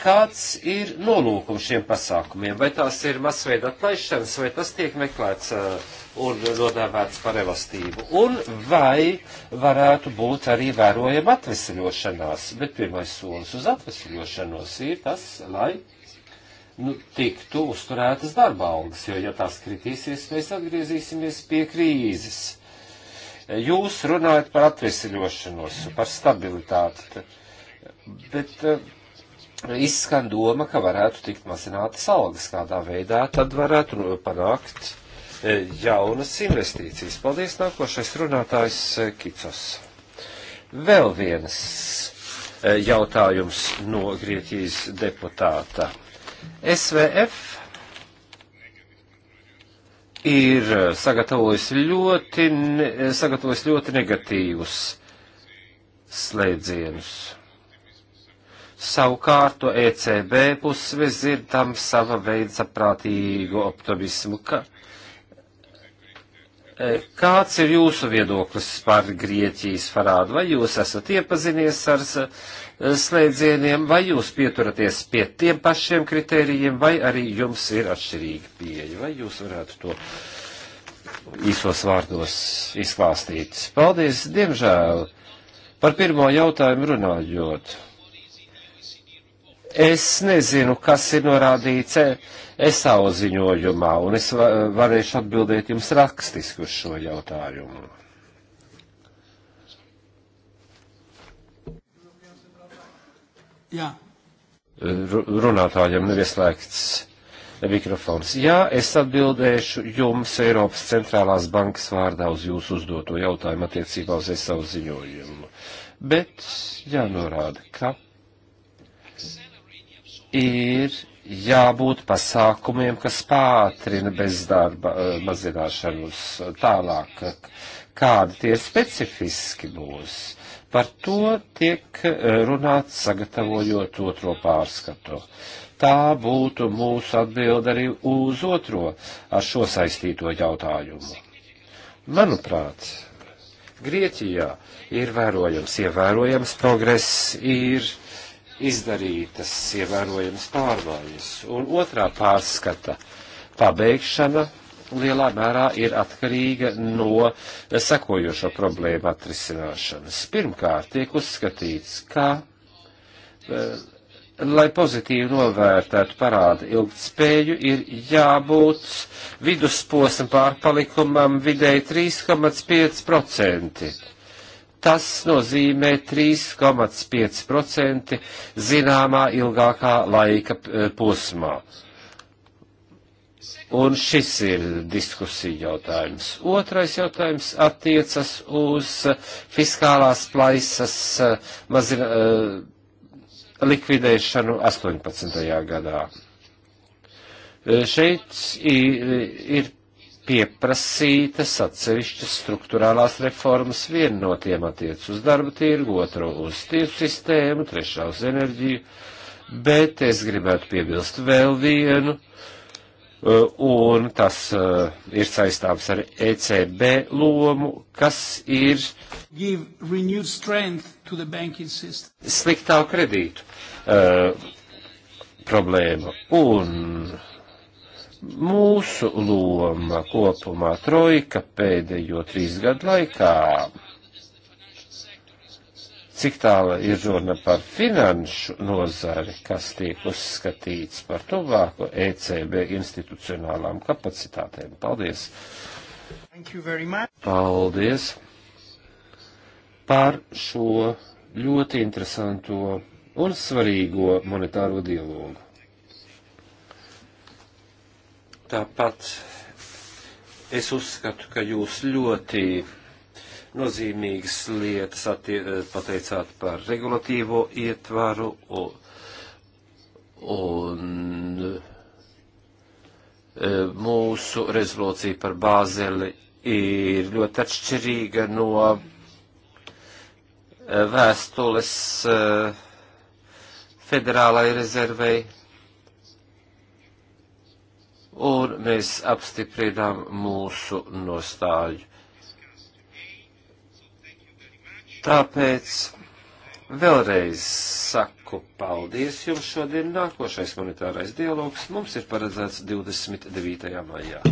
Kāds ir nolūkums šiem pasākumiem? Vai tās ir masveida atlaišanas, vai tas tiek meklēts eh, un nodēvēts par elastību? Un vai varētu būt arī vērojama atvesļošanās? Bet pirmais solis uz atvesļošanos ir tas, lai nu, tiktu uzturētas darba algas, jo ja tās kritīsies, mēs atgriezīsimies pie krīzes. Jūs runājat par atvesļošanos, par stabilitāti, bet. Uh, izskan doma, ka varētu tikt mazinātas algas kādā veidā, tad varētu panākt e, jaunas investīcijas. Paldies, nākošais runātājs e, Kicos. Vēl viens e, jautājums no Grieķijas deputāta. SVF ir sagatavojis ļoti, sagatavojis ļoti negatīvus slēdzienus. Savukārt no ECB puses dzirdam sava veida saprātīgu optimismu. Ka, e, kāds ir jūsu viedoklis par Grieķijas parādu? Vai jūs esat iepazinies ar e, slēdzieniem, vai jūs pieturaties pie tiem pašiem kritērijiem, vai arī jums ir atšķirīga pieeja? Vai jūs varētu to īsos vārdos izklāstīt? Paldies, diemžēl, par pirmo jautājumu runājot. Es nezinu, kas ir norādīts ESAO ziņojumā, un es varēšu atbildēt jums rakstiski uz šo jautājumu. Jā. Runātājiem nevieslēgts mikrofons. Jā, es atbildēšu jums Eiropas centrālās bankas vārdā uz jūsu uzdoto jautājumu attiecībā uz ESAO ziņojumu. Bet jānorāda, ka ir jābūt pasākumiem, kas pātrina bezdarba eh, mazināšanos tālāk, kādi tie specifiski būs. Par to tiek eh, runāts sagatavojot otro pārskatu. Tā būtu mūsu atbilde arī uz otro ar šo saistīto jautājumu. Manuprāt, Grieķijā ir vērojams, ievērojams progress, ir izdarītas ievērojamas pārmaiņas. Un otrā pārskata pabeigšana lielā mērā ir atkarīga no sekojošo problēmu atrisināšanas. Pirmkārt, tiek uzskatīts, ka, eh, lai pozitīvi novērtētu parādu ilgtspēju, ir jābūt vidusposma pārpalikumam vidēji 3,5%. Tas nozīmē 3,5% zināmā ilgākā laika eh, posmā. Un šis ir diskusija jautājums. Otrais jautājums attiecas uz fiskālās plaisas eh, mazina, eh, likvidēšanu 18. gadā. Šeit ir pieprasītas atsevišķas struktūrālās reformas, viena no tiem attiec uz darba tirgu, otra uz tiesu sistēmu, trešā uz enerģiju, bet es gribētu piebilst vēl vienu, eh, un tas eh, ir saistāms ar ECB lomu, kas ir sliktā kredītu uh, problēma. Un mūsu loma kopumā trojka pēdējo trīs gadu laikā, cik tāla ir runa par finanšu nozari, kas tiek uzskatīts par tuvāko ECB institucionālām kapacitātēm. Paldies! Paldies par šo ļoti interesanto un svarīgo monetāro dialogu. Tāpat es uzskatu, ka jūs ļoti nozīmīgas lietas attie, pateicāt par regulatīvo ietvaru un, un e, mūsu rezolūcija par bāzeli ir ļoti atšķirīga no e, vēstules e, federālai rezervei un mēs apstiprinām mūsu nostāju. Tāpēc vēlreiz saku paldies jums šodien. Nākošais monetārais dialogs mums ir paredzēts 29. maijā.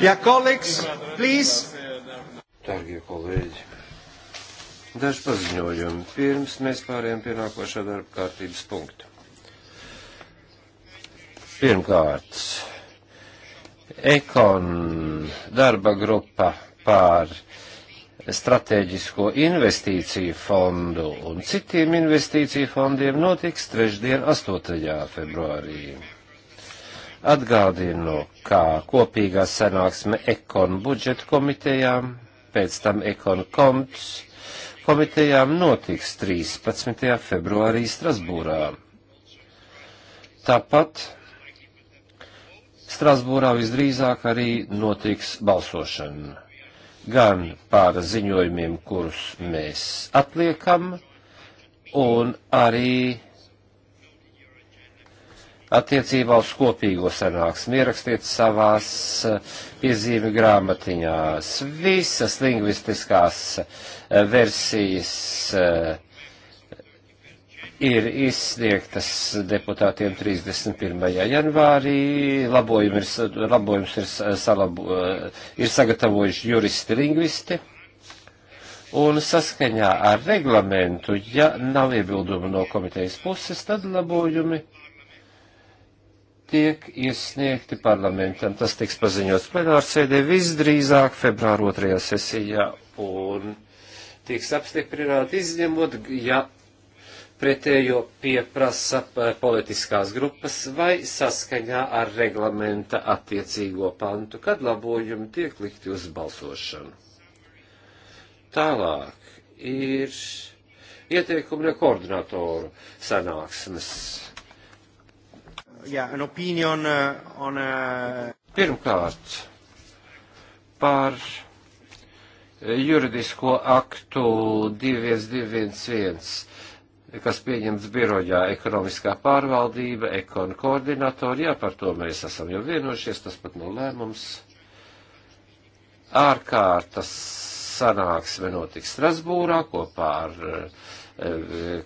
Ja kolēģis, please. Dargie kolēģi, daži paziņojumi. Pirms mēs pārējām pie nākošā darba kārtības punkta. Pirmkārt, ekon darba grupa pār stratēģisko investīciju fondu un citiem investīciju fondiem notiks trešdien 8. februārī. Atgādinu, kā kopīgā sanāksme ekonu budžeta komitejām, pēc tam ekonu komps komitejām notiks 13. februārī Strasbūrā. Tāpat Strasbūrā visdrīzāk arī notiks balsošana gan par ziņojumiem, kurus mēs atliekam, un arī attiecībā uz kopīgo sanāksmi ierakstiet savās eh, piezīmi grāmatiņās. Visas lingvistiskās eh, versijas eh, ir izsniegtas deputātiem 31. janvārī. Labojumi ir, labojums ir, salabu, ir sagatavojuši juristi lingvisti. Un saskaņā ar reglamentu, ja nav iebildumu no komitejas puses, tad labojumi tiek iesniegti parlamentam. Tas tiks paziņots plenārsēdē visdrīzāk februāru otrajā sesijā un tiks apstiprināti izņemot, ja pretējo pieprasa eh, politiskās grupas vai saskaņā ar reglamenta attiecīgo pantu, kad labojumi tiek likti uz balsošanu. Tālāk ir ieteikumi no koordinatoru sanāksmes yeah, an opinion uh, on a... Uh, Pirmkārt, par eh, juridisko aktu 2121, kas pieņemts birojā ekonomiskā pārvaldība, ekon koordinatori, jā, par to mēs esam jau vienojušies, tas pat nav lēmums. Ārkārtas sanāksme notiks Strasbūrā kopā ar uh,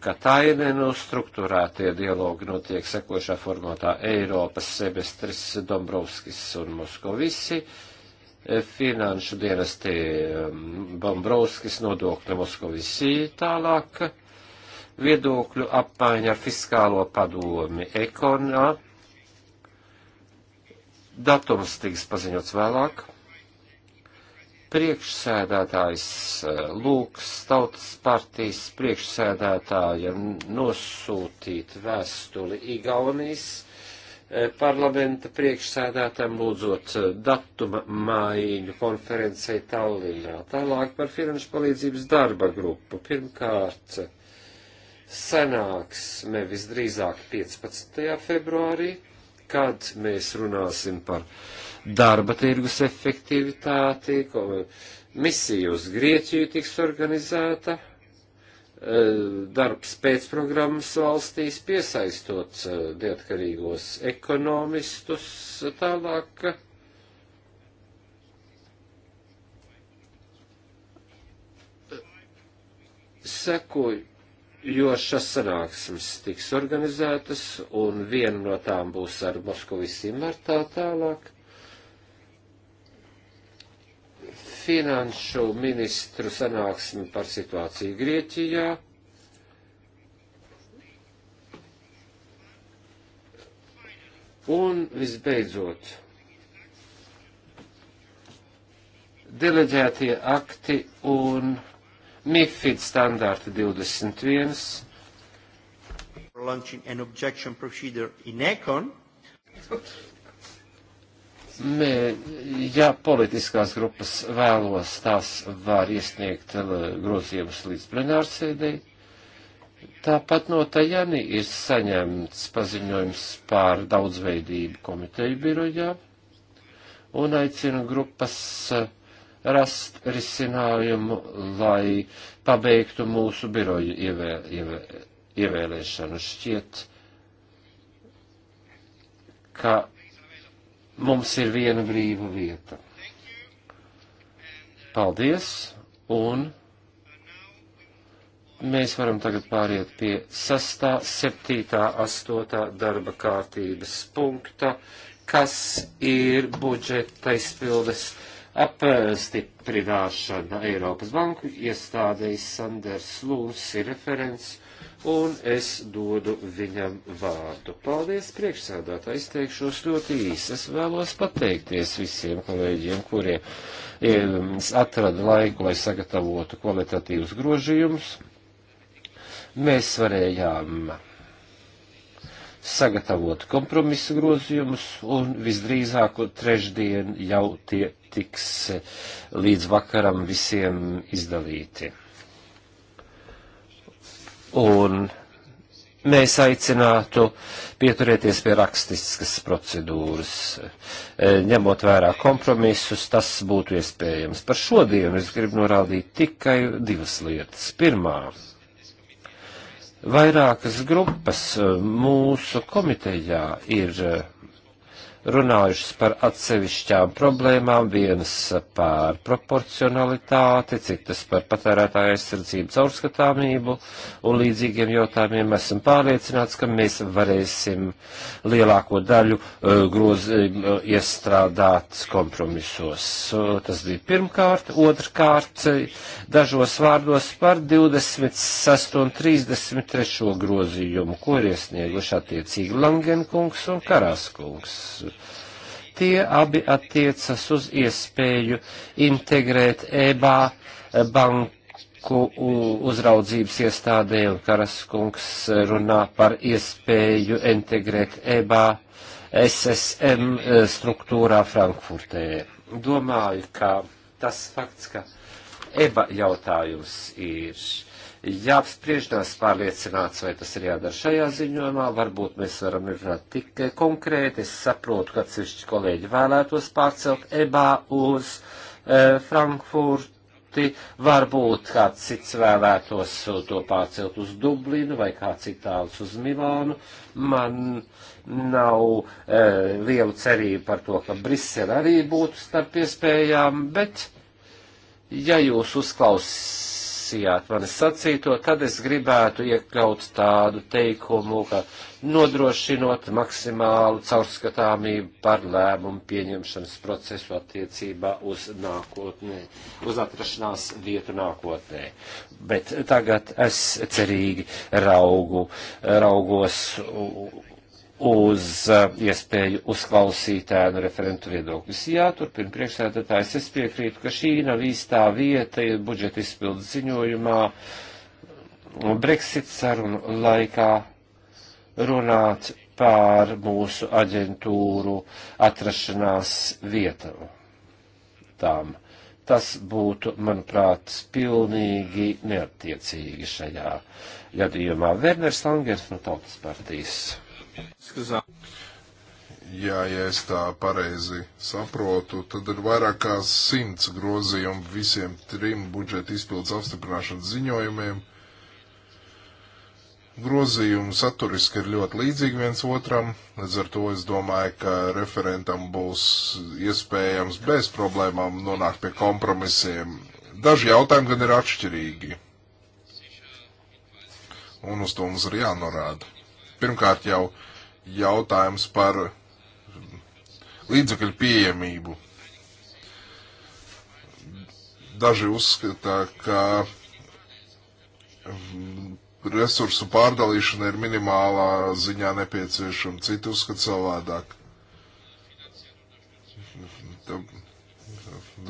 Katainenu. Struktūrētie dialogi notiek sekošā formātā Eiropas semestris Dombrovskis un Moskovisi. Finanšu dienesti um, Dombrovskis nodokļa Moskovisi tālāk. Viedokļu apmaiņa ar fiskālo padomi Ekonā. Datums tiks paziņots vēlāk priekšsēdētājs eh, Lūks Tautas partijas priekšsēdētājam nosūtīt vēstuli Igaunijas eh, parlamenta priekšsēdētājam lūdzot eh, datuma mājiņu konferencei Tallinā. Tālāk par finanšu palīdzības darba grupu. Pirmkārt, sanāksme visdrīzāk 15. februārī, kad mēs runāsim par darba tirgus efektivitāti, misija uz Grieķiju tiks organizēta, e, darbs pēcprogrammas valstīs piesaistot e, neatkarīgos ekonomistus tālāk. E, sekojošas sanāksmes tiks organizētas, un viena no tām būs ar Moskovisī martā tālāk. finanšu ministru sanāksmi par situāciju Grieķijā. Un visbeidzot, deleģētie akti un MIFID standārti 21. Launching an objection procedure in ECON. Mē, ja politiskās grupas vēlos, tās var iesniegt eh, grozījumus līdz plenārsēdēji. Tāpat no Tajani ir saņemts paziņojums pār daudzveidību komiteju birojā un aicina grupas eh, rast risinājumu, lai pabeigtu mūsu biroju ievē, ievē, ievēlēšanu. Šķiet, ka mums ir viena brīva vieta. Paldies, un mēs varam tagad pāriet pie 6., 7., 8. darba kārtības punkta, kas ir budžeta izpildes apstiprināšana Eiropas Banku iestādējas Sanders Lūns ir referents un es dodu viņam vārdu. Paldies priekšsādātā, izteikšos ļoti īsi. Es vēlos pateikties visiem kolēģiem, kuriem atrada laiku, lai sagatavotu kvalitatīvus grožījumus. Mēs varējām sagatavot kompromisu grozījumus, un visdrīzāk trešdien jau tie tiks eh, līdz vakaram visiem izdalīti un mēs aicinātu pieturēties pie rakstiskas procedūras, e, ņemot vērā kompromisus, tas būtu iespējams. Par šodienu es gribu norādīt tikai divas lietas. Pirmā, vairākas grupas e, mūsu komitejā ir e, runājušas par atsevišķām problēmām, vienas par proporcionalitāti, citas par patērētāju aizsardzību caurskatāmību un līdzīgiem jautājumiem. Esam pārliecināts, ka mēs varēsim lielāko daļu eh, groz, eh, iestrādāt kompromisos. Tas bija pirmkārt. Otrkārt, dažos vārdos par 26 un 33 grozījumu, ko ir iesnieguši attiecīgi Langenkungs un Karaskungs Tie abi attiecas uz iespēju integrēt EBA eh, banku banku uzraudzības iestādē, un Karaskungs eh, runā par iespēju integrēt EBA SSM eh, struktūrā Frankfurtē. Domāju, ka tas fakts, ka EBA jautājums ir jāapspriež, tās pārliecināts, vai tas ir jādara šajā ziņojumā, varbūt mēs varam runāt tikai konkrēti, es saprotu, ka atsevišķi kolēģi vēlētos pārcelt EBA uz e, Frankfurti, varbūt kāds cits vēlētos to pārcelt uz Dublinu vai kāds itāls uz Milānu. Man nav e, lielu cerību par to, ka Brisele arī būtu starp iespējām, bet ja jūs uzklausīs izlasījāt mani sacīto, tad es gribētu iekļaut tādu teikumu, ka nodrošinot maksimālu caurskatāmību par lēmumu pieņemšanas procesu attiecībā uz nākotnē, uz atrašanās vietu nākotnē. Bet tagad es cerīgi raugu, raugos uz uh, iespēju uzklausīt ēnu referentu viedokļus. Jā, turpina priekšsēdētājs, es piekrītu, ka šī nav īstā vieta budžeta izpildu ziņojumā Brexit sarunu laikā runāt pār mūsu aģentūru atrašanās vietām. Tām. Tas būtu, manuprāt, pilnīgi neattiecīgi šajā gadījumā. Werners Langers no Tautas partijas. Jā, ja es tā pareizi saprotu, tad ir vairāk kā simts grozījumu visiem trim budžeta izpildes apstiprināšanas ziņojumiem. Grozījumi saturiski ir ļoti līdzīgi viens otram, līdz ar to es domāju, ka referentam būs iespējams bez problēmām nonākt pie kompromisiem. Daži jautājumi gan ir atšķirīgi, un uz to mums ir jānorāda Pirmkārt jau jautājums par līdzakļu pieejamību. Daži uzskatā, ka resursu pārdalīšana ir minimālā ziņā nepieciešama, citi uzskata savādāk.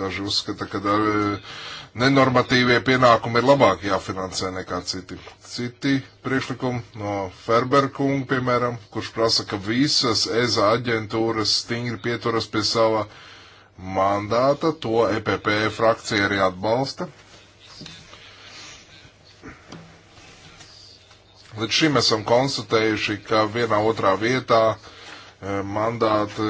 Daži uzskata, ka nenormatīvie pienākumi ir labāk jāfinansē nekā citi. Citi priekšlikumi no Ferberkunga, piemēram, kurš prasa, ka visas EZA aģentūras stingri pieturas pie sava mandāta, to EPP frakcija arī atbalsta. Līdz šim esam konstatējuši, ka vienā otrā vietā eh, mandāti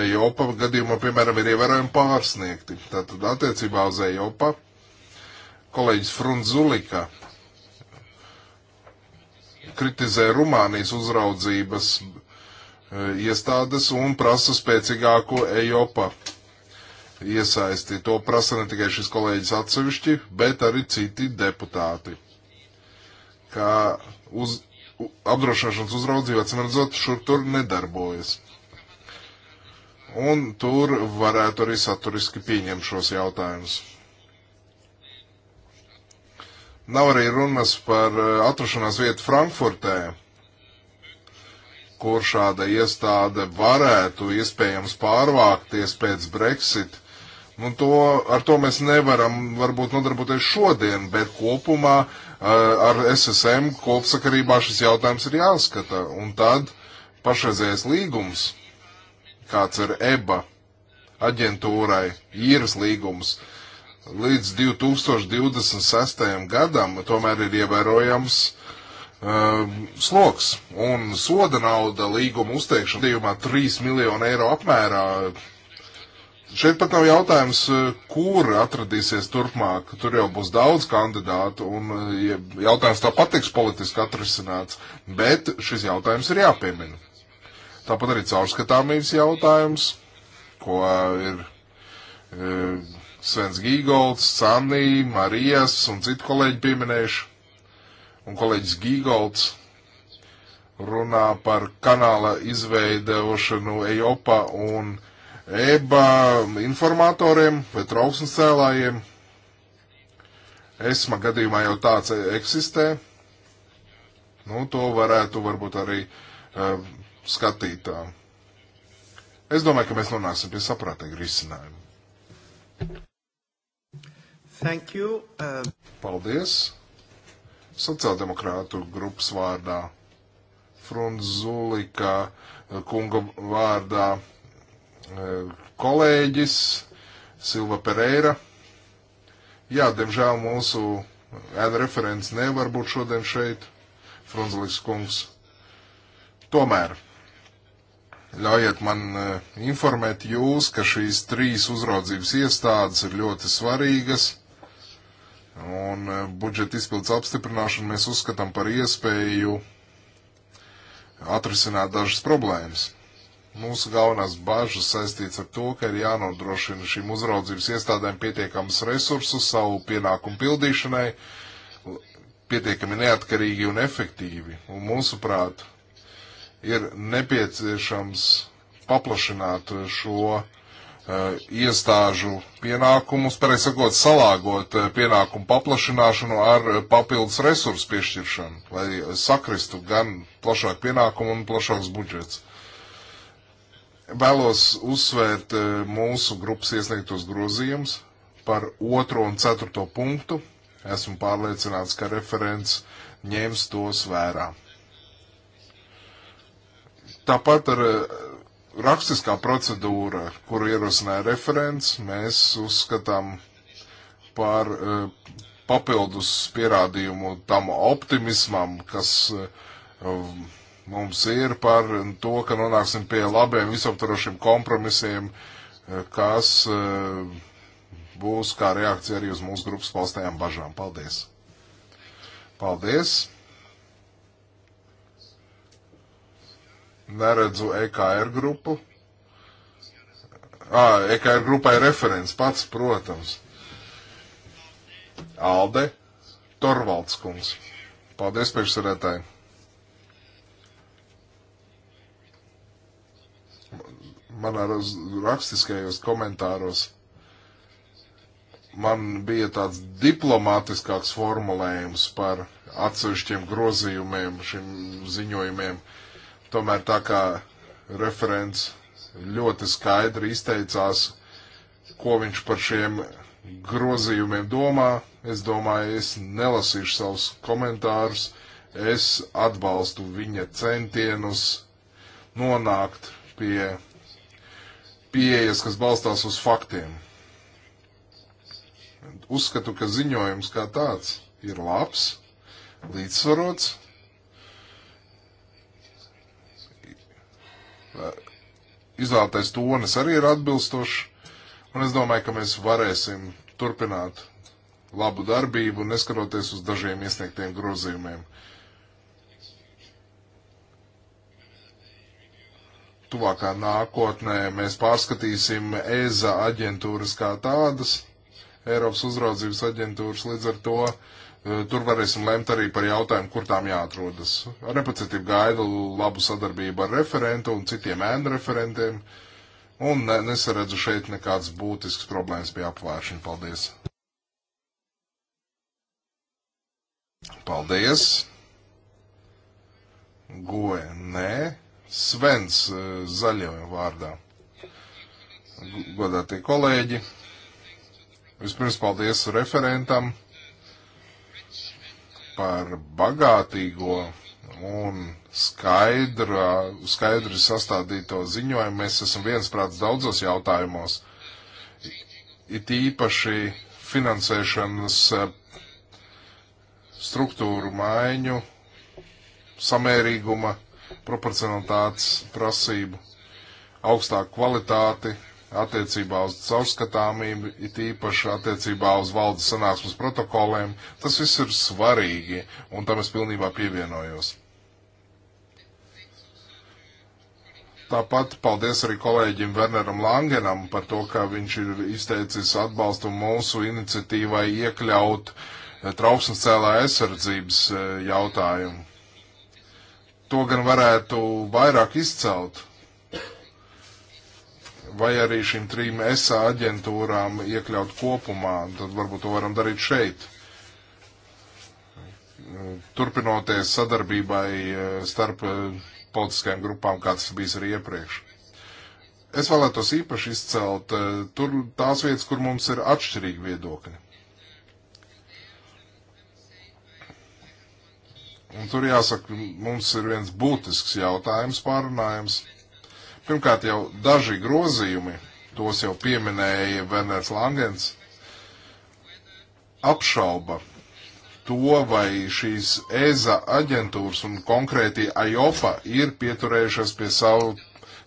EIOPA e gadījumā, piemēram, ir ievērojami pārsniegti. Tātad attiecībā uz EIOPA kolēģis Frunzulika kritizē Rumānijas uzraudzības e, iestādes un prasa spēcīgāku EIOPA iesaisti. To prasa ne tikai šis kolēģis atsevišķi, bet arī citi deputāti. Kā uz, apdrošināšanas uzraudzība, atcīm redzot, šur tur nedarbojas. Un tur varētu arī saturiski pieņemt šos jautājumus. Nav arī runas par eh, atrašanās vietu Frankfurtē, kur šāda iestāde varētu iespējams pārvākties pēc Brexit. Nu, to, ar to mēs nevaram varbūt nodarboties šodien, bet kopumā eh, ar SSM kopsakarībā šis jautājums ir jāskata. Un tad pašreizējais līgums kāds ir EBA aģentūrai, īres līgums. Līdz 2026. gadam tomēr ir ievērojams um, sloks un soda nauda līguma uzteikšana gadījumā 3 miljonu eiro apmērā. Šeit pat nav jautājums, kur atradīsies turpmāk. Tur jau būs daudz kandidātu un jautājums tā patiks politiski atrisināts, bet šis jautājums ir jāpiemina. Tāpat arī caurskatāmības jautājums, ko ir e, Svens Gīgolds, Sanī, Marijas un citu kolēģi pieminējuši. Un kolēģis Gīgolds runā par kanāla izveidošanu EIOPA un EBA informatoriem vai trauksmes cēlājiem. ESMA gadījumā jau tāds e, eksistē. Nu, to varētu varbūt arī uh, skatītā. Es domāju, ka mēs nonāksim pie saprātīga risinājuma. Thank you. Uh... Paldies. Sociāldemokrātu grupas vārdā, Frunzulika uh, kunga vārdā, uh, kolēģis Silva Pereira. Jā, diemžēl mūsu ēna referents nevar būt šodien šeit, Frunzuliks kungs. Tomēr Ļaujiet man e, informēt jūs, ka šīs trīs uzraudzības iestādes ir ļoti svarīgas, un e, budžeta izpildes apstiprināšanu mēs uzskatām par iespēju atrisināt dažas problēmas. Mūsu galvenās bažas saistīts ar to, ka ir jānodrošina šīm uzraudzības iestādēm pietiekams resursus savu pienākumu pildīšanai, pietiekami neatkarīgi un efektīvi. Un mūsuprāt, ir nepieciešams paplašināt šo e, iestāžu pienākumus, pareizi sakot, salāgot e, pienākumu paplašināšanu ar papildus resursu piešķiršanu, lai sakristu gan plašāk pienākumu un plašāks budžets. Vēlos uzsvērt e, mūsu grupas iesniegtos grozījumus par otro un ceturto punktu. Esmu pārliecināts, ka referents ņems tos vērā. Tāpat ar eh, rakstiskā procedūra, kuru ierosināja referents, mēs uzskatām par eh, papildus pierādījumu tam optimismam, kas eh, mums ir par to, ka nonāksim pie labiem visaptarošiem kompromisiem, kas būs kā reakcija arī uz mūsu grupas paustajām bažām. Paldies! Paldies! Neredzu EKR grupu. Ā, EKR grupai referents pats, protams. Alde Torvalds kungs. Paldies, priekšsarētāji. Manā rakstiskajos komentāros man bija tāds diplomātiskāks formulējums par atsevišķiem grozījumiem šim ziņojumiem. Uh, Tomēr tā kā referents ļoti skaidri izteicās, ko viņš par šiem grozījumiem domā, es domāju, es nelasīšu savus komentārus, es atbalstu viņa centienus nonākt pie pieejas, kas balstās uz faktiem. Uzskatu, ka ziņojums kā tāds ir labs, līdzsvarots, izvēlētais tonis arī ir atbilstošs, un es domāju, ka mēs varēsim turpināt labu darbību, neskaroties uz dažiem iesniegtiem grozījumiem. Tuvākā nākotnē mēs pārskatīsim EZA aģentūras kā tādas, Eiropas uzraudzības aģentūras līdz ar to uh, Eh, tur varēsim lemt arī par jautājumu, kur tām jāatrodas. Ar nepacietību gaidu labu sadarbību ar referentu un citiem ēnu referentiem. Un ne, nesaredzu šeit nekādas būtiskas problēmas pie apvēršana. Paldies! Paldies! Goe, nē. Svens eh, zaļo vārdā. Godātie kolēģi, vispirms paldies referentam par bagātīgo un skaidra, skaidri sastādīto ziņojumu. Mēs esam viensprāts daudzos jautājumos, it īpaši finansēšanas eh, struktūru maiņu, samērīguma, proporcionalitātes prasību, augstāku kvalitāti attiecībā uz caurskatāmību, it īpaši attiecībā uz valdes sanāksmes protokoliem. Tas viss ir svarīgi, un tam es pilnībā pievienojos. Tāpat paldies arī kolēģim Werneram Langenam par to, ka viņš ir izteicis atbalstu mūsu iniciatīvai iekļaut eh, trauksmes cēlā aizsardzības eh, jautājumu. To gan varētu vairāk izcelt vai arī šīm trim ESA aģentūrām iekļaut kopumā, tad varbūt to varam darīt šeit. Turpinoties sadarbībai eh, starp eh, politiskajām grupām, kā tas bijis arī iepriekš. Es vēlētos īpaši izcelt eh, tur tās vietas, kur mums ir atšķirīgi viedokļi. Un tur jāsaka, mums ir viens būtisks jautājums pārunājums. Pirmkārt, jau daži grozījumi, tos jau pieminēja Venērs Langens, apšauba to, vai šīs EZA aģentūras un konkrēti AIOPA ir pieturējušās pie savu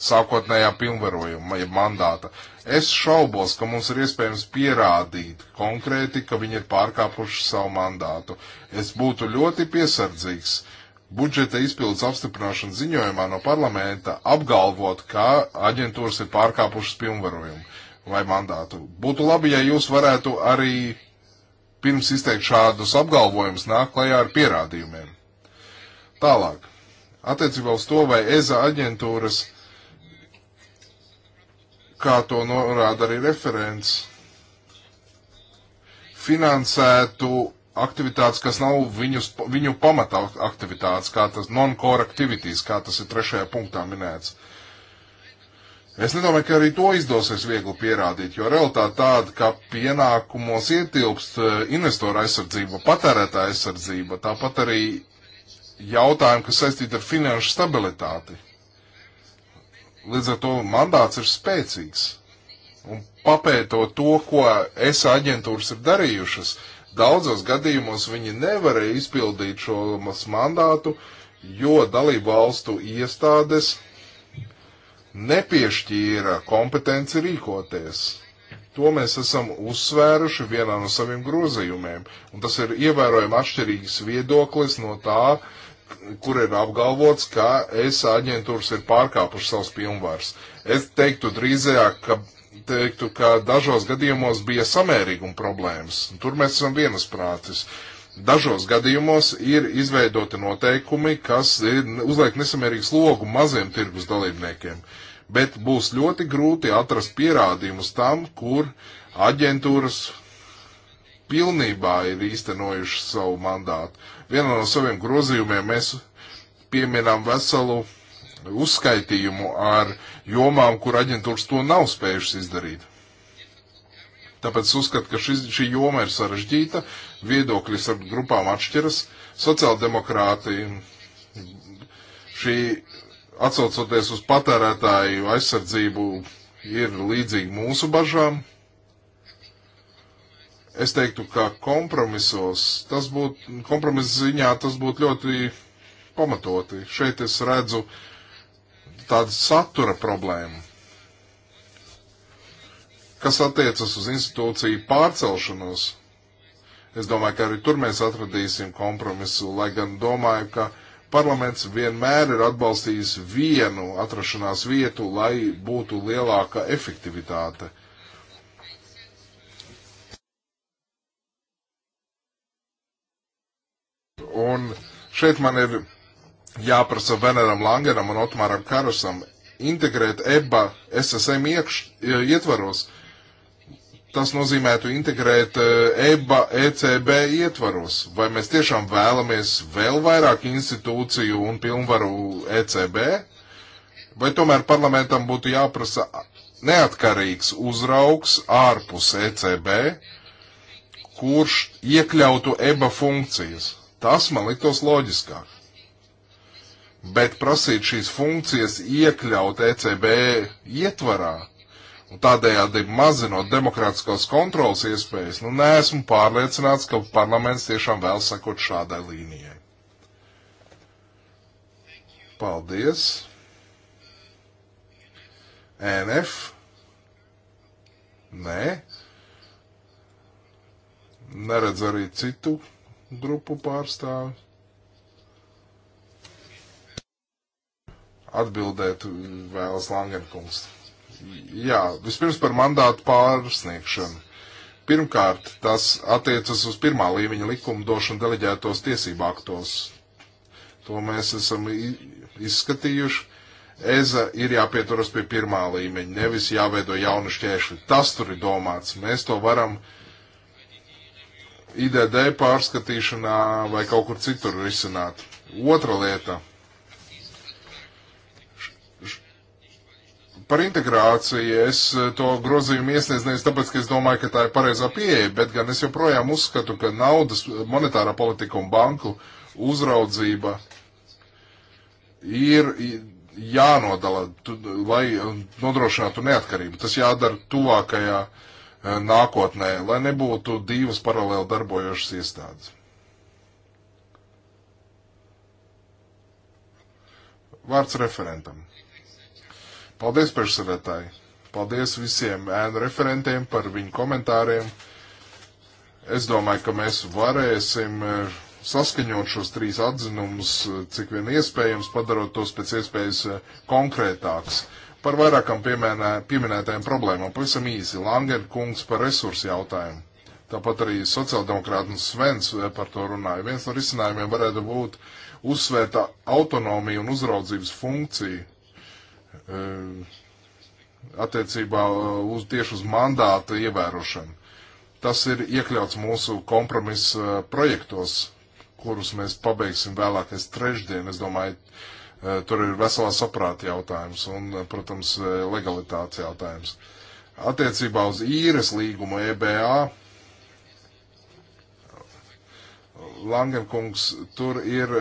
sākotnējā pilnvarojuma ja mandāta. Es šaubos, ka mums ir iespējams pierādīt konkrēti, ka viņi ir pārkāpuši savu mandātu. Es būtu ļoti piesardzīgs uh, budžeta izpildes apstiprināšanas ziņojumā no parlamenta apgalvot, ka aģentūras ir pārkāpušas pilnvarojumu vai mandātu. Būtu labi, ja jūs varētu arī pirms izteikt šādus apgalvojumus nāk klajā ar pierādījumiem. Tālāk, attiecībā uz to, vai EZA aģentūras, kā to norāda arī referents, finansētu aktivitātes, kas nav viņus, viņu pamata aktivitātes, kā tas non-core activities, kā tas ir trešajā punktā minēts. Es nedomāju, ka arī to izdosies viegli pierādīt, jo realitāte tāda, ka pienākumos ietilpst eh, investora aizsardzība, patērētā aizsardzība, tāpat arī jautājumi, kas saistīti ar finanšu stabilitāti. Līdz ar to mandāts ir spēcīgs. Un papētot to, ko ESA aģentūras ir darījušas, uh, Daudzos gadījumos viņi nevarēja izpildīt šo mandātu, jo dalību valstu iestādes nepiešķīra kompetenci rīkoties. To mēs esam uzsvēruši vienā no saviem grozījumiem, un tas ir ievērojami atšķirīgs viedoklis no tā, kur ir apgalvots, ka ESA aģentūras ir pārkāpuši savus pilnvars. Es teiktu drīzāk, ka teiktu, ka dažos gadījumos bija samērīguma problēmas. Tur mēs esam vienasprātis. Dažos gadījumos ir izveidoti noteikumi, kas uzliek nesamērīgu slogu maziem tirgus dalībniekiem. Bet būs ļoti grūti atrast pierādījumus tam, kur aģentūras pilnībā ir īstenojuši savu mandātu. Vienā no saviem grozījumiem mēs pieminām veselu uzskaitījumu ar jomām, kur aģentūras to nav spējušas izdarīt. Tāpēc uzskatu, ka šis, šī joma ir sarežģīta, viedokļi ar grupām atšķiras. Sociāldemokrāti šī atsaucoties uz patērētāju aizsardzību ir līdzīgi mūsu bažām. Es teiktu, ka kompromisos, tas būtu, kompromisa ziņā tas būtu ļoti pamatoti. Šeit es redzu uh, tāda satura problēma, kas attiecas uz institūciju pārcelšanos. Es domāju, ka arī tur mēs atradīsim kompromisu, lai gan domāju, ka parlaments vienmēr ir atbalstījis vienu atrašanās vietu, lai būtu lielāka efektivitāte. Un šeit man ir jāprasa Veneram Langeram un Otmaram Karusam integrēt EBA SSM iekš, ietvaros. Tas nozīmētu integrēt EBA e ECB ietvaros. Vai mēs tiešām vēlamies vēl vairāk institūciju un pilnvaru ECB? Vai tomēr parlamentam būtu jāprasa neatkarīgs uzraugs ārpus ECB, kurš iekļautu EBA funkcijas? Tas man liktos loģiskāk bet prasīt šīs funkcijas iekļaut ECB ietvarā un tādējādi mazinot demokrātiskās kontrolas iespējas, nu neesmu pārliecināts, ka parlaments tiešām vēl sekot šādai līnijai. Paldies. NF. Nē. Neredz arī citu grupu pārstāvi. atbildēt mm, vēlas Langenkungs. Jā, vispirms par mandātu pārsniegšanu. Pirmkārt, tas attiecas uz pirmā līmeņa likumdošanu deleģētos tiesību aktos. To mēs esam izskatījuši. EZA ir jāpieturas pie pirmā līmeņa, nevis jāveido jaunu šķēršļu. Tas tur ir domāts. Mēs to varam IDD pārskatīšanā vai kaut kur citur risināt. Otra lieta Par integrāciju es eh, to grozījumu iesniedzu nevis tāpēc, ka es domāju, ka tā ir pareizā pieeja, bet gan es joprojām uzskatu, ka naudas monetārā politika un banku uzraudzība ir jānodala, tu, lai nodrošinātu neatkarību. Tas jādara tuvākajā eh, nākotnē, lai nebūtu divas paralēli darbojošas iestādes. Vārds referentam. Paldies, priekšsēdētāji! Paldies visiem ēnu referentiem par viņu komentāriem. Es domāju, ka mēs varēsim eh, saskaņot šos trīs atzinumus, eh, cik vien iespējams, padarot tos pēc iespējas eh, konkrētāks. Par vairākām pieminē, pieminētajām problēmām pavisam īsi Langer kungs par resursu jautājumu. Tāpat arī sociāldemokrāta un Svens par to runāja. Viens no risinājumiem varētu būt uzsvērta autonomija un uzraudzības funkcija Um, attiecībā uz tieši uz mandāta ievērošanu. Tas ir iekļauts mūsu kompromisa projektos, kurus mēs pabeigsim vēlākais trešdien. Es domāju, uh, tur ir veselā saprāta jautājums un, uh, protams, uh, legalitātes jautājums. Attiecībā uz īres līgumu EBA Langenkungs, tur ir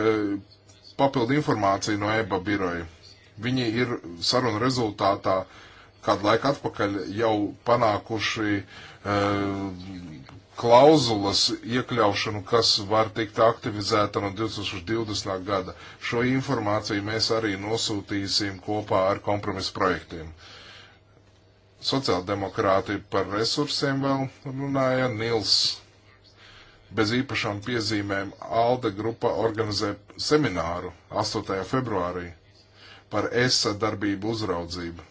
papildu informācija no EBA biroja. Viņi ir saruna rezultātā kādu laiku atpakaļ jau panākuši uh, klauzulas iekļaušanu, kas var tikt aktivizēta no 2020. gada. Šo informāciju mēs arī nosūtīsim kopā ar kompromisu projektiem. Sociāldemokrāti par resursiem vēl runāja. Nils bez īpašām piezīmēm Alde grupa organizē semināru 8. februārī par ESA darbību uzraudzību.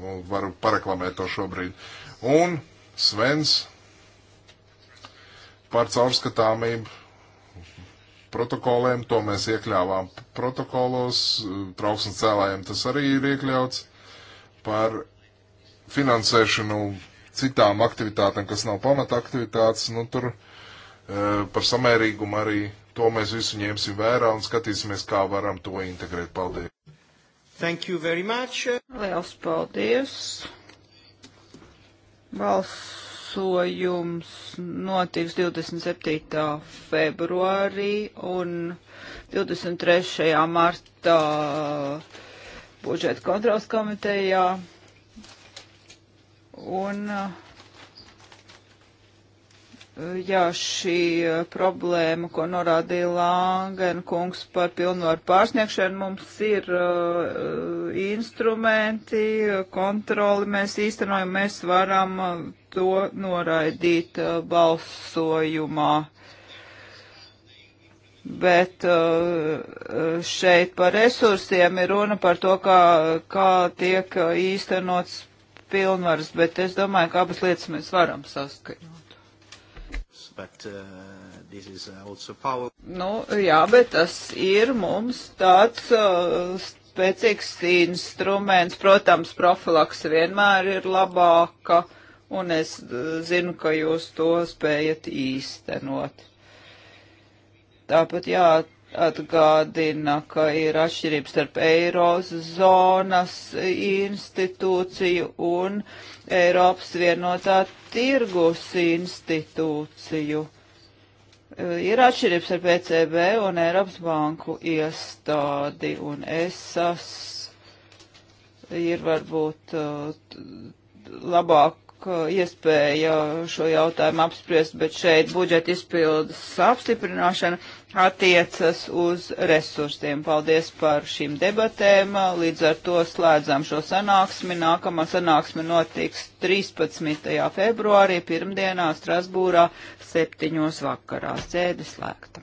Nu, varu pareklamēt to šobrīd. Un Svens par caurskatāmību protokoliem, to mēs iekļāvām protokolos, trauksmes cēlājiem tas arī ir iekļauts, par finansēšanu citām aktivitātēm, kas nav pamataktivitātes, nu tur e, par samērīgumu arī to mēs visu ņemsim vērā un skatīsimies, kā varam to integrēt. Paldies! Thank you very much. Liels paldies. Balsojums notiks 27. februārī un 23. martā budžeta kontrols komitejā. Un uh, jā, šī eh, problēma, ko norādīja Lāngena kungs par pilnvaru pārsniegšanu, mums ir uh, instrumenti, kontroli mēs īstenojam, mēs varam eh, to noraidīt uh, balsojumā. Bet uh, šeit par resursiem ir runa par to, kā, kā tiek īstenots pilnvaras, bet es domāju, ka abas lietas mēs varam saskaņot but uh, this is uh, also power. Nu, jā, bet tas ir mums tāds uh, spēcīgs instruments. Protams, profilaks vienmēr ir labāka, un es uh, zinu, ka jūs to spējat īstenot. Tāpat jā, atgādina, ka ir atšķirības starp Eirozonas institūciju un Eiropas vienotā tirgus institūciju. Ir atšķirības ar PCB e un Eiropas banku iestādi un ESAS ir varbūt uh, labāk uh, iespēja šo jautājumu apspriest, bet šeit budžeta izpildes apstiprināšana attiecas uz resursiem. Paldies par šīm debatēm. Līdz ar to slēdzām šo sanāksmi. Nākamā sanāksme notiks 13. februārī, pirmdienā Strasbūrā, 7. vakarā. Sēde slēgta.